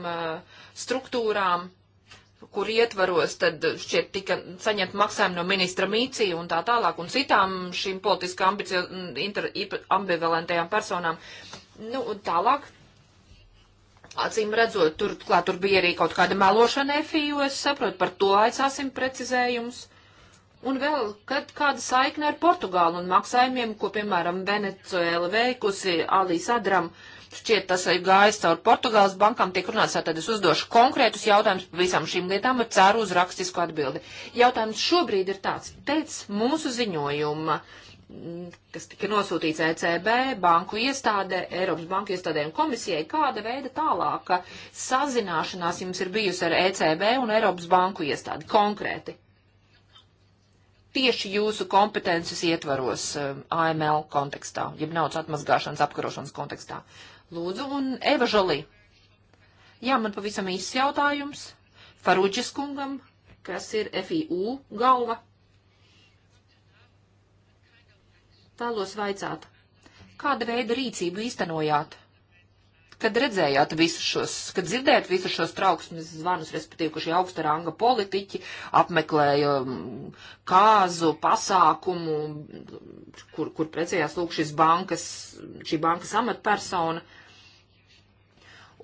struktūrām, kur ietvaros tad šķiet tika saņemt maksājumu no ministra Mīcija un tā tālāk un citām šīm politiski ambivalentajām personām. Nu, un tālāk Acīm redzot, turklāt tur bija arī kaut kāda melošana FIU, es saprotu, par to aicāsim precizējumus. Un vēl, kad kāda saikne ar Portugālu un maksājumiem, ko, piemēram, Venecuēla veikusi Alī Sadram, šķiet, tas ir gājis caur Portugāles bankām, tiek runāts, tātad es uzdošu konkrētus jautājumus par visām šīm lietām un ceru uz rakstisku atbildi. Jautājums šobrīd ir tāds, pēc mūsu ziņojuma kas tika nosūtīts ECB, banku iestādē, Eiropas banku iestādē un komisijai, kāda veida tālāka sazināšanās jums ir bijusi ar ECB un Eiropas banku iestādi konkrēti? Tieši jūsu kompetences ietvaros eh, AML kontekstā, jeb naudas atmazgāšanas apkarošanas kontekstā. Lūdzu, un Eva Žalī. Jā, man pavisam īsts jautājums. Faruģis kungam, kas ir FIU galva. Vēlos vaicāt, kāda veida rīcību īstenojāt? Kad redzējāt visus šos, kad dzirdējāt visus šos trauksmes zvanus, respektīvi, ka šie augsta ranga politiķi apmeklēja mm, kāzu pasākumu, kur, kur precējās lūk šis bankas, šī bankas amatpersona,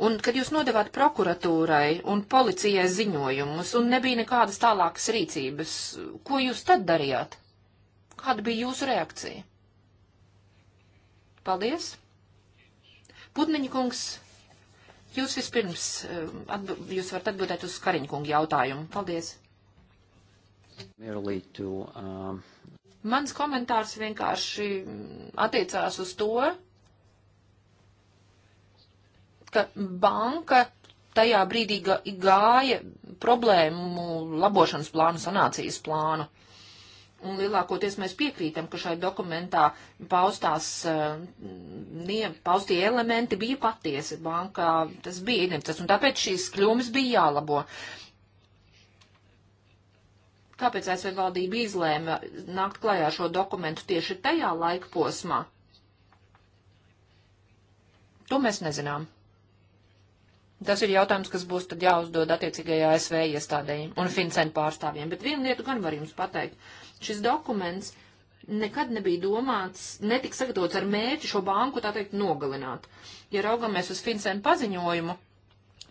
Un, kad jūs nodevāt prokuratūrai un policijai ziņojumus, un nebija nekādas tālākas rīcības, ko jūs tad darījāt? Kāda bija jūsu reakcija? Paldies! Putniņa kungs, jūs vispirms, um, jūs varat atbildēt uz Kariņa kunga jautājumu. Paldies! To, um... Mans komentārs vienkārši mm, attiecās uz to, ka banka tajā brīdī gāja problēmu labošanas plānu, sanācijas plānu un lielākoties mēs piekrītam, ka šai dokumentā paustās, eh, nie, paustie elementi bija patiesi, bankā tas bija identificēts, un tāpēc šīs kļūmes bija jālabo. Kāpēc ASV valdība izlēma nākt klajā šo dokumentu tieši tajā laika posmā? To mēs nezinām. Tas ir jautājums, kas būs tad jāuzdod attiecīgajā ASV iestādēji un FinCEN pārstāvjiem. Bet vienu lietu gan var jums pateikt. Šis dokuments nekad nebija domāts, netika sagatavots ar mērķi šo banku, tā teikt, nogalināt. Ja raugamies uz FinCEN paziņojumu,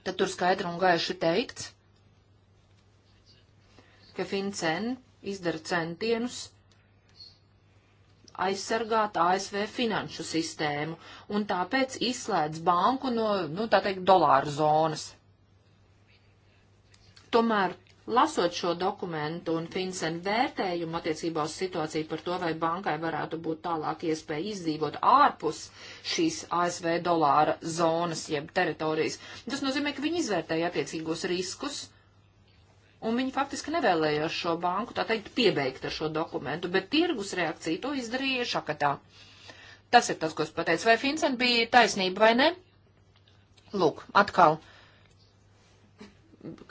tad tur skaidri un gaiši teikts, ka FinCEN izdara centienus aizsargāt ASV finanšu sistēmu un tāpēc izslēdz banku no, nu, tā teikt, dolāru zonas. Tomēr, lasot šo dokumentu un Finsen vērtējumu attiecībā uz situāciju par to, vai bankai varētu būt tālāk iespēja izdzīvot ārpus šīs ASV dolāra zonas jeb teritorijas, tas nozīmē, ka viņi izvērtēja attiecīgos riskus un viņi faktiski nevēlējās šo banku, tā teikt, piebeigt ar šo dokumentu, bet tirgus reakcija to izdarīja šakatā. Tas ir tas, ko es pateicu. Vai Fincen bija taisnība vai ne? Lūk, atkal.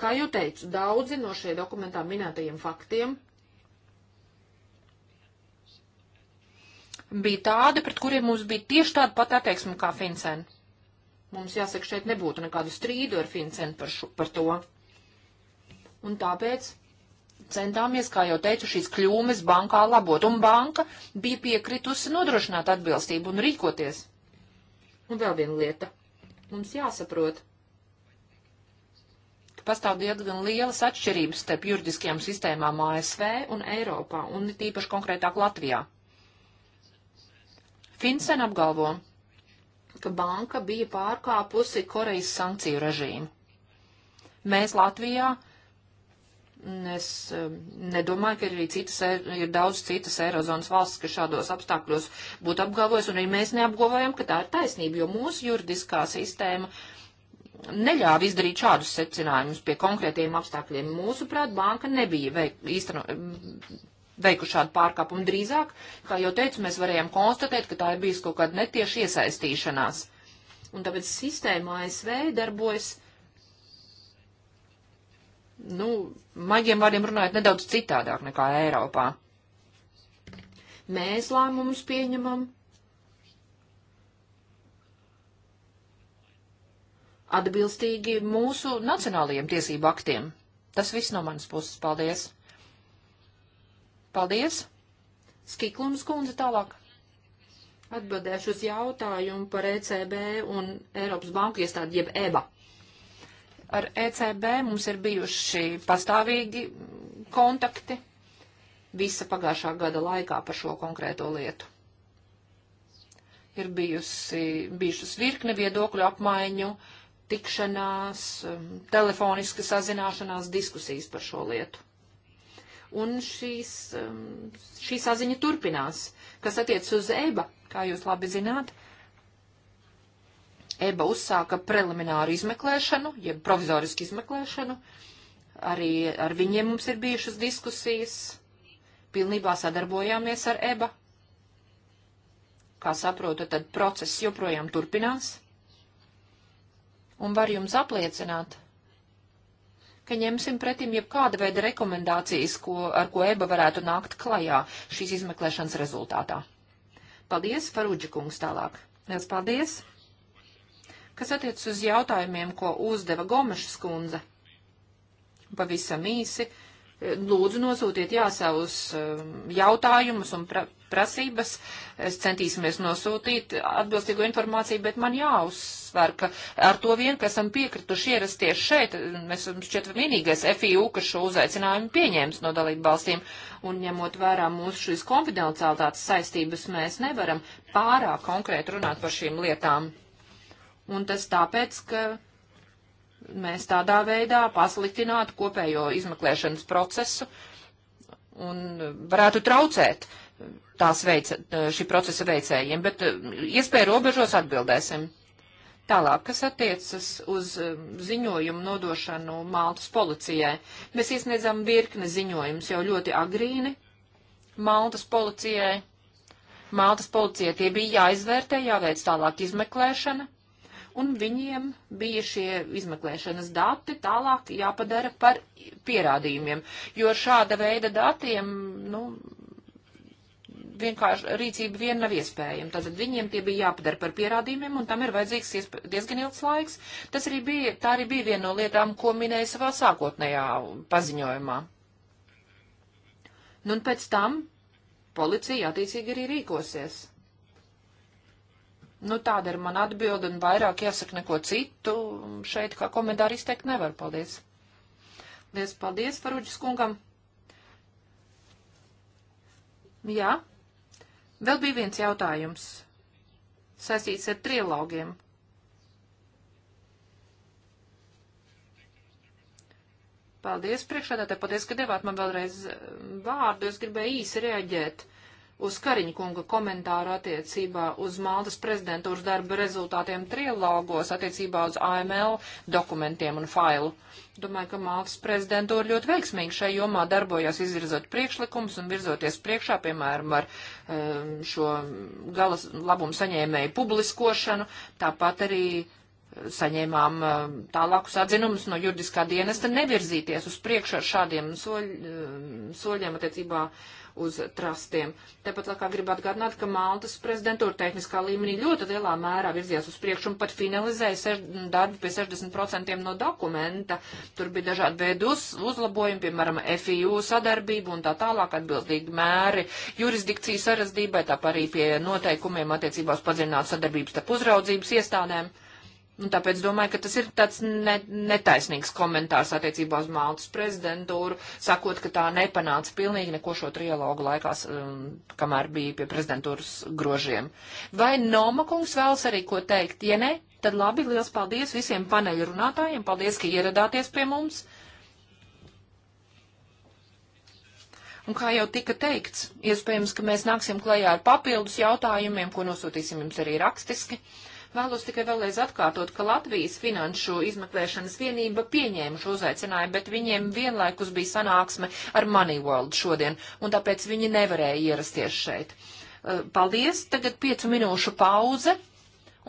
Kā jau teicu, daudzi no šie dokumentā minētajiem faktiem bija tādi, pret kuriem mums bija tieši tāda pat attieksme kā Fincen. Mums jāsaka, šeit nebūtu nekādu strīdu ar Fincen par, šo, par to. Un tāpēc centāmies, kā jau teicu, šīs kļūmes bankā labot. Un banka bija piekritusi nodrošināt atbilstību un rīkoties. Un vēl viena lieta. Mums jāsaprot, ka pastāv diezgan lielas atšķirības starp juridiskajām sistēmām ASV un Eiropā, un tīpaši konkrētāk Latvijā. Finsen apgalvo, ka banka bija pārkāpusi Korejas sankciju režīmu. Mēs Latvijā Es um, nedomāju, ka arī citas, e, ir daudz citas Eirozonas valsts, kas šādos apstākļos būtu apgalvojis, un arī mēs neapgalvojam, ka tā ir taisnība, jo mūsu juridiskā sistēma neļāva izdarīt šādus secinājumus pie konkrētiem apstākļiem. Mūsuprāt, banka nebija veik, īsteno, veiku šādu pārkāpumu drīzāk, kā jau teicu, mēs varējām konstatēt, ka tā ir bijis kaut kāda netieša iesaistīšanās. Un tāpēc sistēma ASV darbojas nu, maģiem vārdiem runājot nedaudz citādāk nekā Eiropā. Mēs lēmumus pieņemam. Atbilstīgi mūsu nacionālajiem tiesību aktiem. Tas viss no manas puses. Paldies! Paldies! Skiklunas kundze tālāk. Atbildēšu uz jautājumu par ECB un Eiropas Banku iestādi jeb EBA. Ar ECB mums ir bijuši pastāvīgi kontakti visa pagājušā gada laikā par šo konkrēto lietu. Ir bijusi, bijušas virkne viedokļu apmaiņu, tikšanās, um, telefoniska sazināšanās, diskusijas par šo lietu. Un šīs, um, šī saziņa turpinās. Kas attiec uz EBA, kā jūs labi zināt, EBA uzsāka prelimināru izmeklēšanu, jeb ja provizorisku izmeklēšanu. Arī ar viņiem mums ir bijušas diskusijas. Pilnībā sadarbojāmies ar EBA. Kā saprotu, tad process joprojām turpinās. Un var jums apliecināt, ka ņemsim pretim jebkāda veida rekomendācijas, ko, ar ko EBA varētu nākt klajā šīs izmeklēšanas rezultātā. Paldies, Farūģi kungs tālāk. Liels paldies! Kas attiec uz jautājumiem, ko uzdeva Gomešas kundze? Pavisam īsi. Lūdzu, nosūtiet jā savus um, jautājumus un pra prasības. Es centīsimies nosūtīt atbilstīgo informāciju, bet man jāuzsver, ka ar to vien, ka esam piekrituši ierasties šeit, mēs esam šķiet vienīgais FIU, kas šo uzaicinājumu pieņēmis no dalību valstīm. Un ņemot vērā mūsu šīs konfidenciālitātes saistības, mēs nevaram pārāk konkrēti runāt par šīm lietām. Un tas tāpēc, ka mēs tādā veidā pasliktinātu kopējo izmeklēšanas procesu un varētu traucēt tās veica, šī procesa veicējiem, bet eh, iespēja robežos atbildēsim. Tālāk, kas attiecas uz eh, ziņojumu nodošanu Maltas policijai, mēs iesniedzam virkni ziņojumus jau ļoti agrīni Maltas policijai. Maltas policijai tie bija jāizvērtē, jāveic tālāk izmeklēšana un viņiem bija šie izmeklēšanas dati tālāk jāpadara par pierādījumiem, jo ar šāda veida datiem, nu, vienkārši rīcība vien nav iespējama. Tātad viņiem tie bija jāpadara par pierādījumiem, un tam ir vajadzīgs diezgan ilgs laiks. Tas arī bija, tā arī bija viena no lietām, ko minēja savā sākotnējā paziņojumā. Nu, un pēc tam policija attiecīgi arī rīkosies. Nu, tāda ir mana atbilde, un vairāk jāsaka neko citu. Šeit kā komentāri izteikt nevar. Paldies. Lies paldies Faruģis kungam. Jā. Vēl bija viens jautājums. Saistīts ar trilogiem. Paldies priekšādātē, paldies, ka devāt man vēlreiz vārdu. Es gribēju īsi reaģēt uz Kariņa kunga komentāru attiecībā uz Maltas prezidentūras darba rezultātiem trilogos attiecībā uz AML dokumentiem un failu. Domāju, ka Maltas prezidentūra ļoti veiksmīgi šai jomā darbojās izvirzot priekšlikumus un virzoties priekšā, piemēram, ar um, šo galas labumu saņēmēju publiskošanu, tāpat arī saņēmām um, tālākus atzinumus no juridiskā dienesta nevirzīties uz priekšu ar šādiem soļ, um, soļiem attiecībā uh, uz trastiem. Tāpat laikā gribu atgādināt, ka Maltas prezidentūra tehniskā līmenī ļoti lielā mērā virzījās uz priekšu un pat finalizēja darbu pie 60% no dokumenta. Tur bija dažādi veidi uz, uzlabojumi, piemēram, FIU sadarbību un tā tālāk atbildīgi mēri jurisdikcijas sarezdībai, tāpat arī pie noteikumiem attiecībās padziļināt sadarbības starp uzraudzības iestādēm. Un nu, tāpēc domāju, ka tas ir tāds ne, netaisnīgs komentārs attiecībā uz Maltas prezidentūru, sakot, ka tā nepanāca pilnīgi neko šo trialogu laikās, um, kamēr bija pie prezidentūras grožiem. Vai Noma kungs vēlas arī ko teikt? Ja ne, tad labi, liels paldies visiem paneļu runātājiem, paldies, ka ieradāties pie mums. Un kā jau tika teikts, iespējams, ka mēs nāksim klajā ar papildus jautājumiem, ko nosūtīsim jums arī rakstiski. Uh, Vēlos tikai vēlreiz atkārtot, ka Latvijas finanšu izmeklēšanas vienība pieņēma šo uzaicinājumu, bet viņiem vienlaikus bija sanāksme ar Money World šodien, un tāpēc viņi nevarēja ierasties šeit. Uh, paldies, tagad piecu minūšu pauze,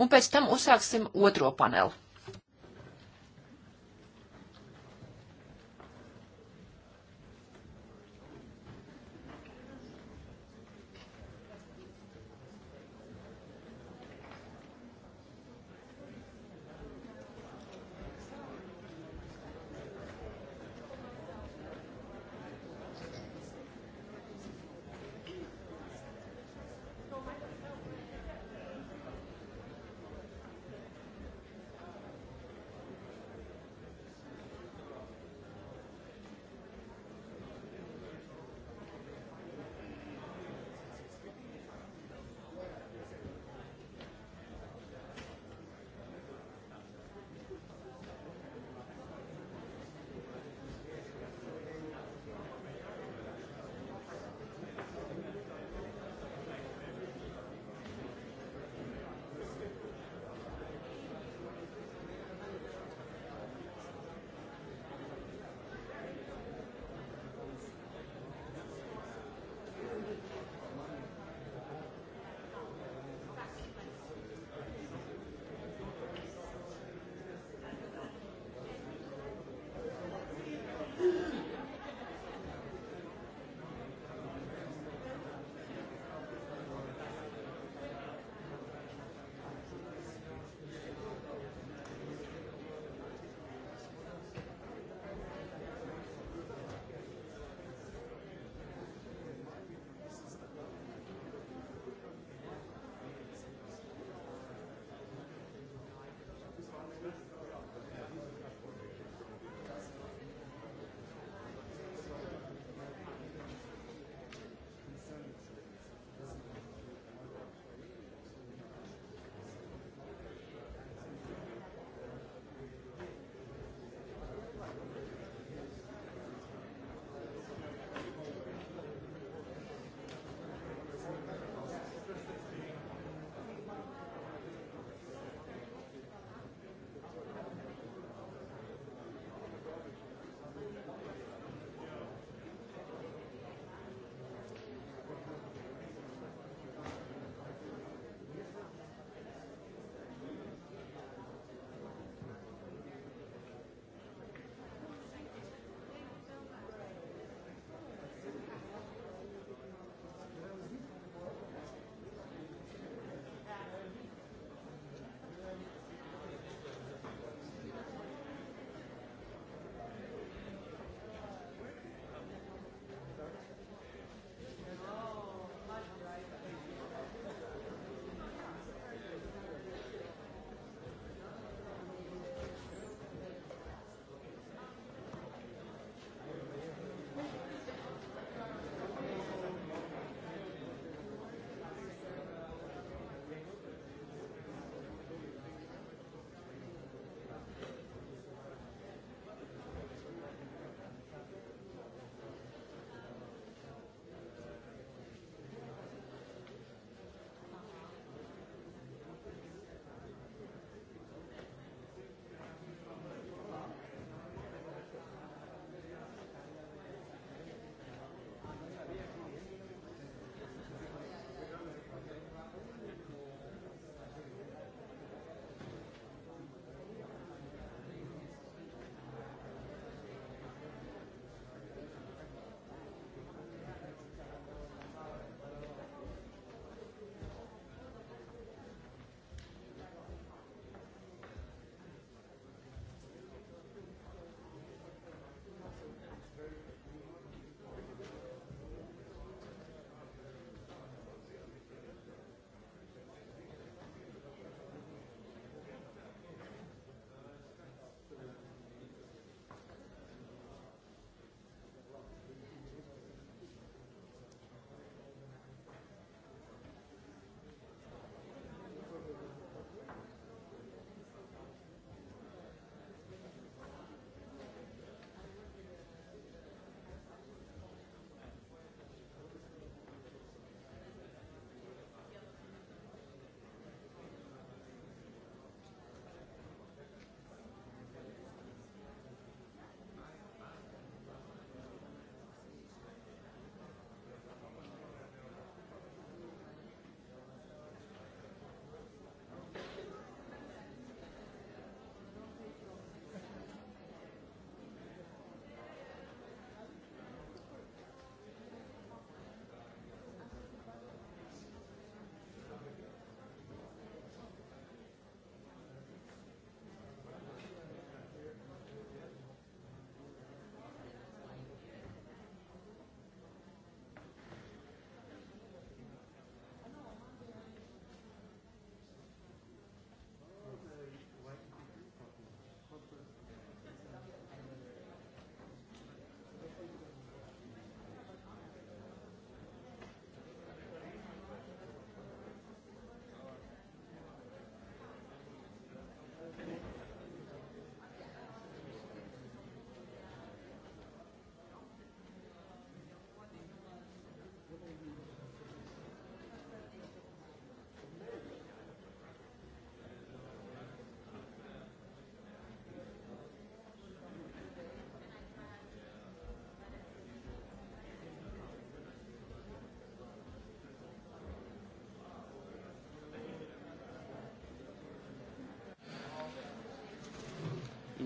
un pēc tam uzsāksim otro paneli.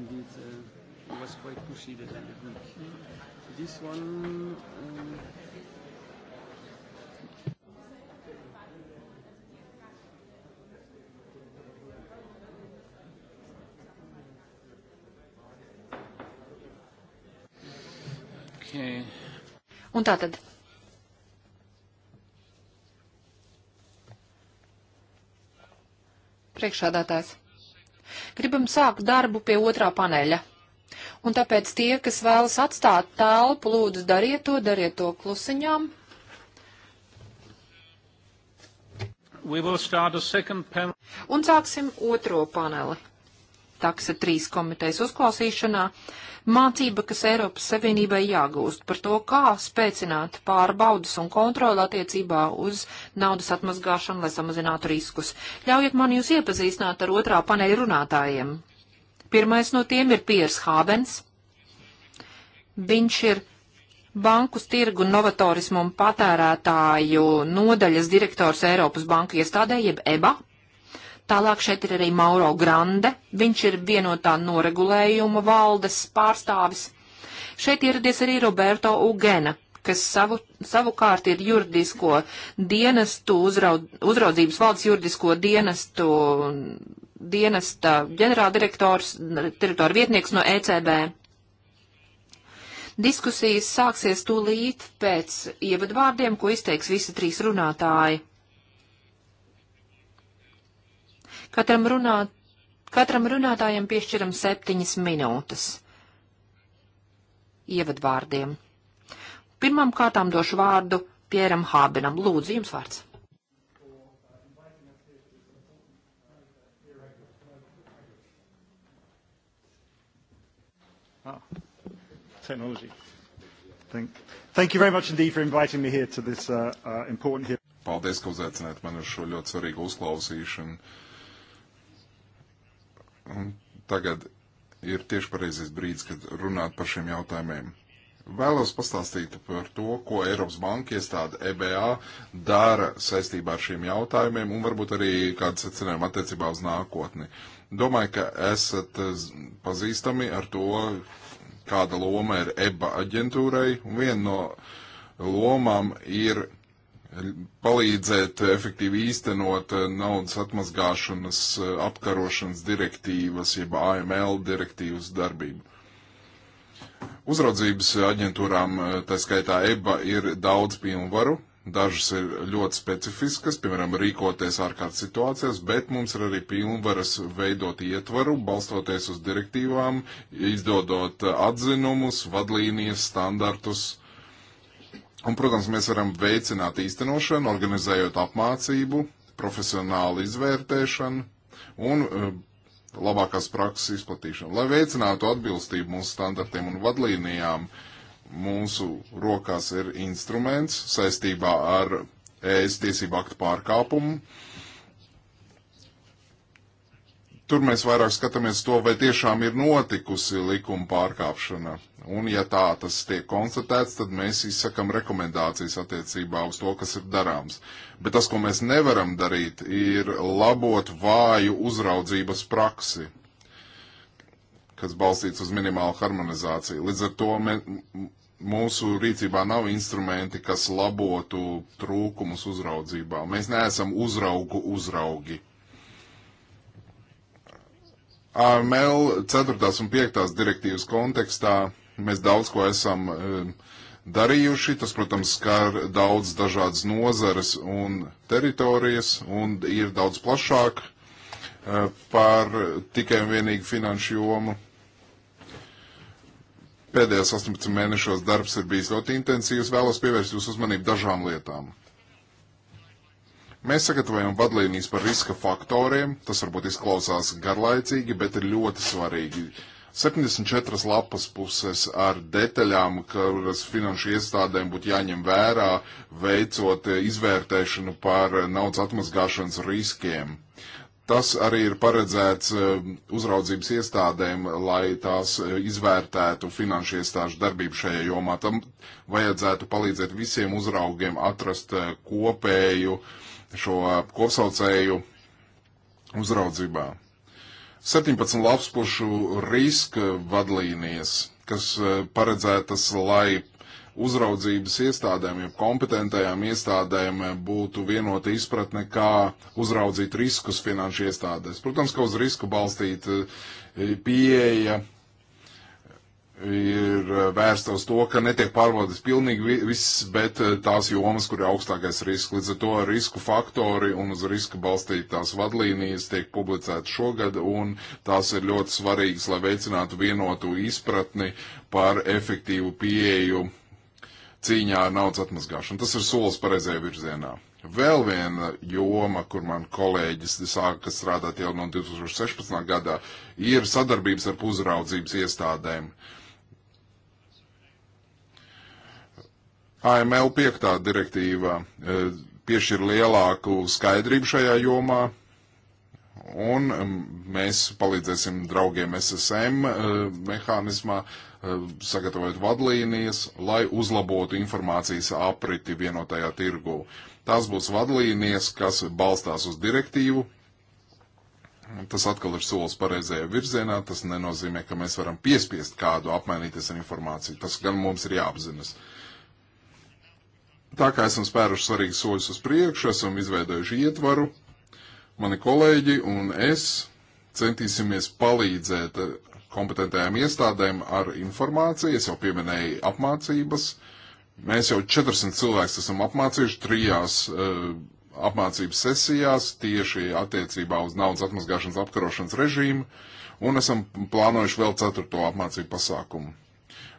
indeed uh, it was quite pushy that I have them here. This one. Um, Okay. Un tā tad. Priekšādātājs gribam sākt darbu pie otrā paneļa. Un tāpēc tie, kas vēlas atstāt telpu, lūdzu, dariet to, dariet to klusiņām. Un sāksim otro paneli. Taksa trīs komitejas uzklausīšanā. Uh, Mācība, kas Eiropas Savienībai jāgūst par to, kā spēcināt pārbaudas un kontroli attiecībā uz naudas atmazgāšanu, lai samazinātu riskus. Ļaujiet man jūs iepazīstināt ar otrā paneļa runātājiem. Pirmais no tiem ir Piers Hābens. Viņš ir Banku tirgu novatorismu un patērētāju nodaļas direktors Eiropas Banku iestādē, jeb EBA. Tālāk šeit ir arī Mauro Grande, viņš ir vienotā noregulējuma valdes pārstāvis. Šeit ieradies arī Roberto Ugena, kas savu, savukārt ir juridisko dienestu, uzraud, uzraudzības valdes juridisko dienestu, dienesta ģenerāldirektors, direktora vietnieks no ECB. Diskusijas sāksies tūlīt pēc ievadvārdiem, ko izteiks visi trīs runātāji. Katram, runā, katram runātājam piešķiram septiņas minūtes ievadvārdiem. Pirmām kārtām došu vārdu Pieram Hābenam. Lūdzu, jums vārds. Ah, technology. Thank, thank you very much indeed for inviting me here to this uh, uh, important hearing. Paldies, ka uzaicinājāt mani uz šo ļoti svarīgu uzklausīšanu. Uh, Un tagad ir tieši pareizais brīdis, kad runāt par šiem jautājumiem. Vēlos pastāstīt par to, ko Eiropas Banka iestāde EBA dara saistībā ar šiem jautājumiem un varbūt arī kādu secinājumu attiecībā uz nākotni. Domāju, ka esat pazīstami ar to, kāda loma ir EBA aģentūrai, un viena no lomām ir palīdzēt efektīvi īstenot eh, naudas atmazgāšanas eh, apkarošanas direktīvas, jeb AML direktīvas darbību. Uzraudzības aģentūrām, eh, tā skaitā EBA, ir daudz pilnvaru. Dažas ir ļoti specifiskas, piemēram, rīkoties ārkārtas situācijās, bet mums ir arī pilnvaras veidot ietvaru, balstoties uz direktīvām, izdodot atzinumus, vadlīnijas, standartus Un, protams, mēs varam veicināt īstenošanu, organizējot apmācību, profesionālu izvērtēšanu un eh, labākās prakses izplatīšanu. Lai veicinātu atbilstību mūsu standartiem un vadlīnijām, mūsu rokās ir instruments saistībā ar ES tiesību aktu pārkāpumu, uh, Tur mēs vairāk skatāmies to, vai tiešām ir notikusi likuma pārkāpšana. Un ja tā tas tiek konstatēts, tad mēs izsakam rekomendācijas attiecībā uz to, kas ir darāms. Bet tas, ko mēs nevaram darīt, ir labot vāju uzraudzības praksi, kas balstīts uz minimālu harmonizāciju. Līdz ar to mē, mūsu rīcībā nav instrumenti, kas labotu trūkumus uzraudzībā. Mēs neesam uzraugu uzraugi. AML 4. un 5. direktīvas kontekstā mēs daudz ko esam eh, darījuši. Tas, protams, skar daudz dažādas nozares un teritorijas un ir daudz plašāk eh, par tikai un vienīgi finanšu jomu. Pēdējos 18 mēnešos darbs ir bijis ļoti intensīvs. Vēlos pievērst jūsu uzmanību dažām lietām. Mēs sagatavojam vadlīnijas par riska faktoriem. Tas varbūt izklausās garlaicīgi, bet ir ļoti svarīgi. 74 lapas puses ar detaļām, kuras finanšu iestādēm būtu jāņem vērā, veicot izvērtēšanu par naudas atmazgāšanas riskiem. Tas arī ir paredzēts eh, uzraudzības iestādēm, lai tās eh, izvērtētu finanšu iestāžu darbību šajā jomā. Tam vajadzētu palīdzēt visiem uzraugiem atrast eh, kopēju uh, šo kopsaucēju uzraudzībā. 17 lapspušu riska vadlīnijas, kas e, paredzētas, lai uzraudzības iestādēm, jau kompetentajām iestādēm e, būtu vienota izpratne, kā uzraudzīt riskus finanšu iestādēs. Protams, ka uz risku balstīta e, pieeja ir eh, vērsta uz to, ka netiek pārbaudīts pilnīgi viss, bet eh, tās jomas, kur ir augstākais risks. Līdz ar to risku faktori un uz riska balstītās vadlīnijas tiek publicētas šogad, un tās ir ļoti svarīgas, lai veicinātu vienotu izpratni par efektīvu pieeju cīņā ar naudas atmazgāšanu. Tas ir solis pareizajā virzienā. Vēl viena joma, kur man kolēģis sāka strādāt jau no 2016. gadā, ir sadarbības ar uzraudzības iestādēm. Uh, AML 5. direktīva e, piešķir lielāku skaidrību šajā jomā, un mēs palīdzēsim draugiem SSM e, mehānismā e, sagatavot vadlīnijas, lai uzlabotu informācijas apriti vienotajā tirgū. Tās būs vadlīnijas, kas balstās uz direktīvu. Tas atkal ir solis pareizajā virzienā. Tas nenozīmē, ka mēs varam piespiest kādu apmainīties ar informāciju. Tas gan mums ir jāapzinas. Uh, Tā kā esam spēruši svarīgus soļus uz priekšu, esam izveidojuši ietvaru, mani kolēģi un es centīsimies palīdzēt kompetentajām iestādēm ar informāciju. Es jau pieminēju apmācības. Mēs jau 400 cilvēkus esam apmācījuši trijās uh, apmācības sesijās tieši attiecībā uz naudas atmazgāšanas apkarošanas režīmu, un esam plānojuši vēl ceturto apmācību pasākumu.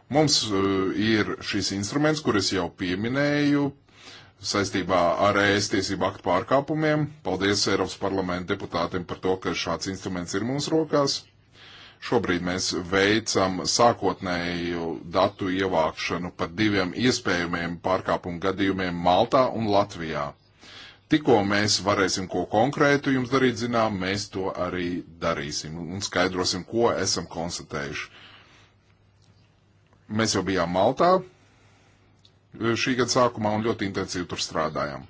Mums uh, ir šis instruments, kuras jau pieminēju, saistībā ar ES tiesību aktu pārkāpumiem. Paldies Eiropas parlamenta deputātiem par to, ka šāds instruments ir mūsu rokās. Šobrīd mēs veicam sākotnēju datu ievākšanu par diviem iespējamiem pārkāpumu gadījumiem Maltā un Latvijā. Tikko mēs varēsim ko konkrētu jums darīt zinām, mēs to arī darīsim un skaidrosim, ko esam konstatējuši. Mēs jau bijām Maltā e, šī gada sākumā un ļoti intensīvi tur strādājām.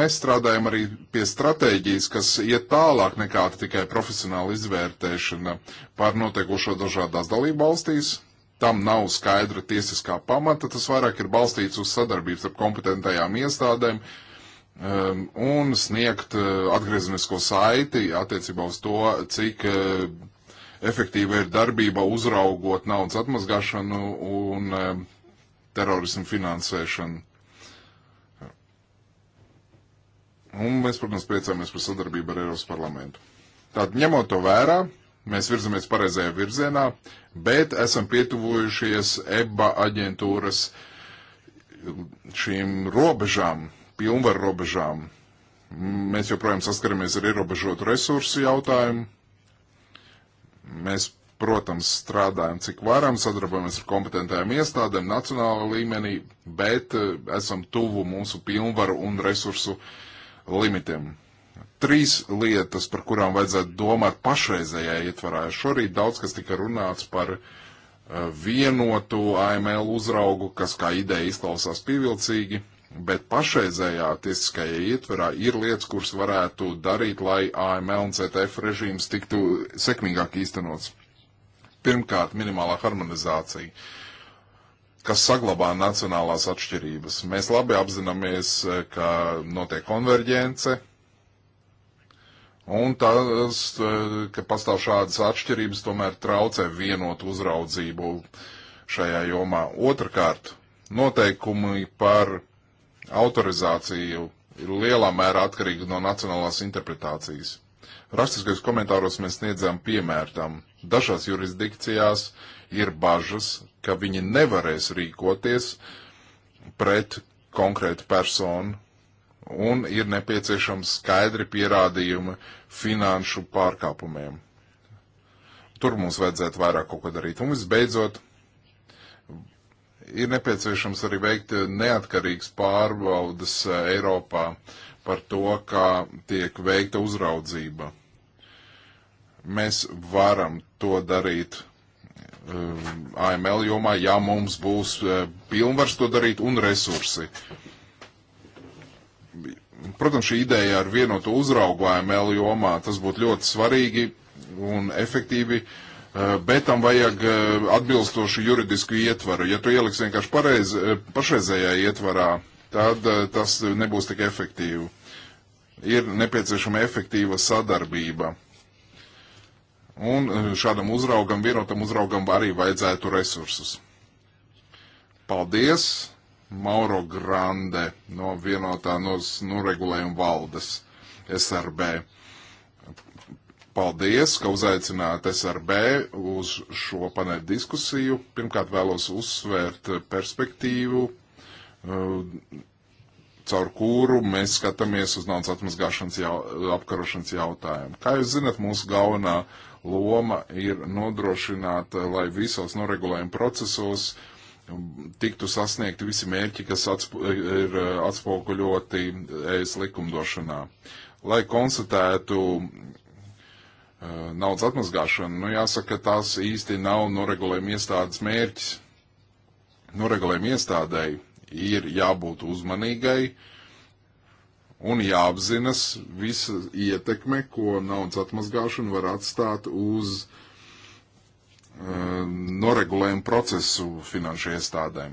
Mēs strādājam arī pie stratēģijas, kas iet tālāk nekā tikai profesionāla izvērtēšana par noteikušo dažādās dalību valstīs. Tam nav skaidra tiesiskā pamata, tas vairāk ir balstīts uz sadarbības ar kompetentajām iestādēm, um, un sniegt uh, atgriezenisko saiti attiecībā uz to, cik uh, efektīva ir darbība uzraugot naudas atmazgāšanu un e, terorismu finansēšanu. Un mēs, protams, priecājamies par sadarbību ar Eiropas parlamentu. Tātad, ņemot to vērā, mēs virzamies pareizajā virzienā, bet esam pietuvojušies EBA aģentūras šīm robežām, pilnvaru robežām. Mēs joprojām saskaramies ar ierobežotu resursu jautājumu, Mēs, protams, strādājam cik varam, sadarbojamies ar kompetentajām iestādēm nacionālā līmenī, bet eh, esam tuvu mūsu pilnvaru un resursu limitiem. Trīs lietas, par kurām vajadzētu domāt pašreizējā ietvarā. Šorīt daudz kas tika runāts par eh, vienotu AML uzraugu, kas kā ideja izklausās pievilcīgi Bet pašreizējā tiesiskajā ietverā ir lietas, kuras varētu darīt, lai AML un CTF režīms tiktu sekmīgāk īstenots. Pirmkārt, minimālā harmonizācija, kas saglabā nacionālās atšķirības. Mēs labi apzināmies, ka notiek konverģence, un tas, ka pastāv šādas atšķirības, tomēr traucē vienot uzraudzību šajā jomā. Otrakārt, noteikumi par autorizācija ir lielā mērā atkarīga no nacionālās interpretācijas. Rakstiskajos komentāros mēs sniedzām piemērtam. Dažās jurisdikcijās ir bažas, ka viņi nevarēs rīkoties pret konkrētu personu, un ir nepieciešams skaidri pierādījumi finanšu pārkāpumiem. Tur mums vajadzētu vairāk kaut ko darīt. Un visbeidzot, Ir nepieciešams arī veikt neatkarīgs pārbaudas eh, Eiropā par to, kā tiek veikta uzraudzība. Mēs varam to darīt eh, AML jomā, ja mums būs eh, pilnvars to darīt un resursi. Protams, šī ideja ar vienotu uzraugu AML jomā, tas būtu ļoti svarīgi un efektīvi. Uh, Eh, bet tam vajag eh, atbilstošu juridisku ietvaru. Ja tu ieliksi vienkārši pareiz, eh, pašreizējā ietvarā, tad tas nebūs tik efektīvi. Ir nepieciešama efektīva sadarbība. Un šādam uzraugam, vienotam uzraugam arī vajadzētu resursus. Paldies, Mauro Grande no vienotā noregulējuma valdes SRB. Paldies, ka uzaicināt SRB uz šo paneļu diskusiju. Pirmkārt vēlos uzsvērt perspektīvu, eh, caur kuru mēs skatāmies uz naudas atmazgāšanas jau, apkarošanas jautājumu. Kā jūs zinat, mūsu galvenā loma ir nodrošināt, eh, lai visos noregulējuma procesos um, tiktu sasniegti visi mērķi, kas atsp ir eh, atspoguļoti ES e likumdošanā. Lai konstatētu naudas atmazgāšanu, nu jāsaka, tās īsti nav noregulējuma iestādes mērķis. Noregulējuma iestādēji ir jābūt uzmanīgai un jāapzinas visa ietekme, ko naudas atmazgāšana var atstāt uz uh, noregulējumu procesu finanšu iestādēm.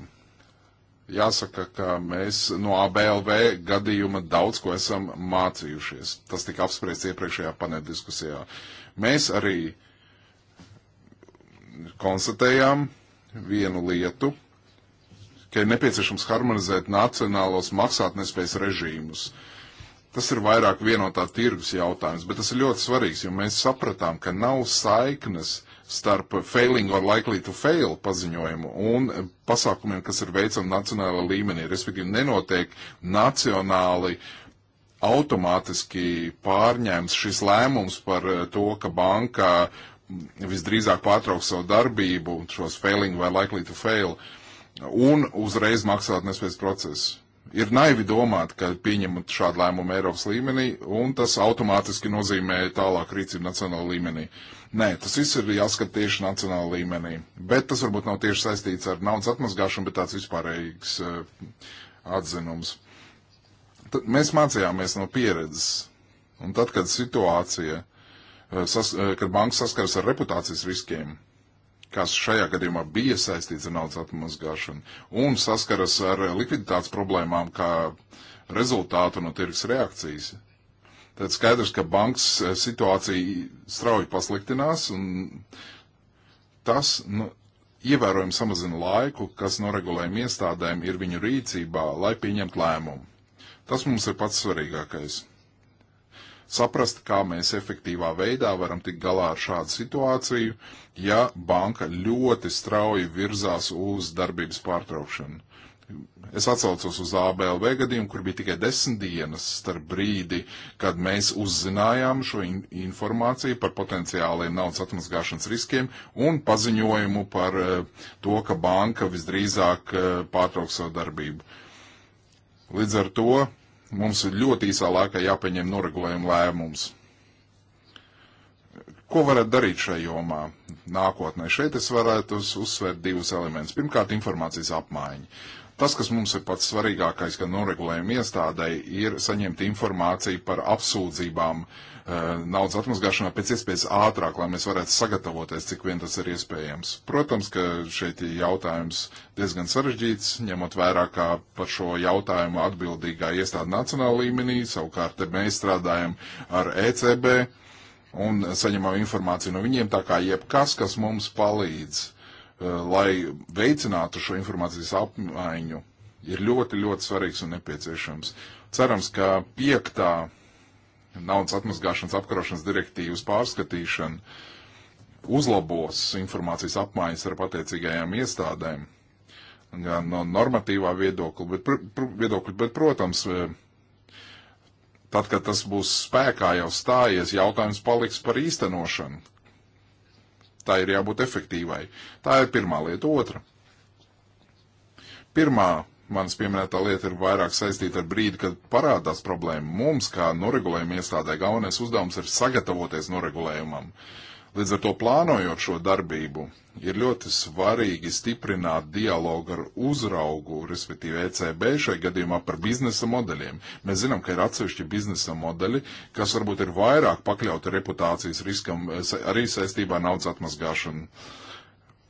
Jāsaka, ka mēs no ABLV gadījuma daudz ko esam mācījušies. Tas tika apspriests iepriekšējā paneļdiskusijā. diskusijā Mēs arī konstatējām vienu lietu, ka ir nepieciešams harmonizēt nacionālos maksātnespējas režīmus. Tas ir vairāk vienotā tirgus jautājums, bet tas ir ļoti svarīgs, jo mēs sapratām, ka nav saiknes starp failing or likely to fail paziņojumu un pasākumiem, kas ir veicami nacionālā līmenī, respektīvi nenotiek nacionāli uh, automātiski pārņēmis šis lēmums par eh, to, ka banka mm, visdrīzāk pārtrauks savu darbību, šos failing vai likely to fail, un uzreiz maksāt nespējas procesu. Ir naivi domāt, ka pieņemot šādu lēmumu Eiropas līmenī, un tas automātiski nozīmē tālāk rīcību nacionāla līmenī. Nē, tas viss ir jāskat tieši nacionāla līmenī. Bet tas varbūt nav tieši saistīts ar naudas atmazgāšanu, bet tāds vispārējīgs uh, eh, atzinums mēs mācījāmies no pieredzes. Un tad, kad situācija, eh, sas, eh, kad banka saskaras ar reputācijas riskiem, kas šajā gadījumā bija saistīts ar naudas atmazgāšanu, un saskaras ar eh, likviditātes problēmām kā rezultātu no tirgus reakcijas, tad skaidrs, ka bankas situācija strauji pasliktinās, un tas nu, ievērojami samazina laiku, kas noregulējuma iestādēm ir viņu rīcībā, lai pieņemtu lēmumu. Tas mums ir pats svarīgākais. Saprast, kā mēs efektīvā veidā varam tikt galā ar šādu situāciju, ja banka ļoti strauji virzās uz darbības pārtraukšanu. Es atsaucos uz ABLV gadījumu, kur bija tikai desmit dienas starp brīdi, kad mēs uzzinājām šo in informāciju par potenciāliem naudas atmazgāšanas riskiem un paziņojumu par uh, to, ka banka visdrīzāk uh, pārtrauks savu darbību. Uh, Līdz ar to mums ir ļoti īsā laikā jāpieņem noregulējuma lēmums. Ko varat darīt šajā jomā nākotnē? Šeit es varētu uzsvērt divus elementus. Pirmkārt, informācijas apmaiņa. Tas, kas mums ir pats svarīgākais, ka noregulējuma iestādei ir saņemt informāciju par apsūdzībām uh, Eh, naudas atmazgāšanā pēc iespējas ātrāk, lai mēs varētu sagatavoties, cik vien tas ir iespējams. Protams, ka šeit jautājums diezgan sarežģīts, ņemot vērā, kā par šo jautājumu atbildīgā iestāde nacionāla līmenī, savukārt mēs strādājam ar ECB un saņemam informāciju no viņiem, tā kā jebkas, kas mums palīdz, eh, lai veicinātu šo informācijas apmaiņu, ir ļoti, ļoti svarīgs un nepieciešams. Cerams, ka piektā naudas atmazgāšanas apkarošanas direktīvas pārskatīšana uzlabos informācijas apmaiņas ar attiecīgajām iestādēm, gan no normatīvā viedokļa, bet, pr, pr, viedokļa, bet protams, e, tad, kad tas būs spēkā jau stājies, jautājums paliks par īstenošanu. Tā ir jābūt efektīvai. Tā ir pirmā lieta. Otra. Pirmā manas pieminētā lieta ir vairāk saistīta ar brīdi, kad parādās problēma. Mums, kā noregulējuma iestādē, galvenais uzdevums ir sagatavoties noregulējumam. Līdz ar to plānojot šo darbību, ir ļoti svarīgi stiprināt dialogu ar uzraugu, respektīvi ECB šai gadījumā par biznesa modeļiem. Mēs zinām, ka ir atsevišķi biznesa modeļi, kas varbūt ir vairāk pakļauti reputācijas riskam eh, arī saistībā naudas atmazgāšanu. Uh,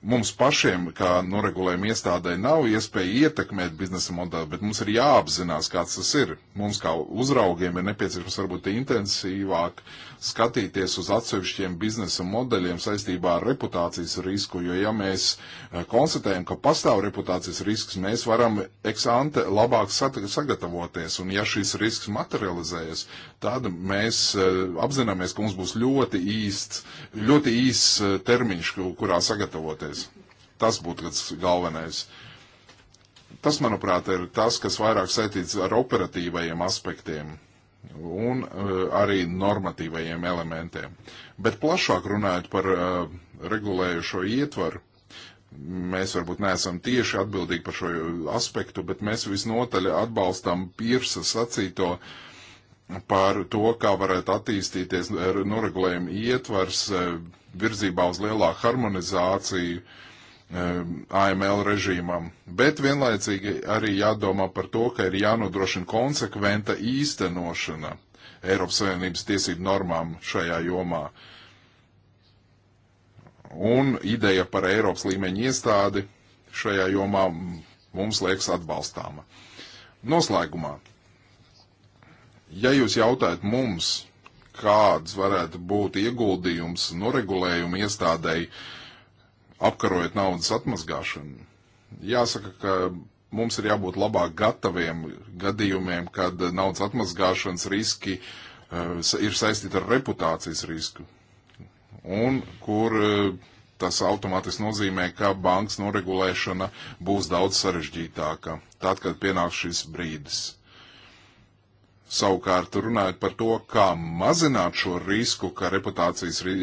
mums pašiem, kā noregulējuma iestādē, nav iespēja ietekmēt biznesa modeli, bet mums ir jāapzinās, kāds tas ir. Mums kā uzraugiem ir nepieciešams varbūt intensīvāk skatīties uz atsevišķiem biznesa modeļiem saistībā ar reputācijas risku, jo ja mēs eh, konstatējam, ka pastāv reputācijas risks, mēs varam eksante labāk sagatavoties, un ja šis risks materializējas, tad mēs eh, apzināmies, ka mums būs ļoti īsts, ļoti īsts eh, termiņš, kurā sagatavoties Tas būtu tas galvenais. Tas, manuprāt, ir tas, kas vairāk saistīts ar operatīvajiem aspektiem un eh, arī normatīvajiem elementiem. Bet plašāk runājot par eh, regulējušo ietvaru, mēs varbūt neesam tieši atbildīgi par šo aspektu, bet mēs visnotaļ atbalstam Pirsa sacīto par to, kā varētu attīstīties eh, noregulējuma ietvars virzībā uz lielāku harmonizāciju Eh, AML režīmam, bet vienlaicīgi arī jādomā par to, ka ir jānodrošina konsekventa īstenošana Eiropas Savienības tiesību normām šajā jomā. Un ideja par Eiropas līmeņa iestādi šajā jomā mums liekas atbalstāma. Noslēgumā, ja jūs jautājat mums, kāds varētu būt ieguldījums noregulējuma iestādēji, uh, apkarojot naudas atmazgāšanu. Jāsaka, ka mums ir jābūt labāk gataviem gadījumiem, kad naudas atmazgāšanas riski uh, ir saistīti ar reputācijas risku. Un kur uh, tas automātiski nozīmē, ka bankas noregulēšana būs daudz sarežģītāka, tad, kad pienāks šis brīdis. Savukārt, runājot par to, kā mazināt šo risku, ka reputācijas ri,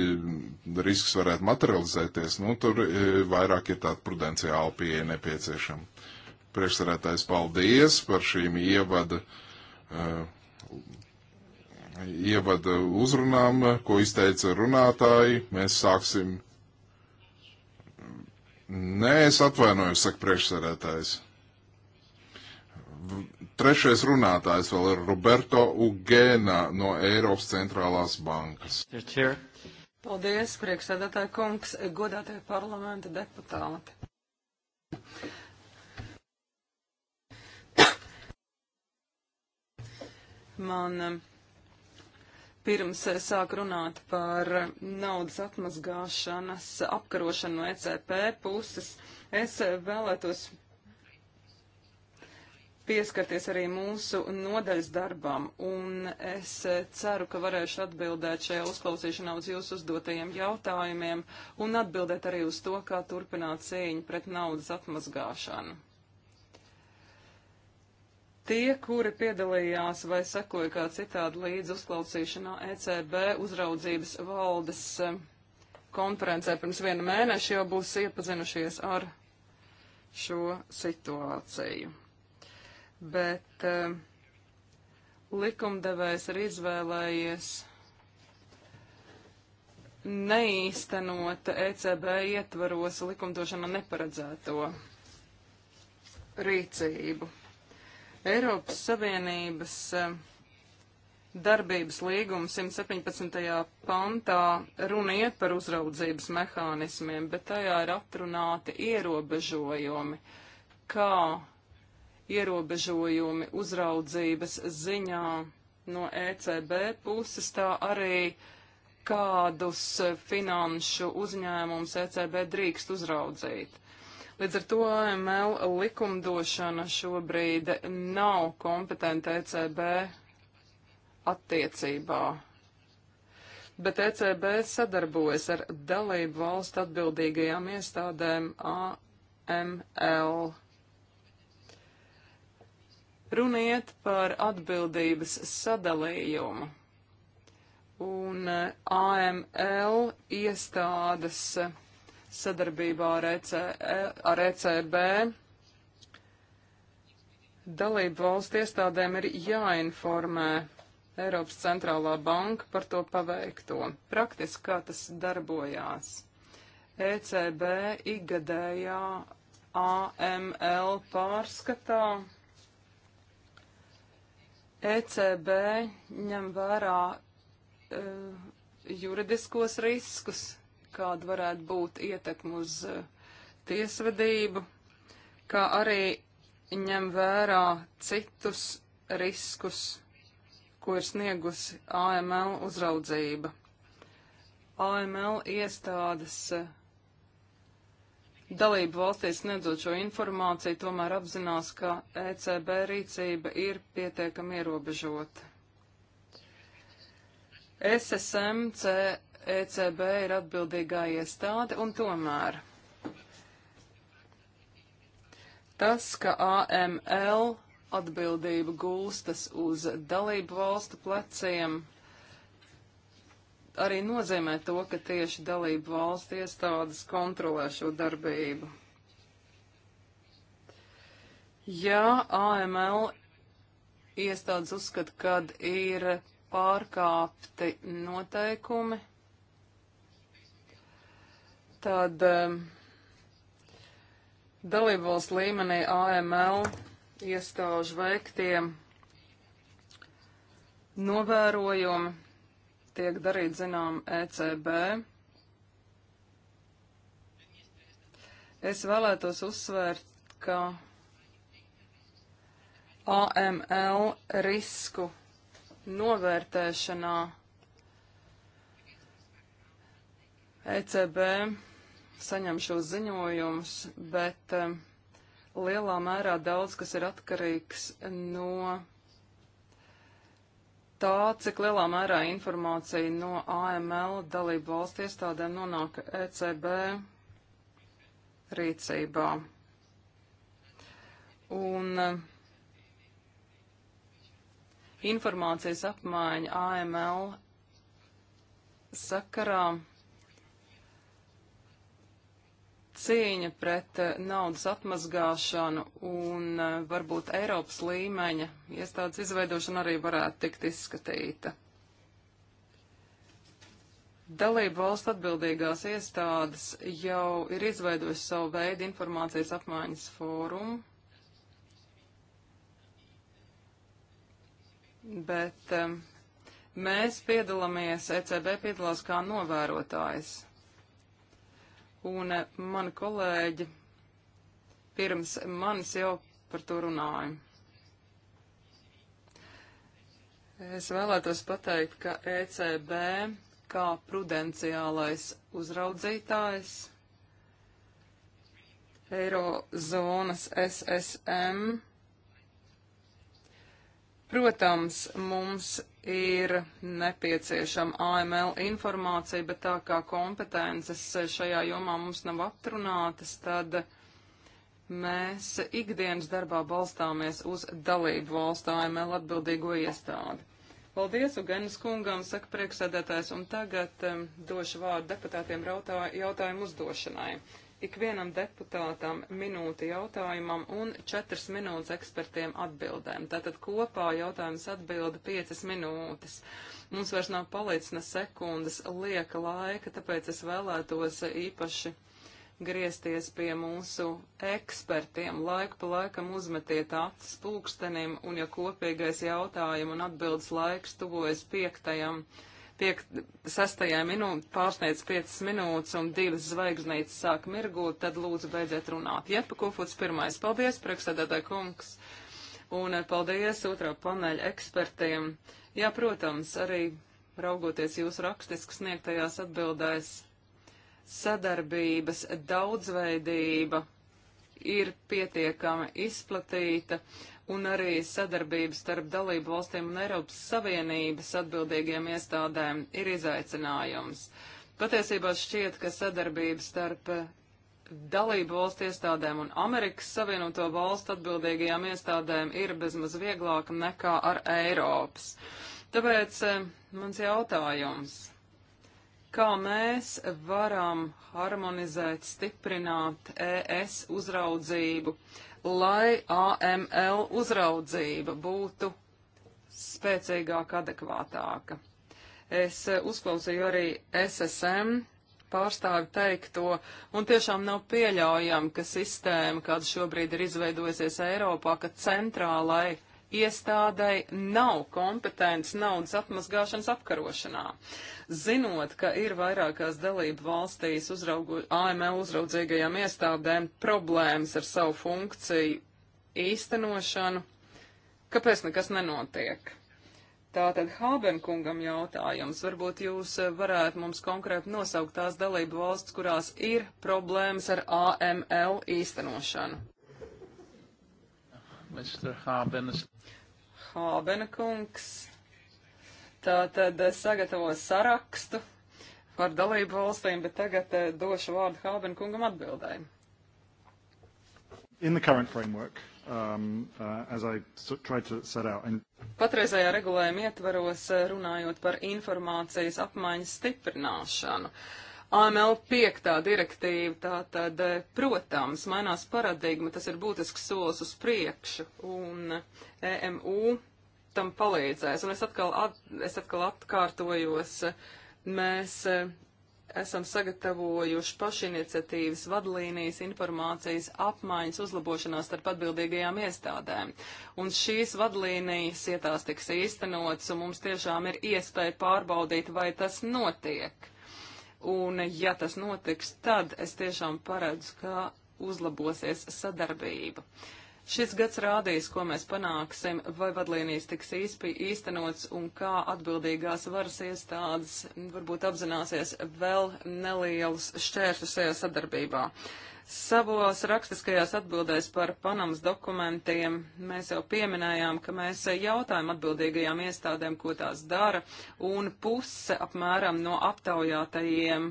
risks varētu materializēties, nu, tur e, vairāk ir tāda prudenciāla pieeja nepieciešama. Priekšsarētājs paldies par šīm ievada, uh, ievada uzrunām, ko izteica runātāji. Mēs sāksim. Nē, es atvainojos, saka priekšsarētājs. Trešais runātājs vēl ir Roberto Ugēna no Eiropas centrālās bankas. Paldies, priekšsēdētāji kungs, godātie parlamenta deputāti. Man eh, pirms eh, sāk runāt par eh, naudas atmazgāšanas apkarošanu no ECP puses, es vēlētos pieskarties arī mūsu nodaļas darbam, un es ceru, ka varēšu atbildēt šajā uzklausīšanā uz jūsu uzdotajiem jautājumiem un atbildēt arī uz to, kā turpināt cīņu pret naudas atmazgāšanu. Tie, kuri piedalījās vai sekoja kā citādi līdz uzklausīšanā ECB uzraudzības valdes eh, konferencē pirms viena mēneša, jau būs iepazinušies ar šo situāciju bet uh, likumdevējs ir izvēlējies neīstenot ECB ietvaros likumdošana neparedzēto rīcību. Eiropas Savienības uh, darbības līguma 117. pantā runa iet par uzraudzības mehānismiem, bet tajā ir atrunāti ierobežojumi, kā ierobežojumi uzraudzības ziņā no ECB puses, tā arī kādus finanšu uzņēmumus ECB drīkst uzraudzīt. Līdz ar to AML likumdošana šobrīd nav kompetenta ECB attiecībā bet ECB sadarbojas ar dalību valstu atbildīgajām iestādēm AML. Runiet par atbildības sadalījumu. Un eh, AML iestādes sadarbībā ar, ECE, eh, ar ECB dalību valstu iestādēm ir jāinformē Eiropas centrālā banka par to paveikto. Praktiski kā tas darbojās. ECB igadējā AML pārskatā ECB ņem vērā e, juridiskos riskus, kāda varētu būt ietekme uz e, tiesvedību, kā arī ņem vērā citus riskus, ko ir sniegusi AML uzraudzība. AML iestādes e, dalību valstīs nedod šo informāciju, tomēr apzinās, ka ECB rīcība ir pietiekami ierobežota. SSMC ECB ir atbildīgā iestāde un tomēr tas, ka AML atbildība gulstas uz dalību valstu pleciem, arī nozīmē to, ka tieši dalību valsts iestādes kontrolē šo darbību. Ja AML iestādes uzskata, kad ir pārkāpti noteikumi, tad um, dalībvalsts līmenī AML iestāžu veiktiem novērojumi tiek darīt zinām ECB. Es vēlētos uzsvērt, ka AML risku novērtēšanā ECB saņem šos ziņojumus, bet um, lielā mērā daudz kas ir atkarīgs no tā, cik lielā mērā informācija no AML dalību valstu iestādēm nonāk ECB rīcībā. Un eh, informācijas apmaiņa AML sakarā cīņa pret eh, naudas atmazgāšanu un eh, varbūt Eiropas līmeņa iestādes izveidošana arī varētu tikt izskatīta. Dalību valstu atbildīgās iestādes jau ir izveidojuši savu veidu informācijas apmaiņas fórumu, bet um, mēs piedalāmies, ECB piedalās kā novērotājs un eh, mani kolēģi pirms manis jau par to runāja. Es vēlētos pateikt, ka ECB kā prudenciālais uzraudzītājs Eirozonas SSM. Protams, mums ir nepieciešama AML informācija, bet tā kā kompetences šajā jomā mums nav atrunātas, tad mēs ikdienas darbā balstāmies uz dalību valstu AML atbildīgo iestādi. Paldies, Ugenis kungam, saka priekšsēdētājs, un tagad um, došu vārdu deputātiem rautāju, jautājumu uzdošanai ikvienam deputātam minūti jautājumam un 4 minūtes ekspertiem atbildēm. Tātad kopā jautājums atbilda 5 minūtes. Mums vairs nav palicis ne sekundes lieka laika, tāpēc es vēlētos īpaši griezties pie mūsu ekspertiem. Laiku pa laikam uzmetiet acis pulkstenim, un ja kopīgais jautājumu un atbildes laiks tuvojas piektajam, uh, piek, sastajā minūtē pārsniedz 5 minūtes un divas zvaigznītes sāk mirgot, tad lūdzu beidziet runāt. Jepa Kufuts pirmais. Paldies, priekšsēdētāji kungs. Un eh, paldies otrā paneļa ekspertiem. Jā, protams, arī raugoties jūsu rakstiski sniegtajās atbildēs, sadarbības daudzveidība ir pietiekami izplatīta, un arī sadarbības starp dalību valstīm un Eiropas Savienības atbildīgiem iestādēm ir izaicinājums. Patiesībā šķiet, ka sadarbības starp eh, dalību valstu iestādēm un Amerikas Savienoto valstu atbildīgajām iestādēm ir bezmaz vieglāka nekā ar Eiropas. Tāpēc eh, mans jautājums. Kā mēs varam harmonizēt, stiprināt ES uzraudzību? Uh, lai AML uzraudzība būtu spēcīgāka, adekvātāka. Es eh, uzklausīju arī SSM pārstāvi teikto, un tiešām nav pieļaujami, ka sistēma, kāda šobrīd ir izveidojusies Eiropā, ka centrālai iestādei nav kompetents naudas atmazgāšanas apkarošanā. Zinot, ka ir vairākās dalību valstīs uzraugu, AML uzraudzīgajām iestādēm problēmas ar savu funkciju īstenošanu, kāpēc nekas nenotiek? Tātad Hābenkungam jautājums. Varbūt jūs eh, varētu mums konkrēti nosaukt tās dalību valsts, kurās ir problēmas ar AML īstenošanu. Mr. Hābenes. Hābena kungs. Tātad sagatavos sarakstu par dalību valstīm, bet tagad eh, došu vārdu Hābena kungam atbildēji. In the current framework, um, uh, as I tried to set out. And... Patreizējā regulējuma ietvaros eh, runājot par informācijas apmaiņas stiprināšanu. Uh, AML 5. direktīva, tātad, e, protams, mainās paradigma, tas ir būtisks solis uz priekšu, un EMU tam palīdzēs. Un es atkal, at, es atkal atkārtojos, mēs e, esam sagatavojuši pašiniciatīvas vadlīnijas informācijas apmaiņas uzlabošanās starp atbildīgajām iestādēm. Un šīs vadlīnijas, ja tās tiks īstenots, un mums tiešām ir iespēja pārbaudīt, vai tas notiek. Un, ja tas notiks, tad es tiešām paredzu, ka uzlabosies sadarbība. Šis gads rādīs, ko mēs panāksim, vai vadlīnijas tiks īsti īstenots un kā atbildīgās varas iestādes varbūt apzināsies vēl nelielus šķēršus šajā sadarbībā. Savos rakstiskajās atbildēs par Panamas dokumentiem mēs jau pieminējām, ka mēs jautājam atbildīgajām iestādēm, ko tās dara, un puse apmēram no aptaujātajiem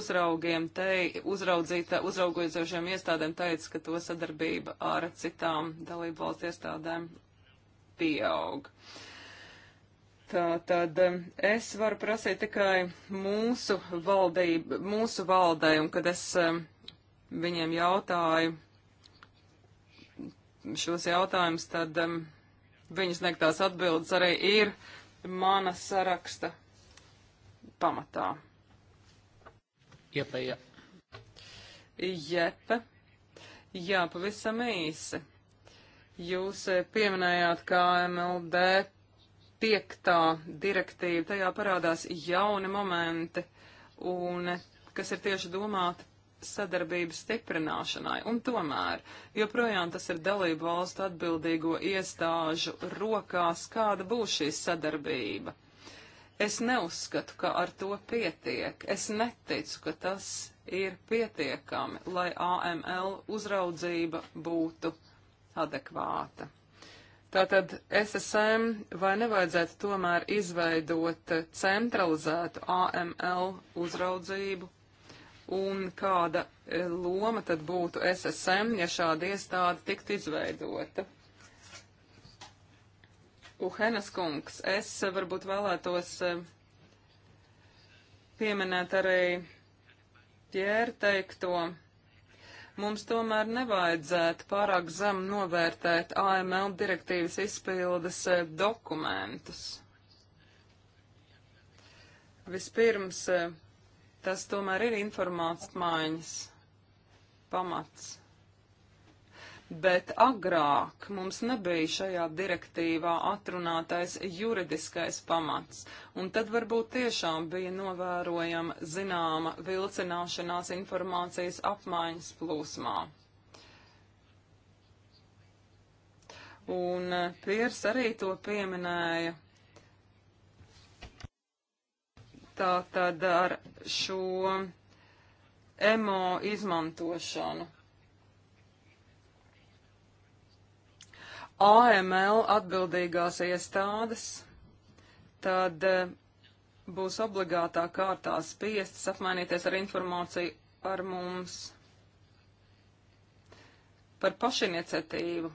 uzraugiem, te, uzraudzītā, uzraugojošiem iestādēm teica, ka to sadarbība ar citām dalību valsts iestādēm pieaug. Tā tad um, es varu prasīt tikai mūsu valdību, mūsu valdei, un kad es um, viņiem jautāju šos jautājumus, tad um, viņas sniegtās atbildes arī ir mana saraksta pamatā. Jepe, jā. Jepe. Jā, pavisam īsi. Jūs eh, pieminējāt, kā MLD piektā direktīva, tajā parādās jauni momenti, un eh, kas ir tieši domāti sadarbības stiprināšanai, un tomēr joprojām tas ir dalību valstu atbildīgo iestāžu rokās, kāda būs šī sadarbība. Es neuzskatu, ka ar to pietiek. Es neticu, ka tas ir pietiekami, lai AML uzraudzība būtu adekvāta. Tātad SSM vai nevajadzētu tomēr izveidot centralizētu AML uzraudzību un kāda e, loma tad būtu SSM, ja šāda iestāde tiktu izveidota? Uhenas kungs, es varbūt vēlētos e, pieminēt arī ķēru teikto. Mums tomēr nevajadzētu pārāk zem novērtēt AML direktīvas izpildes e, dokumentus. Vispirms Tas tomēr ir informācijas maiņas pamats. Bet agrāk mums nebija šajā direktīvā atrunātais juridiskais pamats, un tad varbūt tiešām bija novērojama zināma vilcināšanās informācijas apmaiņas plūsmā. Un Piers arī to pieminēja, tā tad ar šo emo izmantošanu. AML atbildīgās iestādes, tad eh, būs obligātā kārtā spiestas apmainīties ar informāciju ar mums par pašiniciatīvu.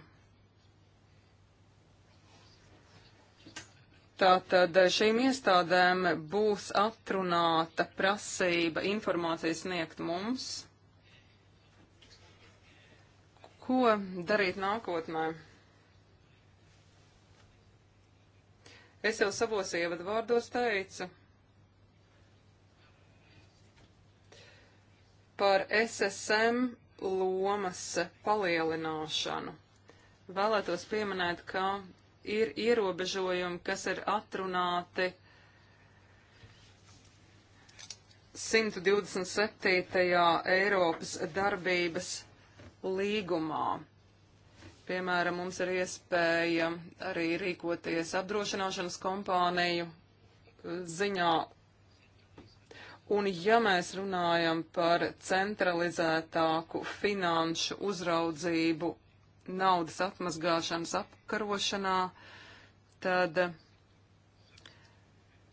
Tātad šīm iestādēm būs atrunāta prasība informācijas sniegt mums. Ko darīt nākotnē? Es jau savos ievadvārdos teicu par SSM lomas palielināšanu. Vēlētos pieminēt, ka ir ierobežojumi, kas ir atrunāti 127. Eiropas darbības līgumā. Piemēram, mums ir iespēja arī rīkoties apdrošināšanas kompāniju ziņā. Un ja mēs runājam par centralizētāku finanšu uzraudzību naudas atmazgāšanas apkarošanā, tad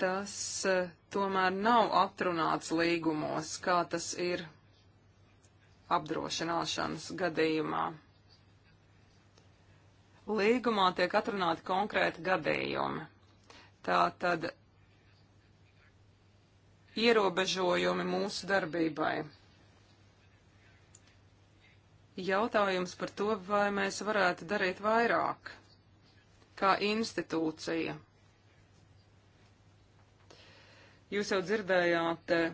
tas eh, tomēr nav atrunāts līgumos, kā tas ir apdrošināšanas gadījumā. Līgumā tiek atrunāti konkrēti gadījumi. Tā tad ierobežojumi mūsu darbībai jautājums par to, vai mēs varētu darīt vairāk kā institūcija. Jūs jau dzirdējāt eh,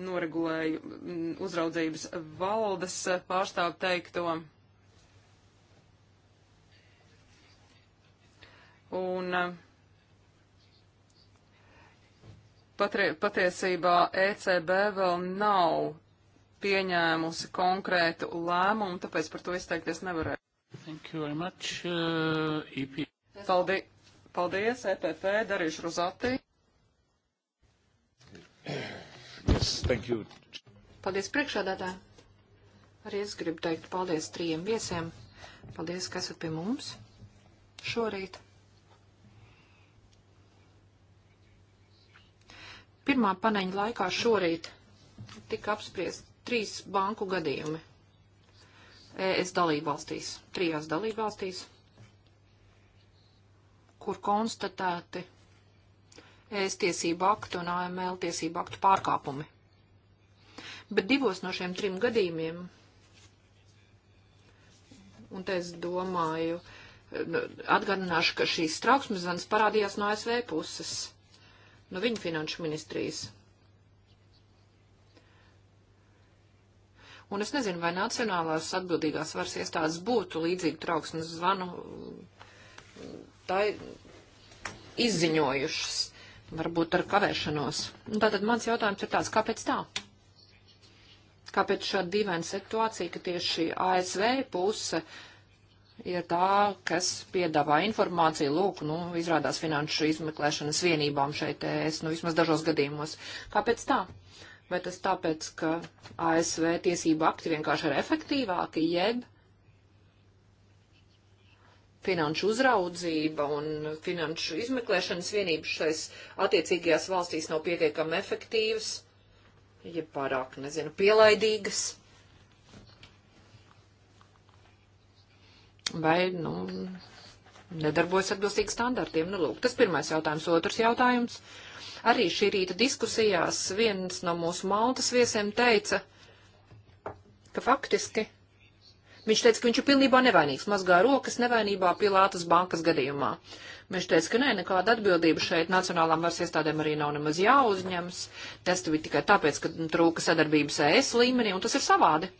noregulēju mm, uzraudzības valdes pārstāvu teikto. Un eh, patrie, patiesībā ECB vēl nav pieņēmusi konkrētu lēmumu, tāpēc par to izteikties nevarēju. Thank you very much, uh, EP. Paldi, paldies, EPP, Darīšu Rozati. Yes, thank you. Paldies priekšādātā. Arī es gribu teikt paldies trījiem viesiem. Paldies, ka esat pie mums šorīt. Pirmā paneņa laikā šorīt tika apspriest trīs banku gadījumi. ES dalībvalstīs, trijās dalībvalstīs, kur konstatēti ES tiesību aktu un AML tiesību aktu pārkāpumi. Bet divos no šiem trim gadījumiem, un te es domāju, nu, atgādināšu, ka šīs trauksmes zvans parādījās no ASV puses, no viņa finanšu ministrijas. Un es nezinu, vai nacionālās atbildīgās varas iestādes būtu līdzīgi trauksmes zvanu mm, tā izziņojušas, varbūt ar kavēšanos. Un tātad mans jautājums ir tāds, kāpēc tā? Kāpēc šāda dīvaina situācija, ka tieši ASV puse ir tā, kas piedāvā informāciju, lūk, nu, izrādās finanšu izmeklēšanas vienībām šeit, es, nu, vismaz dažos gadījumos. Kāpēc tā? Vai tas tāpēc, ka ASV tiesība akti vienkārši ir efektīvāki, jeb finanšu uzraudzība un finanšu izmeklēšanas vienības šais attiecīgajās valstīs nav pietiekami efektīvas, jeb pārāk, nezinu, pielaidīgas? vai nu, nedarbojas atbilstīgi standartiem. Nu, lūk, tas pirmais jautājums. Otrs jautājums Arī šī rīta diskusijās viens no mūsu Maltas viesiem teica, ka faktiski viņš teica, ka viņš ir pilnībā nevainīgs, mazgā rokas nevainībā Pilātas bankas gadījumā. Viņš teica, ka nē, nekāda atbildība šeit nacionālām varas iestādēm arī nav nemaz jāuzņemas. Tas bija tikai tāpēc, ka trūka sadarbības ES līmenī, un tas ir savādi.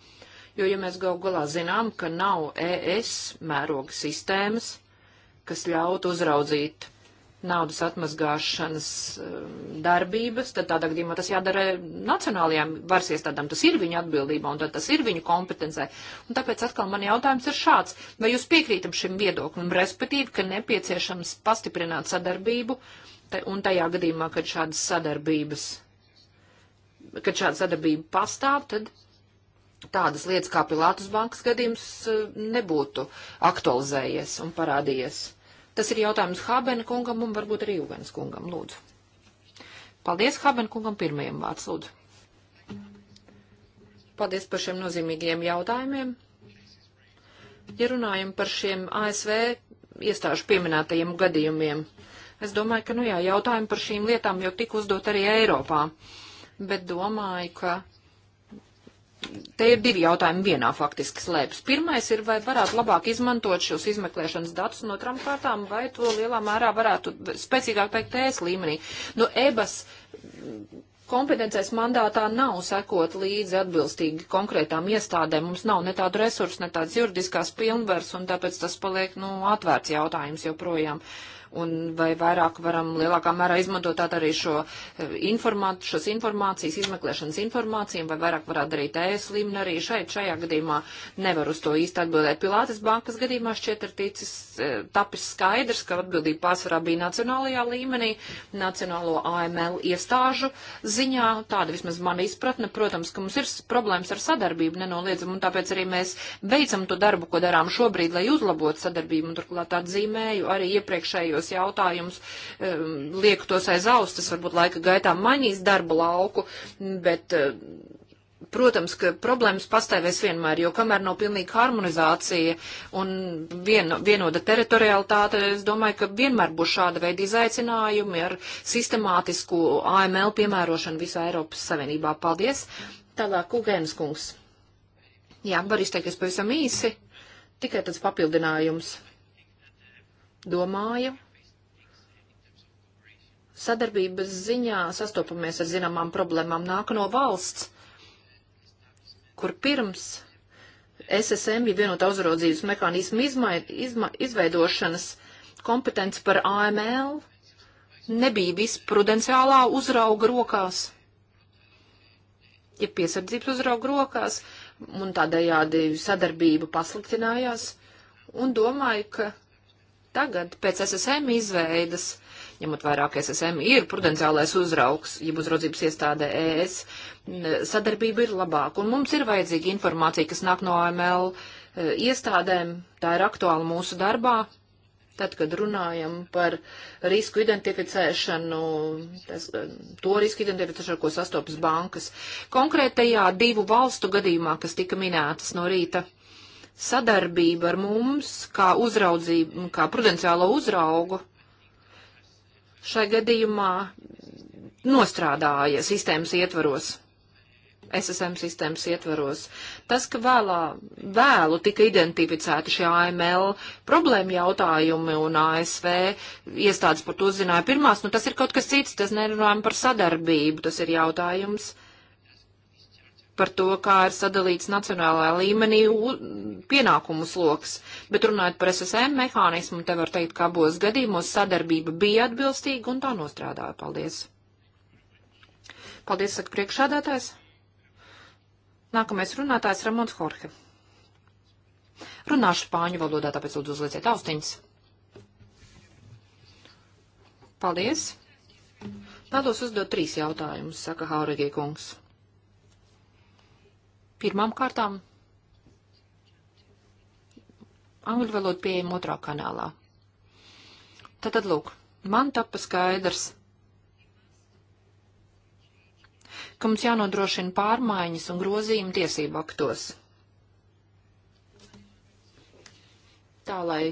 Jo, ja mēs gal galā zinām, ka nav ES mēroga sistēmas, kas ļautu uzraudzīt naudas atmazgāšanas um, darbības, tad tādā gadījumā tas jādara nacionālajām varas iestādām. Tas ir viņa atbildībā un tas ir viņa kompetencē. Un tāpēc atkal man jautājums ir šāds. Vai jūs piekrītam šim viedoklim, respektīvi, ka nepieciešams pastiprināt sadarbību un tajā gadījumā, kad šādas sadarbības, kad šāda sadarbība pastāv, tad tādas lietas kā Pilātus bankas gadījums uh, nebūtu aktualizējies un parādījies? Tas ir jautājums Habena kungam un varbūt arī Ugans kungam, lūdzu. Paldies Habena kungam pirmajam vārds, lūdzu. Paldies par šiem nozīmīgiem jautājumiem. Ja runājam par šiem ASV iestāžu pieminētajiem gadījumiem, es domāju, ka, nu jā, jautājumi par šīm lietām jau tika uzdot arī Eiropā, bet domāju, ka Te ir divi jautājumi vienā faktiski slēpjas. Pirmais ir, vai varētu labāk izmantot šos izmeklēšanas datus no tram kārtām, vai to lielā mērā varētu spēcīgāk teikt ES līmenī. No nu, EBAS kompetencijas mandātā nav sekot līdzi atbilstīgi konkrētām iestādēm. Mums nav ne tādu resursu, ne tādas juridiskās pilnvers, un tāpēc tas paliek, nu, atvērts jautājums joprojām. Uh, un vai vairāk varam lielākā mērā izmantot tātad arī šo e, informāt, šos informācijas, izmeklēšanas informāciju, vai vairāk varētu darīt ES līmeni arī šeit, šajā gadījumā nevar uz to īsti atbildēt. Pilātes bankas gadījumā šķiet ir ticis e, tapis skaidrs, ka atbildība pārsvarā bija nacionālajā līmenī, nacionālo AML iestāžu ziņā, tāda vismaz mana izpratne, protams, ka mums ir problēmas ar sadarbību nenoliedzam, un tāpēc arī mēs veicam to darbu, ko darām šobrīd, lai uzlabotu sadarbību, un turklāt atzīmēju arī iepriekšējo šajos jautājumus, liek tos aiz austas, varbūt laika gaitā mainīs darbu lauku, bet. Eh, protams, ka problēmas pastāvēs vienmēr, jo kamēr nav pilnīga harmonizācija un vien, vienoda teritorialitāte, es domāju, ka vienmēr būs šāda veida izaicinājumi ar sistemātisku AML piemērošanu visā Eiropas Savienībā. Paldies! Tālāk, Kugēnas kungs. Jā, var izteikties pavisam īsi, tikai tāds papildinājums. Domāju, sadarbības ziņā sastopamies ar zināmām problēmām. Nāk no valsts, kur pirms SSM bija vienotā uzraudzības mehānismu izma, izma, izveidošanas kompetence par AML nebija viss prudenciālā uzrauga rokās, ja piesardzības uzrauga rokās, un tādējādi sadarbība pasliktinājās, un domāju, ka tagad pēc SSM izveidas ņemot vairāk SSM, ir prudenciālais uzraugs, jeb uzraudzības iestāde ES, sadarbība ir labāka, un mums ir vajadzīga informācija, kas nāk no AML e, iestādēm, tā ir aktuāla mūsu darbā, tad, kad runājam par risku identificēšanu, tas, e, to risku identificēšanu, ko sastopas bankas. Konkrētajā divu valstu gadījumā, kas tika minētas no rīta, sadarbība ar mums, kā uzraudzību, kā prudenciālo uzraugu, šai gadījumā nostrādāja sistēmas ietvaros. SSM sistēmas ietvaros. Tas, ka vēlā, vēlu tika identificēti šie AML problēma jautājumi un ASV iestādes par to zināja pirmās, nu tas ir kaut kas cits, tas nerunājam par sadarbību, tas ir jautājums. Uh, par to, kā ir sadalīts nacionālā līmenī pienākumu sloks. Bet runājot par SSM mehānismu, te var teikt, ka abos gadījumos sadarbība bija atbilstīga un tā nostrādāja. Paldies! Paldies, saka priekšādātājs. Nākamais runātājs Ramons Horhe. Runāšu spāņu valodā, tāpēc lūdzu uzlieciet austiņas. Paldies! Vēlos uzdot trīs jautājumus, saka Hauragie kungs. Pirmām kārtām angļu valodu pieejam otrā kanālā. Tad, lūk, man tapa skaidrs, ka mums jānodrošina pārmaiņas un grozījumi tiesību aktos. Tā, lai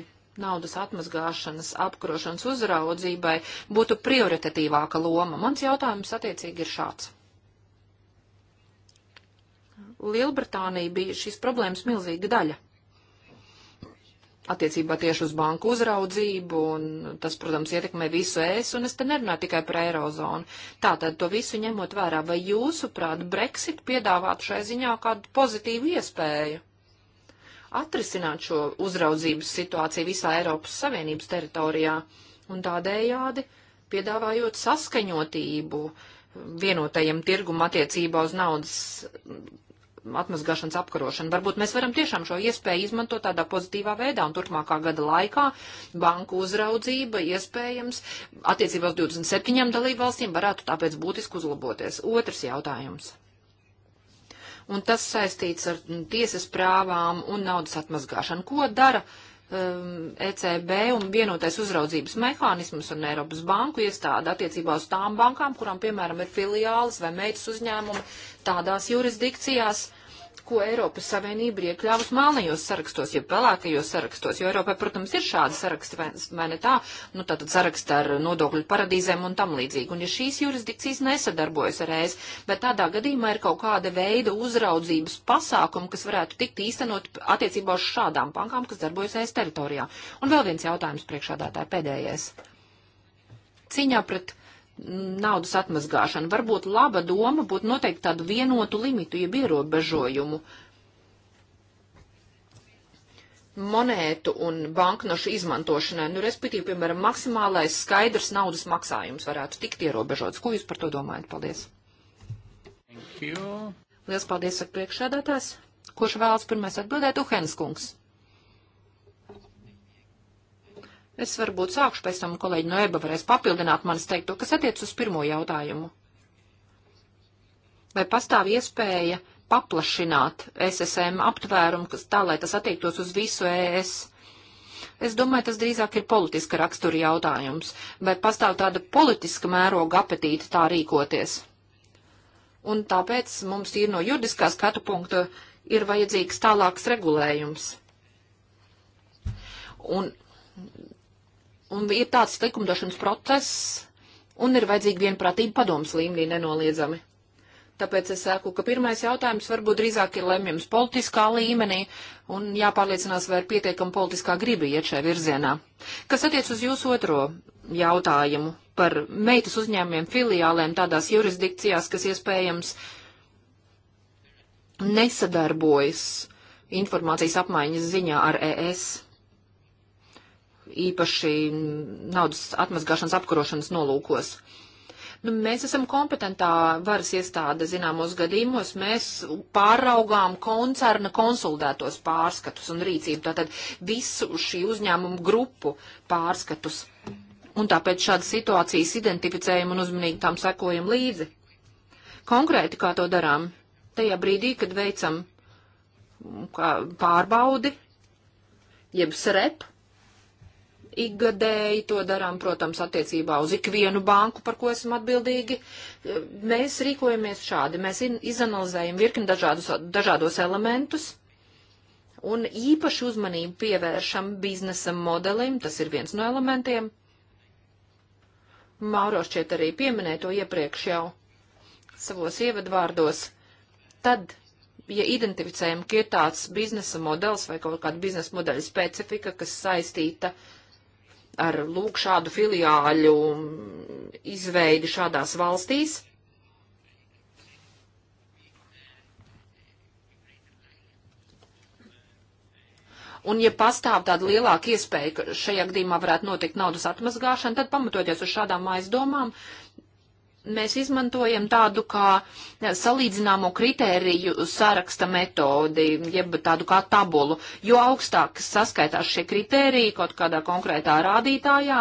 naudas atmazgāšanas apkarošanas uzraudzībai būtu prioritatīvāka loma. Mans jautājums attiecīgi ir šāds. Lielbritānija bija šīs problēmas milzīga daļa. Attiecībā tieši uz banku uzraudzību, un tas, protams, ietekmē visu es, un es te nerunāju tikai par eirozonu. Tātad to visu ņemot vērā, vai jūsuprāt Brexit piedāvātu šai ziņā kādu pozitīvu iespēju? Atrisināt šo uzraudzības situāciju visā Eiropas Savienības teritorijā, un tādējādi piedāvājot saskaņotību, vienotajam tirgum attiecībā uz naudas atmazgāšanas apkarošanu. Varbūt mēs varam tiešām šo iespēju izmantot tādā pozitīvā veidā, un turpmākā gada laikā banku uzraudzība iespējams attiecībā uz 27 dalību valstīm varētu tāpēc būtiski uzlaboties. Otrs jautājums un tas saistīts ar mm, tiesas prāvām un naudas atmazgāšanu. Ko dara um, ECB un vienotais uzraudzības mehānismus un Eiropas banku iestāde attiecībā uz tām bankām, kurām, piemēram, ir filiālis vai meitas uzņēmumi tādās jurisdikcijās, ko Eiropas Savienība ir iekļāvusi melnajos sarakstos, ja pelēkajos sarakstos, jo Eiropā, protams, ir šādi saraksti, vai, vai ne tā, nu tātad saraksti ar nodokļu paradīzēm un tam līdzīgi. Un ja šīs jurisdikcijas nesadarbojas ar ES, bet tādā gadījumā ir kaut kāda veida uzraudzības pasākumi, kas varētu tikt īstenot attiecībā uz šādām bankām, kas darbojas ES teritorijā. Un vēl viens jautājums priekšādātāja pēdējais. Cīņā pret naudas atmazgāšanu. Varbūt laba doma būtu noteikti tādu vienotu limitu, jeb ierobežojumu monētu un banknošu izmantošanai. Nu, respektīvi, piemēram, maksimālais skaidrs naudas maksājums varētu tikt ierobežots. Ko jūs par to domājat? Paldies! Liels paldies, saka priekšsēdētājs. Kurš vēlas pirmais atbildēt? Uhenskungs. Es varbūt sākšu pēc tam, kolēģi no EBA varēs papildināt manis teikto, kas attiec uz pirmo jautājumu. Vai pastāv iespēja paplašināt SSM aptvērumu, kas tā, lai tas attiektos uz visu ES? Es domāju, tas drīzāk ir politiska rakstura jautājums, vai pastāv tāda politiska mēroga apetīta tā rīkoties. Un tāpēc mums ir no juridiskā skatu punkta ir vajadzīgs tālāks regulējums. Un Un ir tāds likumdošanas process, un ir vajadzīga vienprātība padomas līmenī nenoliedzami. Tāpēc es saku, ka pirmais jautājums varbūt drīzāk ir lemjams politiskā līmenī un jāpārliecinās, vai ir pietiekama politiskā griba iet šajā virzienā. Kas attiec uz jūsu otro jautājumu par meitas uzņēmumiem filiālēm tādās jurisdikcijās, kas iespējams nesadarbojas informācijas apmaiņas ziņā ar ES? īpaši naudas atmazgāšanas apkarošanas nolūkos. Nu, mēs esam kompetentā varas iestāde zināmos gadījumos, mēs pāraugām koncerna konsultētos pārskatus un rīcību, tātad visu šī uzņēmumu grupu pārskatus. Un tāpēc šādas situācijas identificējam un uzmanīgi tām sekojam līdzi. Konkrēti, kā to darām? Tajā brīdī, kad veicam pārbaudi, jeb srep, ikgadēji, to darām, protams, attiecībā uz ikvienu banku, par ko esam atbildīgi. Mēs rīkojamies šādi, mēs izanalizējam virkni dažādus, dažādos elementus. Un īpaši uzmanību pievēršam biznesa modelim, tas ir viens no elementiem. Māro šķiet arī pieminēja to iepriekš jau savos ievadvārdos. Tad ja identificējam, ka ir tāds biznesa modelis vai kaut kāda biznesa modeļa specifika, kas saistīta uh, ar lūk šādu filiāļu izveidi šādās valstīs. Un, ja pastāv tāda lielāka iespēja, ka šajā gadījumā varētu notikt naudas atmazgāšana, tad pamatoties uz šādām aizdomām, mēs izmantojam tādu kā salīdzināmo kritēriju saraksta metodi, jeb tādu kā tabulu. Jo augstāk saskaitās šie kritēriji kaut kādā konkrētā rādītājā,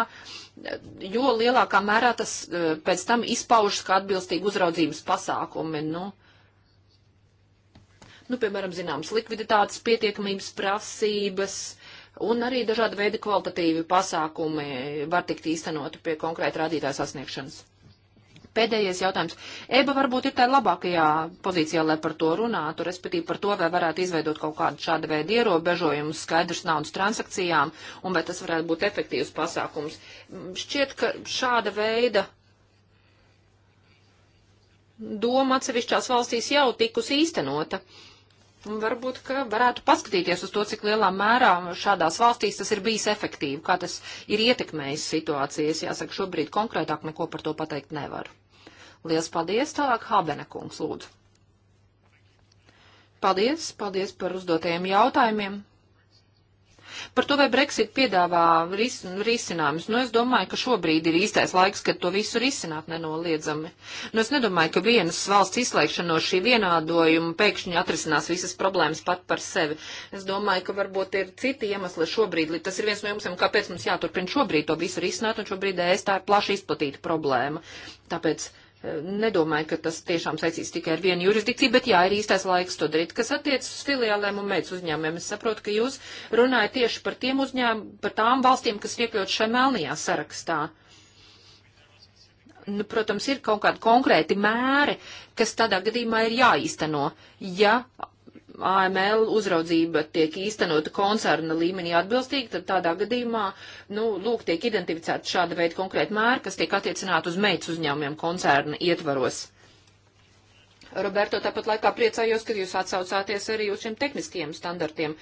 jo lielākā mērā tas e, pēc tam izpaužas kā atbilstīgi uzraudzības pasākumi. Nu, nu, piemēram, zināmas likviditātes pietiekamības prasības, un arī dažādi veidi kvalitatīvi pasākumi var tikt īstenoti pie konkrēta rādītāja sasniegšanas pēdējais jautājums. Eba varbūt ir tā labākajā pozīcijā, lai par to runātu, respektīvi par to, vai varētu izveidot kaut kādu šādu veidu ierobežojumu skaidrs naudas transakcijām, un vai tas varētu būt efektīvs pasākums. Šķiet, ka šāda veida doma atsevišķās valstīs jau tikus īstenota. Un varbūt, ka varētu paskatīties uz to, cik lielā mērā šādās valstīs tas ir bijis efektīvi, kā tas ir ietekmējis situācijas. Jāsaka, šobrīd konkrētāk neko par to pateikt nevaru. Lielas paldies! Tālāk Habene kungs lūdzu. Paldies, paldies par uzdotajiem jautājumiem. Par to, vai Brexit piedāvā ris risinājumus, nu es domāju, ka šobrīd ir īstais laiks, kad to visu risināt nenoliedzami. Nu es nedomāju, ka vienas valsts izslēgšana no šī vienādojuma pēkšņi atrisinās visas problēmas pat par sevi. Es domāju, ka varbūt ir citi iemesli šobrīd, tas ir viens no jums, kāpēc mums jāturpina šobrīd to visu risināt, un šobrīd es tā ir plaši izplatīta problēma. Tāpēc nedomāju, ka tas tiešām saistīts tikai ar vienu jurisdikciju, bet jā, ir īstais laiks to darīt. Kas attiecas uz filiālēm un meitas uzņēmumiem, es saprotu, ka jūs runājat tieši par tiem uzņēmumiem, par tām valstīm, kas ir iekļautas šajā melnajā sarakstā. Nu, protams, ir kaut kādi konkrēti mēri, kas tādā gadījumā ir jāīsteno, ja AML uzraudzība tiek īstenota koncerna līmenī atbilstīgi, tad tādā gadījumā, nu, lūk, tiek identificēta šāda veida konkrēta mēra, kas tiek attiecināta uz meitas uzņēmumiem koncerna ietvaros. Roberto, tāpat laikā priecājos, ka jūs atsaucāties arī uz šiem tehniskajiem standartiem.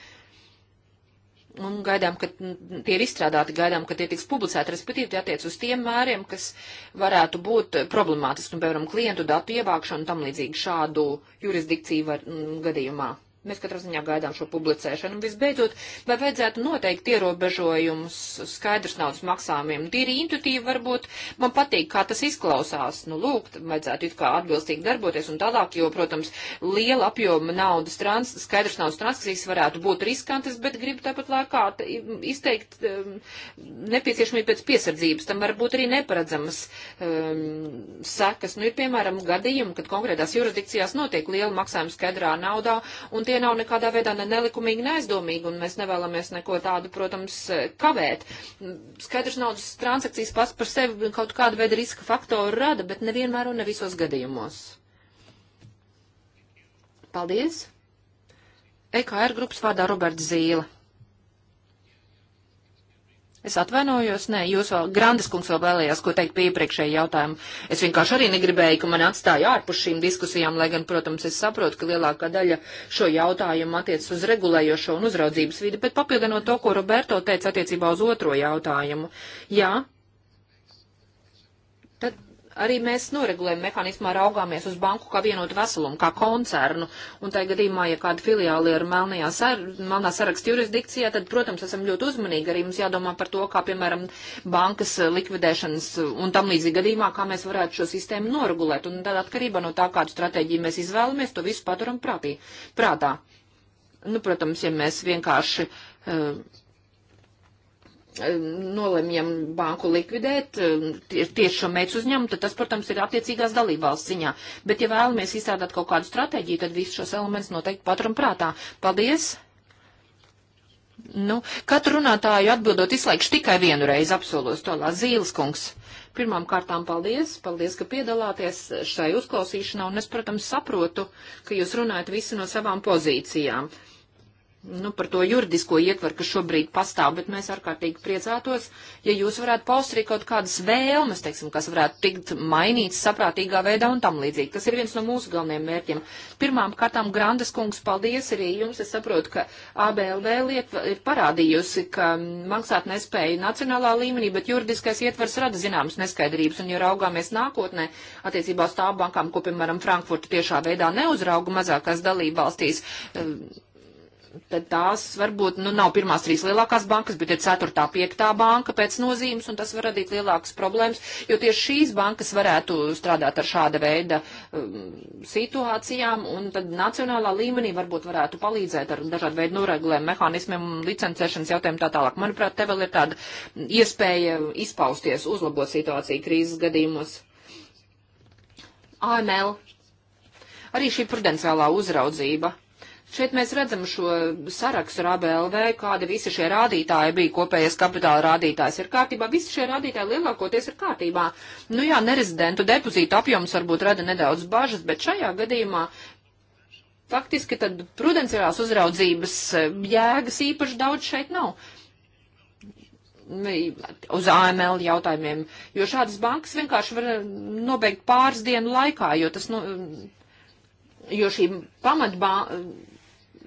Un gaidām, ka tie ir izstrādāti, gaidām, ka tie tiks publicēti, respektīvi tie attiec uz tiem mēriem, kas varētu būt problemātiski, un, nu, piemēram, klientu datu ievākšanu un tam līdzīgi šādu jurisdikciju var, m, gadījumā. Mēs katrā ziņā gaidām šo publicēšanu. Un visbeidzot, vai vajadzētu noteikt ierobežojumus skaidrs naudas maksājumiem? Tīri intuitīvi varbūt man patīk, kā tas izklausās. Nu, lūk, vajadzētu it kā atbilstīgi darboties un tālāk, jo, protams, liela apjoma naudas trans, skaidrs naudas transakcijas varētu būt riskantas, bet gribu tāpat laikā izteikt um, nepieciešamību pēc piesardzības. Tam var būt arī neparedzamas um, sekas. Nu, ir, piemēram, gadījumi, kad konkrētās jurisdikcijās notiek liela maksājuma skaidrā naudā. Un tie tie nav nekādā veidā ne nelikumīgi, ne aizdomīgi, un mēs nevēlamies neko tādu, protams, e, kavēt. Skaidrs naudas transakcijas pats par sevi kaut kādu veidu riska faktoru rada, bet nevienmēr un ne visos gadījumos. Paldies! EKR grupas vārdā Roberts Zīle. Es atvainojos, nē, jūs vēl, Grandes kungs vēl vēlējās, ko teikt pie iepriekšēja jautājuma. Es vienkārši arī negribēju, ka man atstāja ārpus šīm diskusijām, lai gan, protams, es saprotu, ka lielākā daļa šo jautājumu attiec uz regulējošo un uzraudzības vidi, bet papildinot to, ko Roberto teica attiecībā uz otro jautājumu. Jā, arī mēs noregulējuma mehānismā raugāmies uz banku kā vienotu veselumu, kā koncernu. Un tajā gadījumā, ja kāda filiāli ir melnajā sar, melnā saraksta jurisdikcijā, tad, protams, esam ļoti uzmanīgi. Arī mums jādomā par to, kā, piemēram, bankas likvidēšanas un tam līdzīgi gadījumā, kā mēs varētu šo sistēmu noregulēt. Un tad atkarībā no tā, kādu stratēģiju mēs izvēlamies, to visu paturam prātī, prātā. Nu, protams, ja mēs vienkārši. Uh, nolemjam banku likvidēt, tie, eh, tieši šo mērķu uzņemt, tad tas, protams, ir attiecīgās dalībvalsts ziņā. Bet, ja vēlamies izstrādāt kaut kādu stratēģiju, tad visus šos elementus noteikti paturam prātā. Paldies! Nu, katru runātāju atbildot izslēgšu tikai vienu reizi, apsolos to Zīles kungs. Pirmām kārtām paldies, paldies, ka piedalāties šai uzklausīšanā, un es, protams, saprotu, ka jūs runājat visi no savām pozīcijām. Uh, nu, par to juridisko ietvaru, kas šobrīd pastāv, bet mēs ārkārtīgi priecātos, ja jūs varētu paust arī kaut kādas vēlmes, teiksim, kas varētu tikt mainīts saprātīgā veidā un tam līdzīgi. Tas ir viens no mūsu galvenajiem mērķiem. Pirmām kārtām, Grandes kungs, paldies arī jums. Es saprotu, ka ABLV lieta ir parādījusi, ka maksāt nespēja nacionālā līmenī, bet juridiskais ietvars rada zināmas neskaidrības, un ja raugāmies nākotnē attiecībā uz tām bankām, ko, piemēram, Frankfurta tiešā veidā neuzrauga mazākās dalībvalstīs, tad tās varbūt nu, nav pirmās trīs lielākās bankas, bet ir ceturtā, piektā banka pēc nozīmes, un tas var radīt lielākas problēmas, jo tieši šīs bankas varētu strādāt ar šāda veida um, situācijām, un tad nacionālā līmenī varbūt varētu palīdzēt ar dažādu veidu noregulēm, mehānismiem, licencēšanas jautājumiem tā tālāk. Manuprāt, te vēl ir tāda iespēja izpausties, uzlabot situāciju krīzes gadījumos. AML. Arī šī prudenciālā uzraudzība Šeit mēs redzam šo sarakstu ar ABLV, kāda visi šie rādītāji bija, kopējais kapitāla rādītājs ir kārtībā, visi šie rādītāji lielākoties ir kārtībā. Nu jā, nerezidentu depozītu apjoms varbūt rada nedaudz bažas, bet šajā gadījumā faktiski tad prudenciālās uzraudzības e, jēgas īpaši daudz šeit nav uz AML jautājumiem, jo šādas bankas vienkārši var e, nobeigt pāris dienu laikā, jo tas, nu, e, jo šī pamatbā,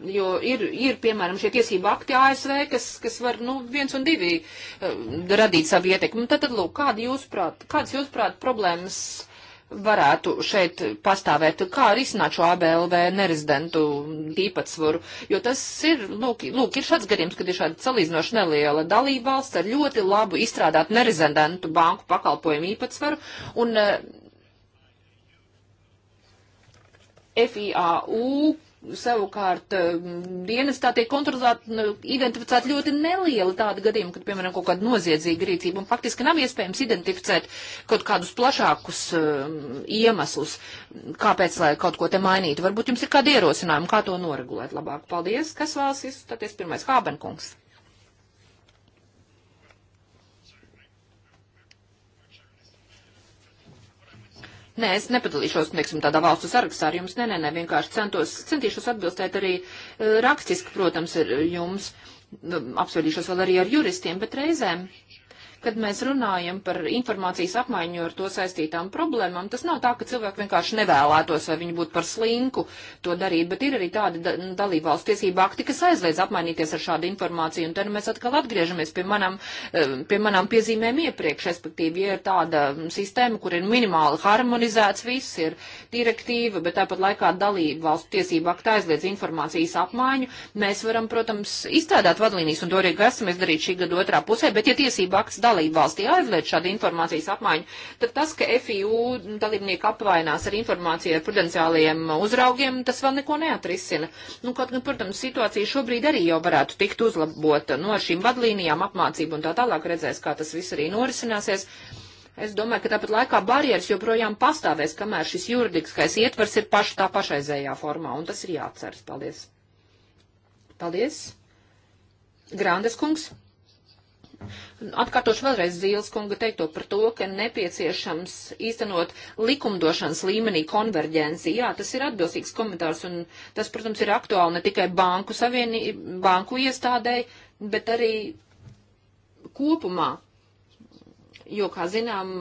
jo ir, ir piemēram, šie tiesība akti ASV, kas, kas var, nu, viens un divi eh, radīt savu ietekmi. Nu, tad, tad, lūk, kāda jūsuprāt, kādas jūsuprāt problēmas varētu šeit pastāvēt, kā risināt šo ABLV nerezidentu īpatsvaru, jo tas ir, lūk, lūk ir šāds gadījums, kad ir šāda salīdzinoši neliela dalība valsts ar ļoti labu izstrādātu nerezidentu banku pakalpojumu īpatsvaru, un eh, FIAU savukārt eh, dienas tā tiek kontrolēta, nu, identificēta ļoti neliela tāda gadījuma, kad, piemēram, kaut kāda noziedzīga rīcība, un faktiski nav iespējams identificēt kaut kādus plašākus uh, iemeslus, kāpēc, lai kaut ko te mainītu. Varbūt jums ir kādi ierosinājumi, kā to noregulēt labāk. Paldies, kas vēlas izstāties pirmais? Hābenkungs. Nē, es nepadalīšos, teiksim, tādā valstu sarakstā ar jums. Nē, nē, nē, vienkārši centos, centīšos atbilstēt arī eh, rakstiski, protams, ar jums. Nu, Apsveļīšos vēl arī ar juristiem, bet reizēm kad mēs runājam par informācijas apmaiņu ar to saistītām problēmām, tas nav tā, ka cilvēki vienkārši nevēlētos vai viņi būtu par slinku to darīt, bet ir arī tādi da dalībvalsts tiesība akti, kas aizliedz apmainīties ar šādu informāciju. Un tad mēs atkal atgriežamies pie manām, eh, pie manām piezīmēm iepriekš, respektīvi, ja ir tāda sistēma, kur ir minimāli harmonizēts viss, ir direktīva, bet tāpat laikā dalība valstu tiesība akta aizliedz informācijas apmaiņu. Mēs varam, protams, izstrādāt vadlīnijas, un to arī grasamies darīt šī gada otrā pusē, bet ja tiesība akts dalība valstī aizliedz šādu informācijas apmaiņu, tad tas, ka FIU dalībnieki apvainās ar informāciju ar prudenciāliem uzraugiem, tas vēl neko neatrisina. Nu, kaut gan, protams, situācija šobrīd arī jau varētu tikt uzlabota no nu, šīm vadlīnijām, apmācību un tā tālāk redzēs, kā tas viss arī norisināsies. Es domāju, ka tāpat laikā barjeras joprojām pastāvēs, kamēr šis juridiskais ietvers ir paš, tā pašaizējā formā, un tas ir jāatceras. Paldies! Paldies! Grandes kungs! Atkārtošu vēlreiz Zīles kunga teikto par to, ka nepieciešams īstenot likumdošanas līmenī konverģenci. Jā, tas ir atbilstīgs komentārs, un tas, protams, ir aktuāli ne tikai banku, savienī, banku iestādēji, bet arī kopumā jo, kā zinām,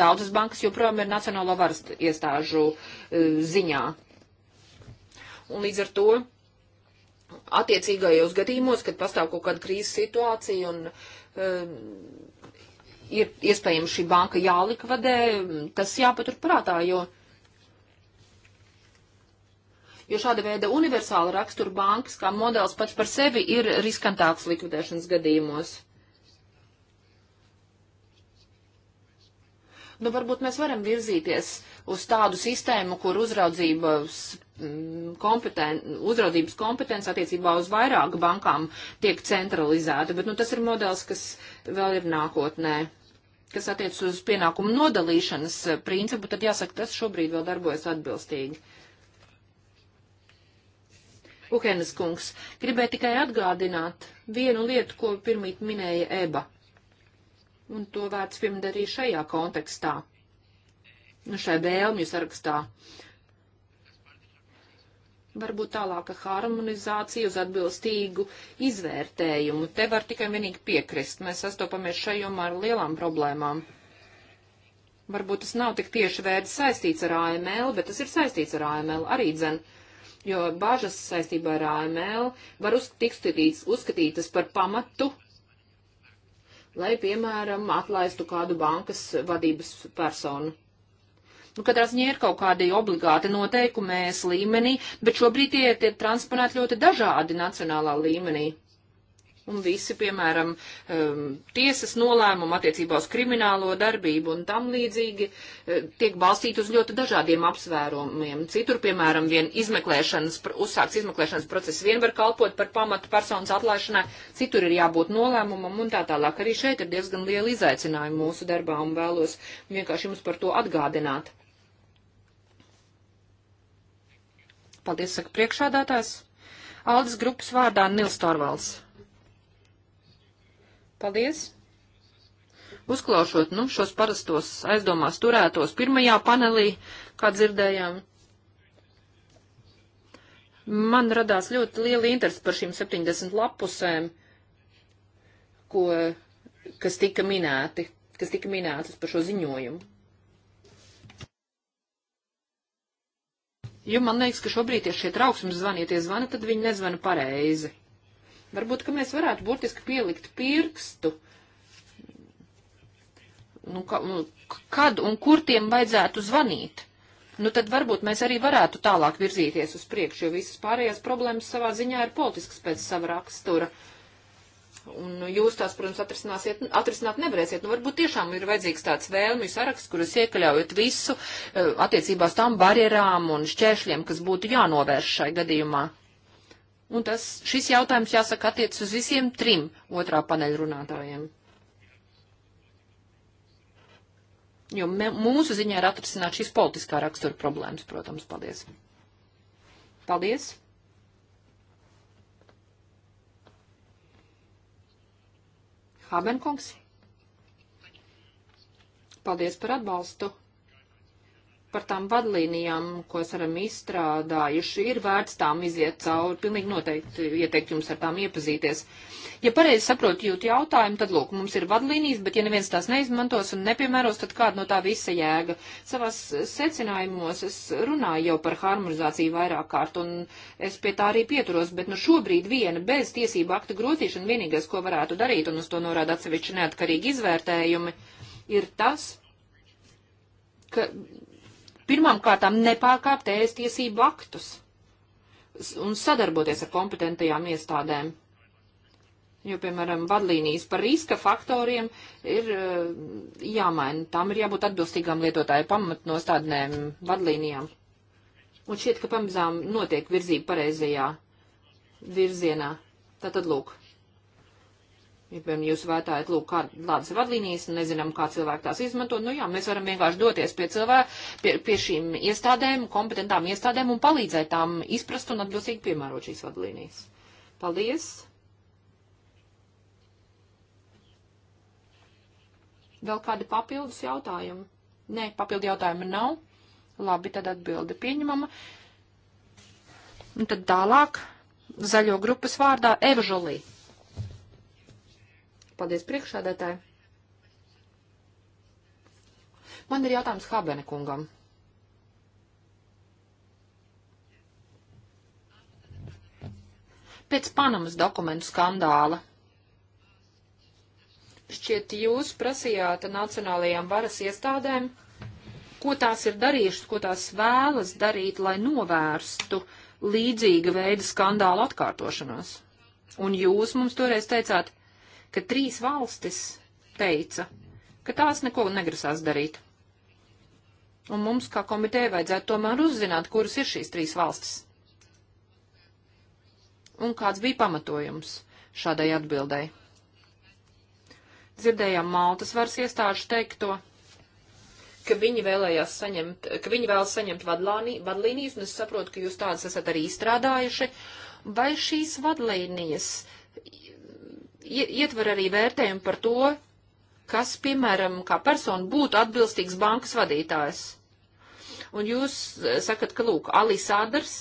daudzas bankas joprojām ir nacionālo varas iestāžu e, ziņā. Un līdz ar to attiecīgajos gadījumos, kad pastāv kaut kāda krīzes situācija un e, ir iespējams šī banka jālikvidē, tas jāpaturprātā, jo jo šāda veida universāla rakstura bankas kā modelis pats par sevi ir riskantāks likvidēšanas gadījumos. nu, varbūt mēs varam virzīties uz tādu sistēmu, kur uzraudzības, mm, kompeten, uzraudzības kompetence attiecībā uz vairāku bankām tiek centralizēta, bet nu, tas ir modelis, kas vēl ir nākotnē. Kas attiec uz pienākumu nodalīšanas eh, principu, tad jāsaka, tas šobrīd vēl darbojas atbilstīgi. Uhenes kungs, gribēju tikai atgādināt vienu lietu, ko pirmīt minēja Eba un to vērts pieminēt arī šajā kontekstā, nu, šai vēlmju sarakstā. Varbūt tālāka harmonizācija uz atbilstīgu izvērtējumu. Te var tikai vienīgi piekrist. Mēs sastopamies šajomā ar lielām problēmām. Varbūt tas nav tik tieši vērts saistīts ar AML, bet tas ir saistīts ar AML arī dzen, jo bāžas saistībā ar AML var uzskatītas, uzskatītas par pamatu lai, piemēram, atlaistu kādu bankas vadības personu. Nu, katrā ziņā ir kaut kādi obligāti noteikumi mēs līmenī, bet šobrīd tie tiek transponēti ļoti dažādi nacionālā līmenī un visi, piemēram, um, tiesas nolēmumi attiecībā uz kriminālo darbību un tam līdzīgi uh, tiek balstīti uz ļoti dažādiem apsvērumiem. Citur, piemēram, vien izmeklēšanas, uzsāks izmeklēšanas process vien var kalpot par pamatu personas atlaišanai, citur ir jābūt nolēmumam un tā tālāk. Arī šeit ir diezgan liela izaicinājuma mūsu darbā un vēlos vienkārši jums par to atgādināt. Paldies, saka priekšādātājs. Aldis grupas vārdā Nils Torvalds. Paldies! Uzklaušot, nu, šos parastos aizdomās turētos pirmajā panelī, kā dzirdējām, man radās ļoti liela interesi par šīm 70 lapusēm, ko, kas tika minēti, kas tika minētas par šo ziņojumu. Jo man liekas, ka šobrīd, ja šie trauksmes zvani, ja tie zvani, tad viņi nezvana pareizi. Varbūt, ka mēs varētu burtiski pielikt pirkstu. Nu, ka, nu, kad un kur tiem vajadzētu zvanīt? Nu, tad varbūt mēs arī varētu tālāk virzīties uz priekšu, jo visas pārējās problēmas savā ziņā ir politiskas pēc sava rakstura. Un jūs tās, protams, atrisināt nevarēsiet. Nu, varbūt tiešām ir vajadzīgs tāds vēlmju saraksts, kuras iekļaujat visu eh, attiecībās tām barjerām un šķēršļiem, kas būtu jānovērš šai gadījumā. Un tas, šis jautājums, jāsaka, attiec uz visiem trim otrā paneļa runātājiem. Jo mē, mūsu ziņā ir atrisināt šīs politiskā rakstura problēmas, protams. Paldies! Paldies! Habenkungs! Paldies par atbalstu! par tām vadlīnijām, ko esam izstrādājuši, ir vērts tām iziet cauri. Pilnīgi noteikti ieteikt jums ar tām iepazīties. Ja pareizi saprotu jūtu jautājumu, tad lūk, mums ir vadlīnijas, bet ja neviens tās neizmantos un nepiemēros, tad kāda no tā visa jēga? Savās secinājumos es runāju jau par harmonizāciju vairāk kārt un es pie tā arī pieturos, bet nu šobrīd viena bez tiesību akta grozīšana vienīgais, ko varētu darīt, un uz to norāda atsevišķi neatkarīgi izvērtējumi, ir tas, ka pirmām kārtām nepārkāpt ēst tiesību aktus un sadarboties ar kompetentajām iestādēm. Jo, piemēram, vadlīnijas par riska faktoriem ir eh, jāmaina. Tām ir jābūt atbilstīgām lietotāju pamatnostādnēm, vadlīnijām. Un šķiet, ka pamazām notiek virzība pareizajā virzienā. Tātad, lūk, Ja, piemēram, jūs vētājat, lūk, kādas vadlīnijas, nezinām, kā cilvēki tās izmanto. Nu jā, mēs varam vienkārši doties pie cilvēku, pie, pie šīm iestādēm, kompetentām iestādēm un palīdzēt tām izprast un atbilstīgi piemērot šīs vadlīnijas. Paldies! Vēl kādi papildus jautājumi? Nē, papildu jautājumi nav. Labi, tad atbildi pieņemama. Un tad tālāk zaļo grupas vārdā Evžolī. Paldies priekšādētāji. Man ir jautājums Habene kungam. Pēc Panamas dokumentu skandāla šķiet jūs prasījāt nacionālajām varas iestādēm, ko tās ir darījušas, ko tās vēlas darīt, lai novērstu līdzīga veida skandālu atkārtošanos. Un jūs mums toreiz teicāt, ka trīs valstis teica, ka tās neko negrasās darīt. Un mums, kā komiteja, vajadzētu tomēr uzzināt, kuras ir šīs trīs valstis. Un kāds bija pamatojums šādai atbildēji? Dzirdējām Maltas varas iestāžu teikto, ka viņi vēlējās saņemt, ka viņi vēlas saņemt vadlāni, vadlīnijas, un es saprotu, ka jūs tādas esat arī izstrādājuši. Vai šīs vadlīnijas ietver arī vērtējumu par to, kas, piemēram, kā persona būtu atbilstīgs bankas vadītājs. Un jūs e, sakat, ka, lūk, Alis Adars,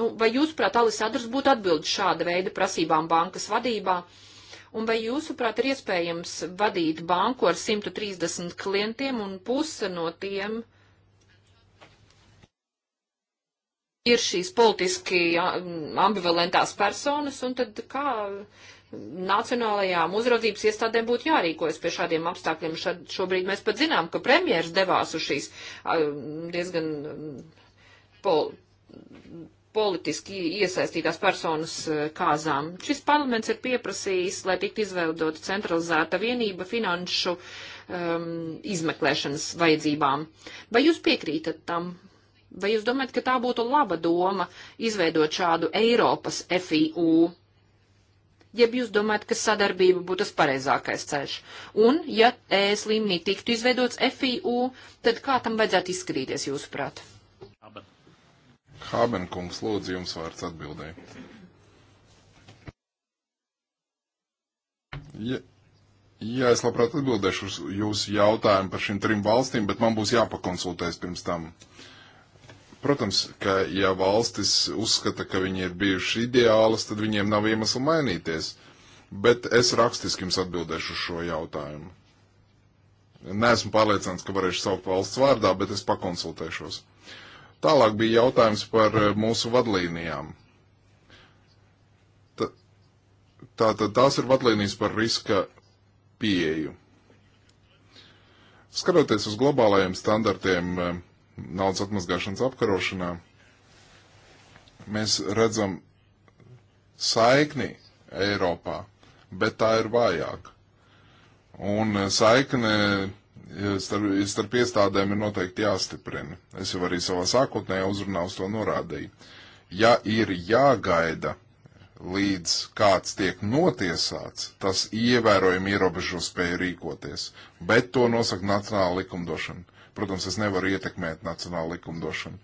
nu, vai jūs, prāt, Alis Adars būtu atbildi šāda veida prasībām bankas vadībā? Un vai jūsuprāt ir iespējams vadīt banku ar 130 klientiem un puse no tiem uh, ir šīs politiski ambivalentās personas, un tad kā nacionālajām uzraudzības iestādēm būtu jārīkojas pie šādiem apstākļiem. Šad, šobrīd mēs pat zinām, ka premjeras devās uz šīs diezgan pol, politiski iesaistītās personas kāzām. Šis parlaments ir pieprasījis, lai tiktu izveidota centralizēta vienība finanšu um, izmeklēšanas vajadzībām. Vai jūs piekrītat tam? Vai jūs domājat, ka tā būtu laba doma izveidot šādu Eiropas FIU? Jeb jūs domājat, ka sadarbība būtu tas pareizākais ceļš? Un, ja ES līmenī tiktu izveidots FIU, tad kā tam vajadzētu izskatīties jūsuprāt? Hābenkungs, lūdzu, jums vārds atbildēja. Ja, ja es labprāt atbildēšu uz jūsu jautājumu par šīm trim valstīm, bet man būs jāpakonsultēs pirms tam. Uh, Protams, ka ja valstis uzskata, ka viņi ir bijuši ideālas, tad viņiem nav iemesla mainīties. Bet es rakstiski jums atbildēšu uz šo jautājumu. Nesmu pārliecināts, ka varēšu saukt valsts vārdā, bet es pakonsultēšos. Tālāk bija jautājums par eh, mūsu vadlīnijām. Tātad tās ir vadlīnijas par riska pieeju. Skatoties uz globālajiem standartiem, eh, naudas atmazgāšanas apkarošanā, mēs redzam saikni Eiropā, bet tā ir vājāka. Un eh, saikne eh, starp, starp iestādēm ir noteikti jāstiprina. Es jau arī savā sākotnējā uzrunā uz to norādīju. Ja ir jāgaida līdz kāds tiek notiesāts, tas ievērojami ierobežo spēju rīkoties, bet to nosaka nacionāla likumdošana. Protams, es nevaru ietekmēt nacionālu likumdošanu.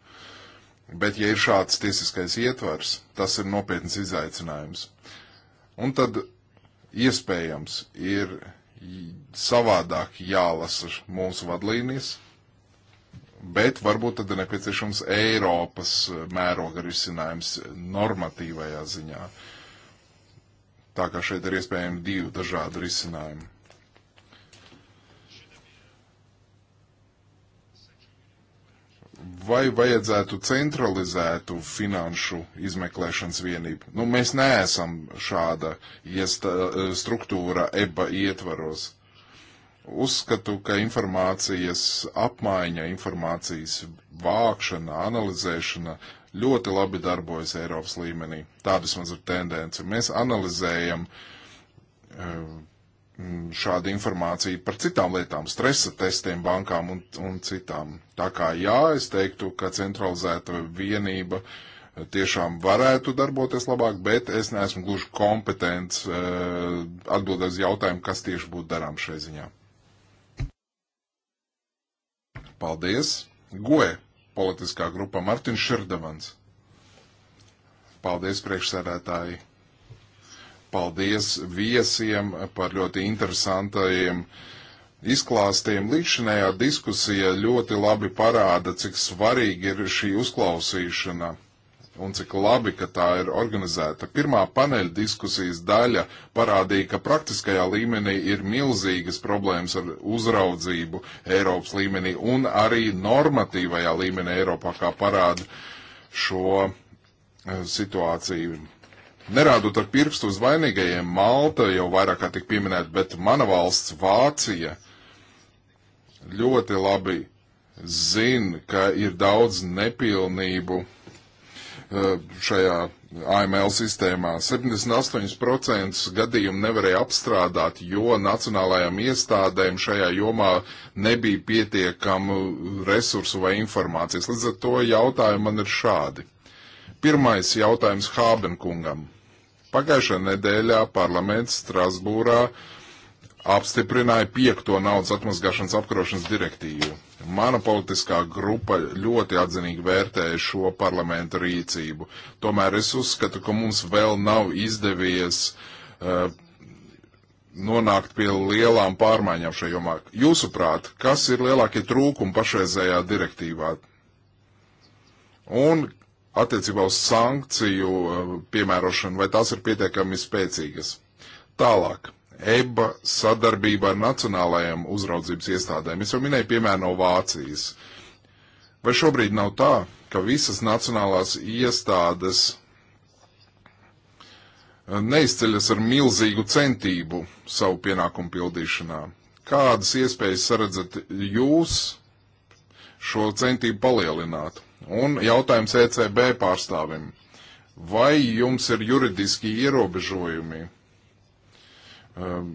Bet, ja ir šāds tiesiskais ietvars, tas ir nopietns izaicinājums. Un tad iespējams ir savādāk jālasa mūsu vadlīnijas, bet varbūt tad ir nepieciešams Eiropas mēroga risinājums normatīvajā ziņā. Tā kā šeit ir iespējami divi dažādi risinājumi. vai vajadzētu centralizētu finanšu izmeklēšanas vienību. Nu, mēs neesam šāda iesta, struktūra EBA ietvaros. Uzskatu, ka informācijas apmaiņa, informācijas vākšana, analizēšana ļoti labi darbojas Eiropas līmenī. Tādas mums ir tendence. Mēs analizējam uh, Mm, šādu informāciju par citām lietām, stresa testiem bankām un, un citām. Tā kā jā, es teiktu, ka centralizēta vienība eh, tiešām varētu darboties labāk, bet es neesmu gluži kompetents eh, atbildēt uz jautājumu, kas tieši būtu darām šai ziņā. Paldies! Goe, politiskā grupa Martins Širdevans. Paldies, priekšsēdētāji! Paldies viesiem par ļoti interesantajiem izklāstiem. Līdzinējā diskusija ļoti labi parāda, cik svarīgi ir šī uzklausīšana un cik labi, ka tā ir organizēta. Pirmā paneļa diskusijas daļa parādīja, ka praktiskajā līmenī ir milzīgas problēmas ar uzraudzību Eiropas līmenī un arī normatīvajā līmenī Eiropā, kā parāda šo eh, situāciju. Nerādot ar pirkstu uz vainīgajiem, Malta jau vairāk kā tik pieminēta, bet mana valsts Vācija ļoti labi zina, ka ir daudz nepilnību eh, šajā AML sistēmā. 78% gadījumu nevarēja apstrādāt, jo nacionālajām iestādēm šajā jomā nebija pietiekamu resursu vai informācijas. Līdz ar to jautājumi man ir šādi. Pirmais jautājums Hābenkungam. Pagājušajā nedēļā parlaments Strasbūrā apstiprināja piekto naudas atmazgāšanas apkarošanas direktīvu. Mana politiskā grupa ļoti atzinīgi vērtēja šo parlamentu rīcību. Tomēr es uzskatu, ka mums vēl nav izdevies uh, nonākt pie lielām pārmaiņām šajā jomā. Jūsuprāt, kas ir lielākie trūkumi pašreizējā direktīvā? Un attiecībā uz sankciju eh, piemērošanu, vai tās ir pietiekami spēcīgas. Tālāk. EBA sadarbība ar nacionālajiem uzraudzības iestādēm. Es jau minēju piemēru no Vācijas. Vai šobrīd nav tā, ka visas nacionālās iestādes eh, neizceļas ar milzīgu centību savu pienākumu pildīšanā? Kādas iespējas saredzat jūs šo centību palielināt? Un jautājums ECB pārstāvim. Vai jums ir juridiski ierobežojumi, um,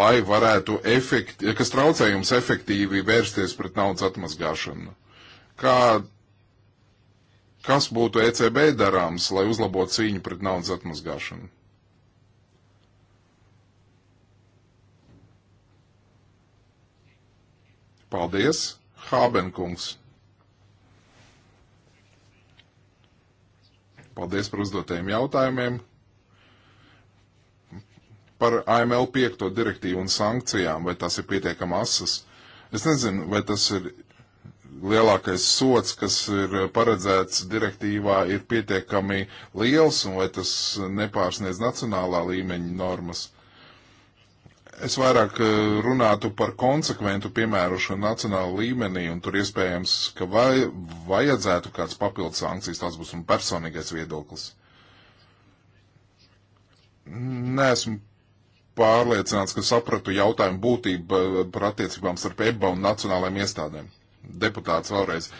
lai varētu, efekt, kas traucē jums efektīvi vērsties pret naudas atmazgāšanu? Kā, kas būtu ECB darāms, lai uzlabotu cīņu pret naudas atmazgāšanu? Paldies, Hābenkungs! Paldies par uzdotajiem jautājumiem. Par AML 5. direktīvu un sankcijām, vai tās ir pietiekami asas. Es nezinu, vai tas ir lielākais sots, kas ir paredzēts direktīvā, ir pietiekami liels un vai tas nepārsniedz nacionālā līmeņa normas. Es vairāk eh, runātu par konsekventu piemērošanu nacionālu līmenī, un tur iespējams, ka vai, vajadzētu kāds papildus sankcijas, tas būs un personīgais viedoklis. Nesmu pārliecināts, ka sapratu jautājumu būtību eh, par attiecībām starp EBA un nacionālajiem iestādēm. Deputāts vēlreiz.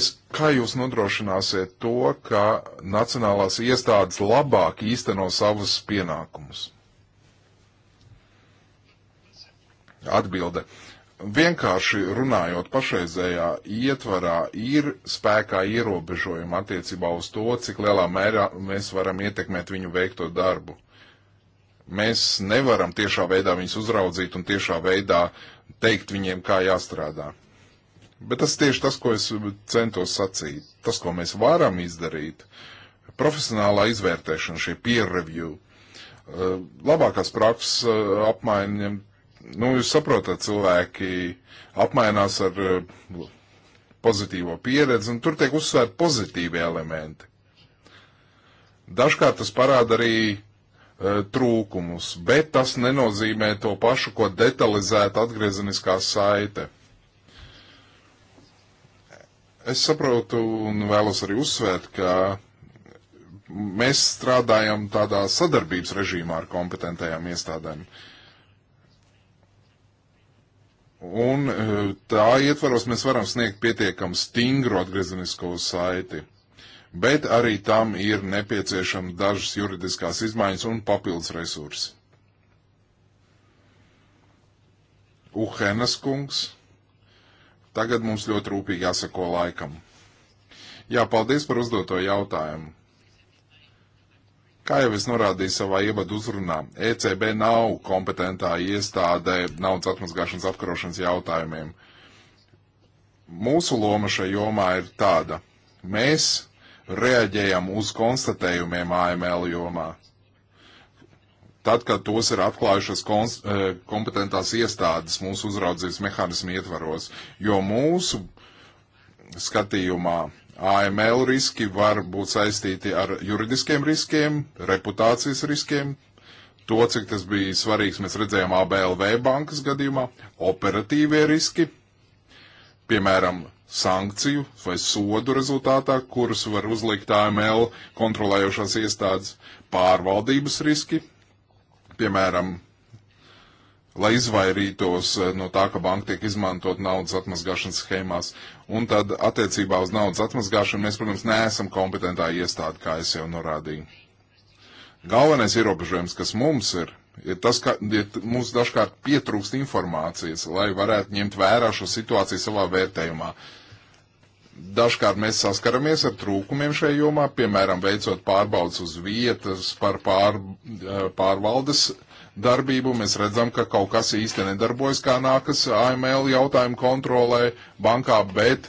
Es, kā jūs nodrošināsiet to, ka nacionālās iestādes labāk īsteno savus pienākumus? Atbilde. Vienkārši runājot pašreizējā ietvarā, ir spēkā ierobežojumi attiecībā uz to, cik lielā mērā mēs varam ietekmēt viņu veikto darbu. Mēs nevaram tiešā veidā viņus uzraudzīt un tiešā veidā teikt viņiem, kā jāstrādā. Bet tas tieši tas, ko es centos sacīt. Tas, ko mēs varam izdarīt, profesionālā izvērtēšana, šie peer review, eh, labākās prakses eh, apmaiņiem Nu, jūs saprotat, cilvēki apmainās ar eh, pozitīvo pieredzi, un tur tiek uzsvērti pozitīvi elementi. Dažkārt tas parāda arī eh, trūkumus, bet tas nenozīmē to pašu, ko detalizēta atgriezeniskā saite. Es saprotu un vēlos arī uzsvērt, ka mēs strādājam tādā sadarbības režīmā ar kompetentajām iestādēm. Uh, Un e, tā ietvaros mēs varam sniegt pietiekam stingru atgriezenisko saiti. Bet arī tam ir nepieciešama dažas juridiskās izmaiņas un papildus resursi. Uhenas kungs. Tagad mums ļoti rūpīgi jāsako laikam. Jā, paldies par uzdoto jautājumu. Kā jau es norādīju savā ievadu uzrunā, ECB nav kompetentā iestādē naudas atmazgāšanas apkarošanas jautājumiem. Mūsu loma šajā jomā ir tāda. Mēs reaģējam uz konstatējumiem AML jomā. Tad, kad tos ir atklājušas e, kompetentās iestādes mūsu uzraudzības mehānismu ietvaros, jo mūsu skatījumā AML riski var būt saistīti ar juridiskiem riskiem, reputācijas riskiem. To, cik tas bija svarīgs, mēs redzējām ABLV bankas gadījumā. Operatīvie riski, piemēram, sankciju vai sodu rezultātā, kurus var uzlikt AML kontrolējošās iestādes pārvaldības riski, piemēram, lai izvairītos eh, no tā, ka banka tiek izmantot naudas atmazgāšanas schēmās. Un tad attiecībā uz naudas atmazgāšanu mēs, protams, neesam kompetentā iestāde, kā es jau norādīju. Galvenais ierobežojums, kas mums ir, ir tas, ka ir, mums dažkārt pietrūkst informācijas, lai varētu ņemt vērā šo situāciju savā vērtējumā. Dažkārt mēs saskaramies ar trūkumiem šajā jomā, piemēram, veicot pārbaudas uz vietas par pār, eh, pārvaldes uh, darbību, mēs redzam, ka kaut kas īsti nedarbojas, kā nākas AML jautājumu kontrolē bankā, bet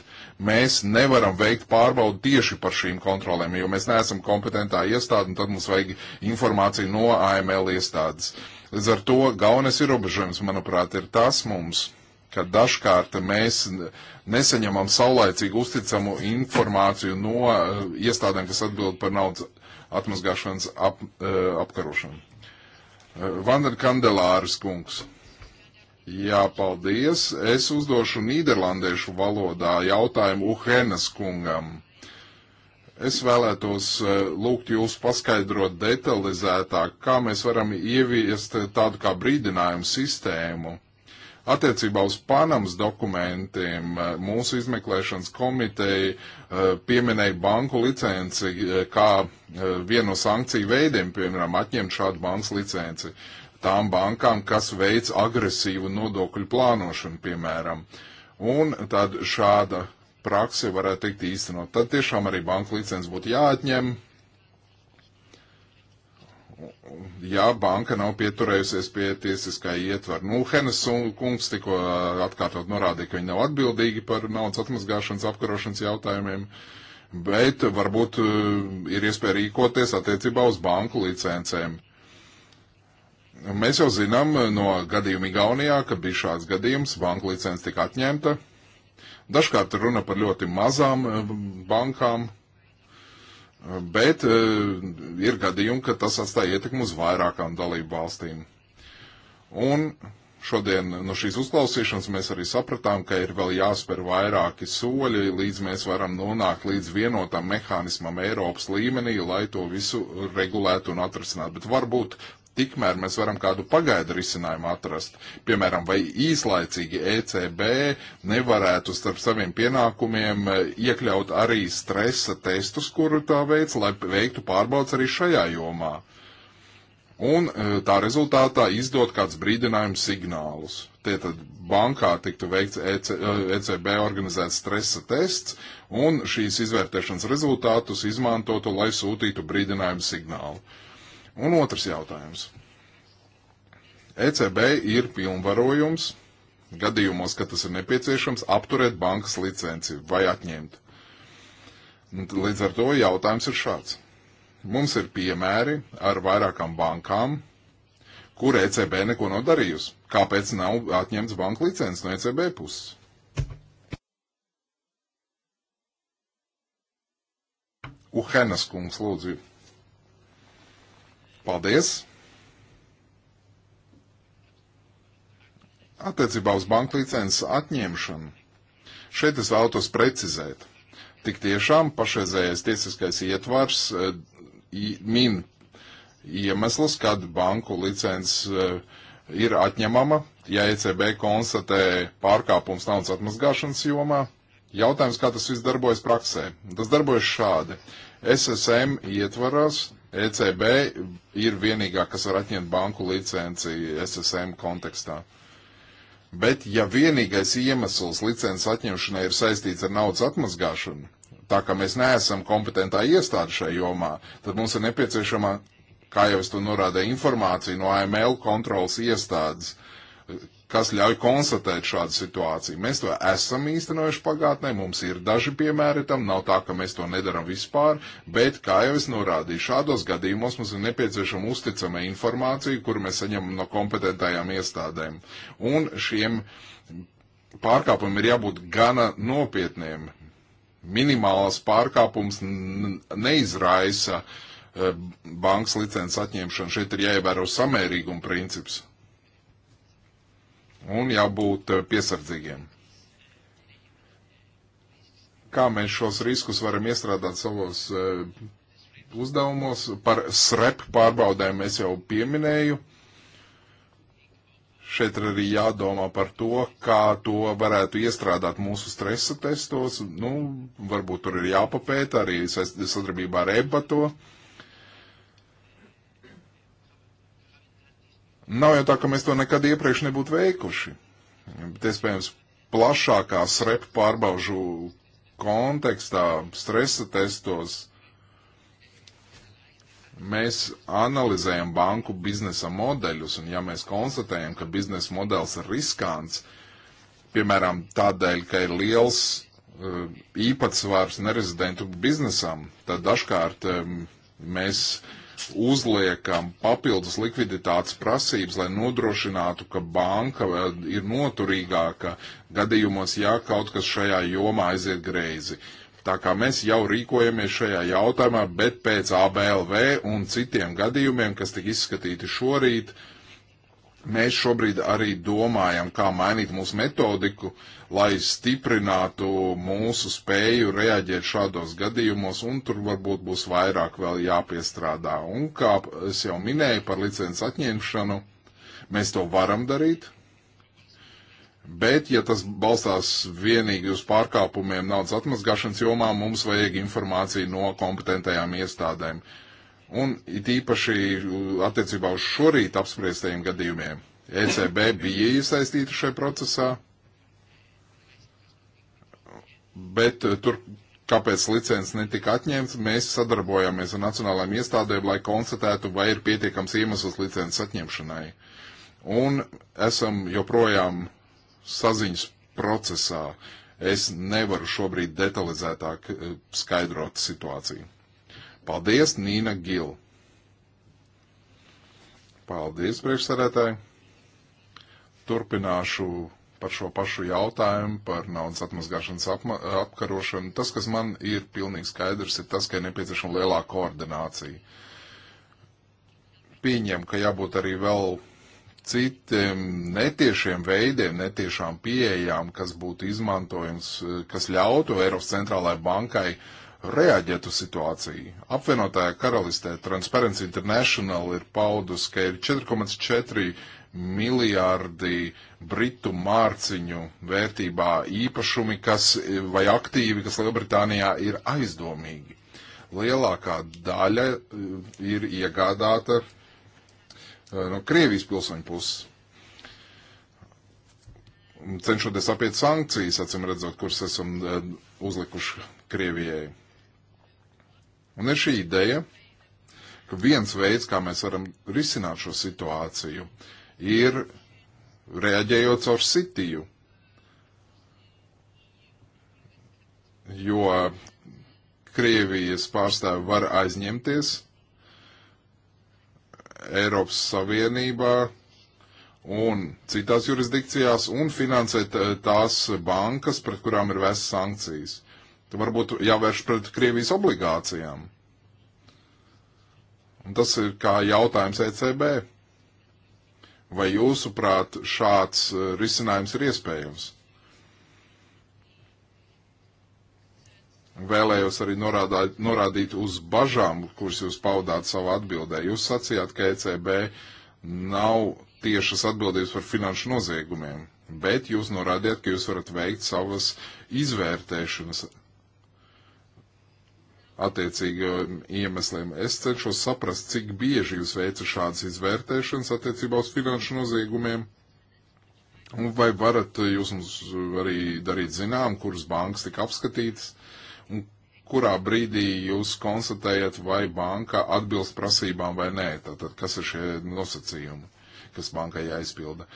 mēs nevaram veikt pārbaudu tieši par šīm kontrolēm, jo mēs neesam kompetentā iestāde, un tad mums vajag informāciju no AML iestādes. Līdz ar to galvenais ierobežojums, manuprāt, ir tas mums, ka dažkārt mēs nesaņemam saulaicīgu uzticamu informāciju no uh, iestādēm, kas atbild par naudas atmazgāšanas ap, uh, apkarošanu. Vander Kandelāras kungs. Jā, paldies. Es uzdošu nīderlandiešu valodā jautājumu Uhenas kungam. Es vēlētos eh, lūgt jūs paskaidrot detalizētāk, kā mēs varam ieviest tādu kā brīdinājumu sistēmu Attiecībā uz Panamas dokumentiem eh, mūsu izmeklēšanas komiteja eh, pieminēja banku licenci eh, kā vienu no sankciju veidiem, piemēram, atņemt šādu bankas licenci tām bankām, kas veic agresīvu nodokļu plānošanu, piemēram. Un tad šāda prakse varētu tikt īstenot. Tad tiešām arī banka licence būtu jāatņem, ja banka nav pieturējusies pie tiesiskā ietvara. Nu, Henes kungs tikko atkārtot norādīja, ka viņi nav atbildīgi par naudas atmazgāšanas apkarošanas jautājumiem, bet varbūt ir iespēja rīkoties attiecībā uz banku licencēm. Mēs jau zinām no gadījuma Igaunijā, ka bija šāds gadījums, banku licence tika atņemta. Dažkārt runa par ļoti mazām bankām, Bet eh, ir gadījumi, ka tas atstāja ietekmi uz vairākām dalību valstīm. Un šodien no šīs uzklausīšanas mēs arī sapratām, ka ir vēl jāspēr vairāki soļi, līdz mēs varam nonākt līdz vienotam mehānismam Eiropas līmenī, lai to visu regulētu un atrisinātu. Bet varbūt tikmēr mēs varam kādu pagaidu risinājumu atrast. Piemēram, vai īslaicīgi ECB nevarētu starp saviem pienākumiem e, iekļaut arī stresa testus, kuru tā veic, lai veiktu pārbaudas arī šajā jomā. Un e, tā rezultātā izdot kāds brīdinājums signālus. Tie tad bankā tiktu veikts EC, ECB e organizēts stresa tests, un šīs izvērtēšanas rezultātus izmantotu, lai sūtītu brīdinājumu signālu. Uh, Un otrs jautājums. ECB ir pilnvarojums gadījumos, kad tas ir nepieciešams, apturēt bankas licenci vai atņemt. Nu, līdz ar to jautājums ir šāds. Mums ir piemēri ar vairākām bankām, kur ECB neko nav darījusi. Kāpēc nav atņemts banka licences no ECB puses? Uhenas kungs, lūdzu. Paldies! Attiecībā uz banku licences atņemšanu. Šeit es vēlos precizēt. Tik tiešām pašreizējais tiesiskais ietvars eh, min iemeslus, kad banku licences eh, ir atņemama, ja ECB konstatē pārkāpums naudas atmazgāšanas jomā. Jautājums, kā tas viss darbojas praksē. Tas darbojas šādi. SSM ietvaros ECB ir vienīgā, kas var atņemt banku licenciju SSM kontekstā. Bet, ja vienīgais iemesls licences atņemšanai ir saistīts ar naudas atmazgāšanu, tā kā mēs neesam kompetentā iestāde šajā jomā, tad mums ir nepieciešama, kā jau es to norādēju, informācija no AML kontrolas iestādes, kas ļauj konstatēt šādu situāciju. Mēs to esam īstenojuši pagātnē, mums ir daži piemēri tam, nav tā, ka mēs to nedaram vispār, bet, kā jau es norādīju, šādos gadījumos mums ir nepieciešama uzticama informācija, kuru mēs saņemam no kompetentajām iestādēm. Un šiem pārkāpumiem ir jābūt gana nopietniem. Minimāls pārkāpums neizraisa eh, bankas licences atņemšanu. Šeit ir jāievēro samērīguma princips un jābūt eh, piesardzīgiem. Kā mēs šos riskus varam iestrādāt savos eh, uzdevumos? Par SREP pārbaudēm es jau pieminēju. Šeit ir arī jādomā par to, kā to varētu iestrādāt mūsu stresa testos. Nu, varbūt tur ir jāpapēta arī sadarbībā ar EBA to. Uh, Nav jau tā, ka mēs to nekad iepriekš nebūtu veikuši. Bet, iespējams, plašākā srepa pārbaužu kontekstā, stresa testos, mēs analizējam banku biznesa modeļus, un ja mēs konstatējam, ka biznesa modelis ir riskants, piemēram, tādēļ, ka ir liels uh, īpatsvars nerezidentu biznesam, tad dažkārt um, mēs uzliekam papildus likviditātes prasības, lai nodrošinātu, ka banka e, ir noturīgāka gadījumos, ja kaut kas šajā jomā aiziet greizi. Tā kā mēs jau rīkojamies šajā jautājumā, bet pēc ABLV un citiem gadījumiem, kas tika izskatīti šorīt, uh, Mēs šobrīd arī domājam, kā mainīt mūsu metodiku, lai stiprinātu mūsu spēju reaģēt šādos gadījumos, un tur varbūt būs vairāk vēl jāpiestrādā. Un kā es jau minēju par licences atņemšanu, mēs to varam darīt, bet ja tas balstās vienīgi uz pārkāpumiem naudas atmazgāšanas jomā, mums vajag informāciju no kompetentajām iestādēm. Uh, Un it īpaši uh, attiecībā uz šorīt apspriestajiem gadījumiem. ECB bija iesaistīta šajā procesā, bet uh, tur, kāpēc licences netika atņemts, mēs sadarbojāmies ar nacionālajām iestādēm, lai konstatētu, vai ir pietiekams iemesls licences atņemšanai. Un esam joprojām saziņas procesā. Es nevaru šobrīd detalizētāk uh, skaidrot situāciju. Paldies, Nīna Gil. Paldies, priekšsarētāji. Turpināšu par šo pašu jautājumu, par naudas atmazgāšanas apma, apkarošanu. Tas, kas man ir pilnīgi skaidrs, ir tas, ka ir nepieciešama lielāka koordinācija. Pieņem, ka jābūt arī vēl citiem netiešiem veidiem, netiešām pieejām, kas būtu izmantojams, kas ļautu Eiropas centrālajai bankai uh, reaģēt uz situāciju. Apvienotāja karalistē Transparency International ir paudus, ka ir 4,4 miljārdi britu mārciņu vērtībā īpašumi, kas vai aktīvi, kas Lielbritānijā ir aizdomīgi. Lielākā daļa eh, ir iegādāta eh, no Krievijas pilsoņu puses. Cenšoties apiet sankcijas, acīm redzot, kuras esam eh, uzlikuši Krievijai. Un ir šī ideja, ka viens veids, kā mēs varam risināt šo situāciju, ir reaģējot caur sitiju. Jo Krievijas pārstāvi var aizņemties Eiropas Savienībā un citās jurisdikcijās un finansēt eh, tās bankas, pret kurām ir vēsts sankcijas. Tad varbūt jāvērš pret Krievijas obligācijām. Un tas ir kā jautājums ECB. Vai jūsuprāt šāds e, risinājums ir iespējams? Vēlējos arī norādāt, norādīt uz bažām, kuras jūs paudāt savā atbildē. Jūs sacījāt, ka ECB nav tiešas atbildības par finanšu noziegumiem, bet jūs norādījāt, ka jūs varat veikt savas izvērtēšanas attiecīgiem iemesliem. Es cenšos saprast, cik bieži jūs veicat šādas izvērtēšanas attiecībā uz finanšu noziegumiem. Un vai varat jūs mums arī darīt zinām, kuras bankas tika apskatītas un kurā brīdī jūs konstatējat, vai banka atbilst prasībām vai nē? Tātad, kas ir šie nosacījumi, kas bankai jāizpilda?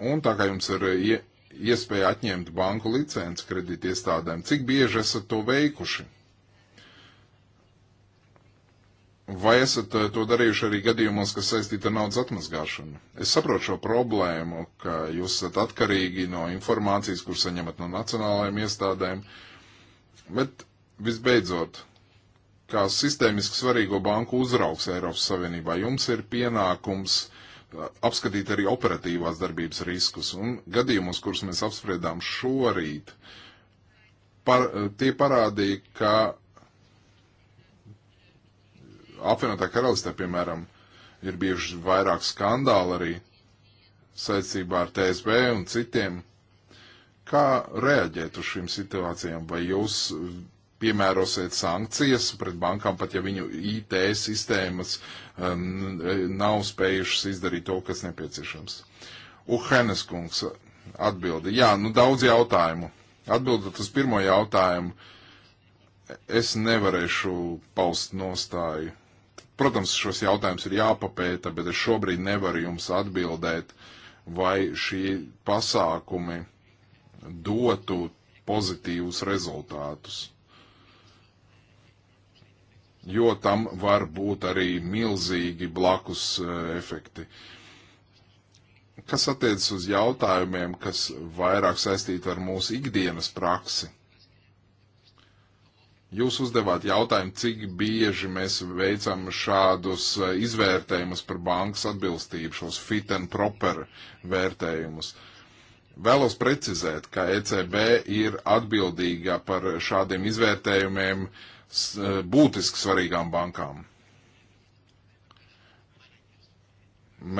Un tā kā jums ir ie iespēja atņemt banku licenci kredītiestādēm. Cik bieži esat to veikuši? Vai esat eh, to darījuši arī gadījumos, kas saistīti ar naudas atmazgāšanu? Es saprotu šo problēmu, ka jūs esat atkarīgi no informācijas, kur saņemat no nacionālajiem iestādēm, bet visbeidzot, kā sistēmiski svarīgo banku uzraugs Eiropas Savienībā, jums ir pienākums eh, apskatīt arī operatīvās darbības riskus. Un gadījumus, kurus mēs apspriedām šorīt, par, eh, tie parādīja, ka apvienotā karalistē, piemēram, ir bijuši vairāk skandāli arī saistībā ar TSB un citiem. Kā reaģēt uz šīm situācijām? Vai jūs piemērosiet sankcijas pret bankām, pat ja viņu IT sistēmas um, nav spējušas izdarīt to, kas nepieciešams? Uhenes kungs atbildi. Jā, nu daudz jautājumu. Atbildot uz pirmo jautājumu, es nevarēšu paust nostāju Protams, šos jautājumus ir jāpapēta, bet es šobrīd nevaru jums atbildēt, vai šie pasākumi dotu pozitīvus rezultātus. Jo tam var būt arī milzīgi blakus e, efekti. Kas attiecas uz jautājumiem, kas vairāk saistīti ar mūsu ikdienas praksi? Jūs uzdevāt jautājumu, cik bieži mēs veicam šādus eh, izvērtējumus par bankas atbilstību, šos fit and proper vērtējumus. Vēlos precizēt, ka ECB ir atbildīga par šādiem izvērtējumiem eh, būtiski svarīgām bankām.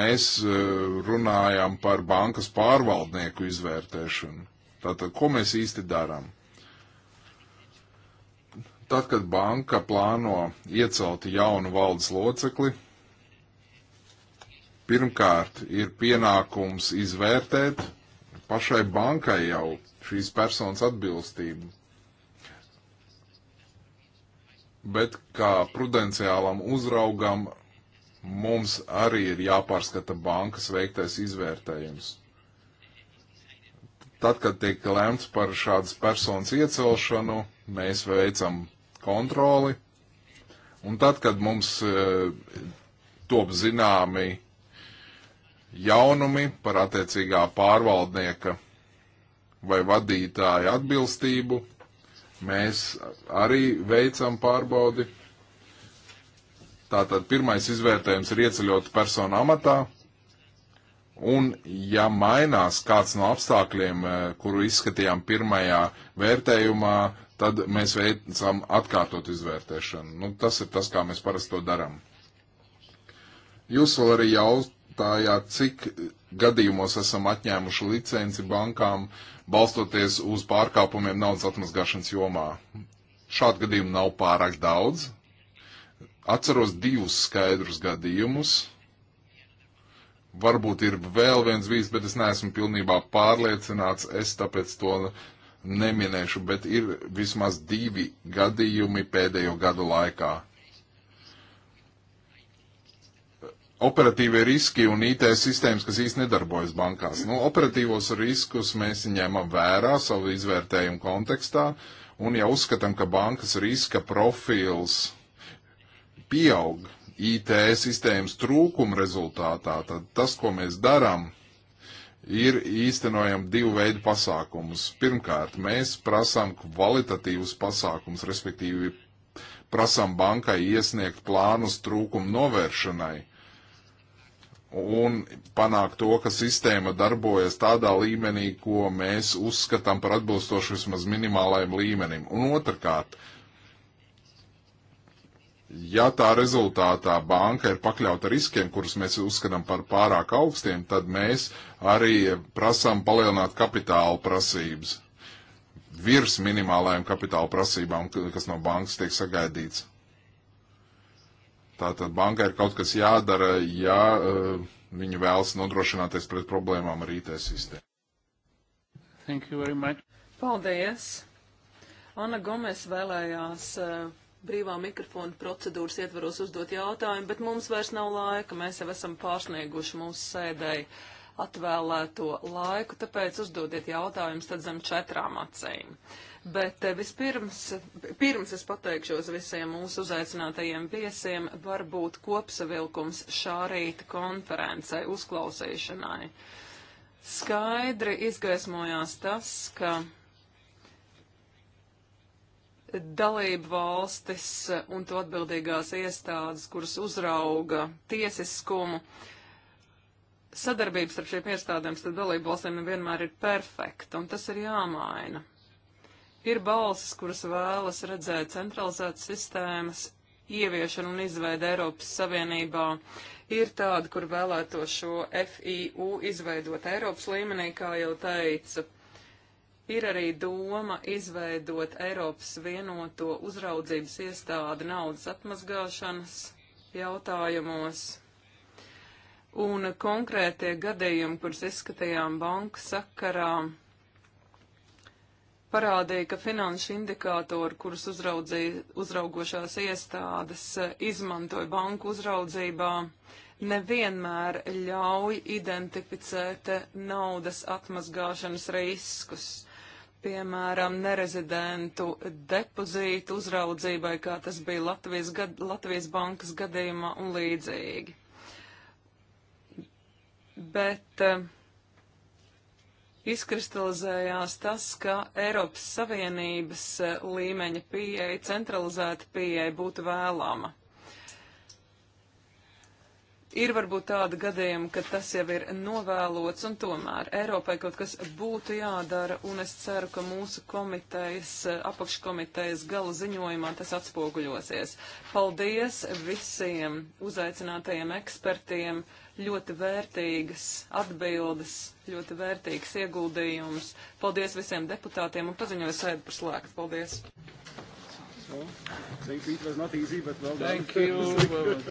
Mēs eh, runājam par bankas pārvaldnieku izvērtēšanu. Tātad, ko mēs īsti darām? Tad, kad banka plāno iecelt jaunu valdes locekli, pirmkārt ir pienākums izvērtēt pašai bankai jau šīs personas atbilstību. Bet kā prudenciālam uzraugam mums arī ir jāpārskata bankas veiktais izvērtējums. Tad, kad tiek lēmts par šādas personas iecelšanu, mēs veicam kontroli. Un tad, kad mums eh, top zināmi jaunumi par attiecīgā pārvaldnieka vai vadītāja atbilstību, mēs arī veicam pārbaudi. Tātad pirmais izvērtējums ir ieceļot personu amatā, un ja mainās kāds no apstākļiem, eh, kuru izskatījām pirmajā vērtējumā, tad mēs veicam atkārtot izvērtēšanu. Nu, tas ir tas, kā mēs parasti to darām. Jūs vēl arī jautājāt, cik gadījumos esam atņēmuši licenci bankām, balstoties uz pārkāpumiem naudas atmazgāšanas jomā. Šādu gadījumu nav pārāk daudz. Atceros divus skaidrus gadījumus. Varbūt ir vēl viens bijis, bet es neesmu pilnībā pārliecināts. Es tāpēc to neminēšu, bet ir vismaz divi gadījumi pēdējo gadu laikā. Operatīvie riski un IT sistēmas, kas īsti nedarbojas bankās. Nu, operatīvos riskus mēs ņemam vērā savu izvērtējumu kontekstā un ja uzskatām, ka bankas riska profils pieaug IT sistēmas trūkuma rezultātā, tad tas, ko mēs darām, ir īstenojam divu veidu pasākumus. Pirmkārt, mēs prasām kvalitatīvus pasākumus, respektīvi prasām bankai iesniegt plānus trūkumu novēršanai un panākt to, ka sistēma darbojas tādā līmenī, ko mēs uzskatām par atbilstošu vismaz minimālajam līmenim. Un otrkārt, Ja tā rezultātā banka ir pakļauta riskiem, kurus mēs uzskatām par pārāk augstiem, tad mēs arī prasām palielināt kapitāla prasības virs minimālajām kapitāla prasībām, kas no bankas tiek sagaidīts. Tātad bankai ir kaut kas jādara, ja uh, viņi vēlas nodrošināties pret problēmām ar IT sistēmu. Thank you very much. Paldies. Ana Gomes vēlējās uh, brīvā mikrofona procedūras ietvaros uzdot jautājumu, bet mums vairs nav laika. Mēs jau esam pārsnieguši mūsu sēdēji atvēlēto laiku, tāpēc uzdodiet jautājumus tad zem četrām acīm. Bet eh, vispirms, pirms es pateikšos visiem mūsu uzaicinātajiem viesiem, varbūt kopsavilkums šā rīta konferencei, uzklausīšanai. Skaidri izgaismojās tas, ka dalību valstis un to atbildīgās iestādes, kuras uzrauga tiesiskumu. Sadarbības ar šiem iestādēm starp dalību valstīm nevienmēr ir perfekta, un tas ir jāmaina. Ir balsis, kuras vēlas redzēt centralizētas sistēmas, ieviešanu un izveidu Eiropas Savienībā. Ir tāda, kur vēlēto šo FIU izveidot Eiropas līmenī, kā jau teicu. Ir arī doma izveidot Eiropas vienoto uzraudzības iestādi naudas atmazgāšanas jautājumos. Un konkrētie gadījumi, kurus izskatījām banku sakarā, parādīja, ka finanšu indikātori, kurus uzraugošās iestādes eh, izmantoja banku uzraudzībā, nevienmēr ļauj identificēt eh, naudas atmazgāšanas riskus piemēram, nerezidentu depozītu uzraudzībai, kā tas bija Latvijas, gad, Latvijas bankas gadījumā un līdzīgi. Bet eh, izkristalizējās tas, ka Eiropas Savienības eh, līmeņa pieeja, centralizēta pieeja būtu vēlama. Ir varbūt tāda gadījuma, ka tas jau ir novēlots, un tomēr Eiropai kaut kas būtu jādara, un es ceru, ka mūsu komitejas, eh, apakškomitejas gala ziņojumā tas atspoguļosies. Paldies visiem uzaicinātajiem ekspertiem, ļoti vērtīgas atbildes, ļoti vērtīgs ieguldījums. Paldies visiem deputātiem, un paziņoju sēdi par slēgtu. Paldies! So, thank you. It was not easy, but well done. Thank you.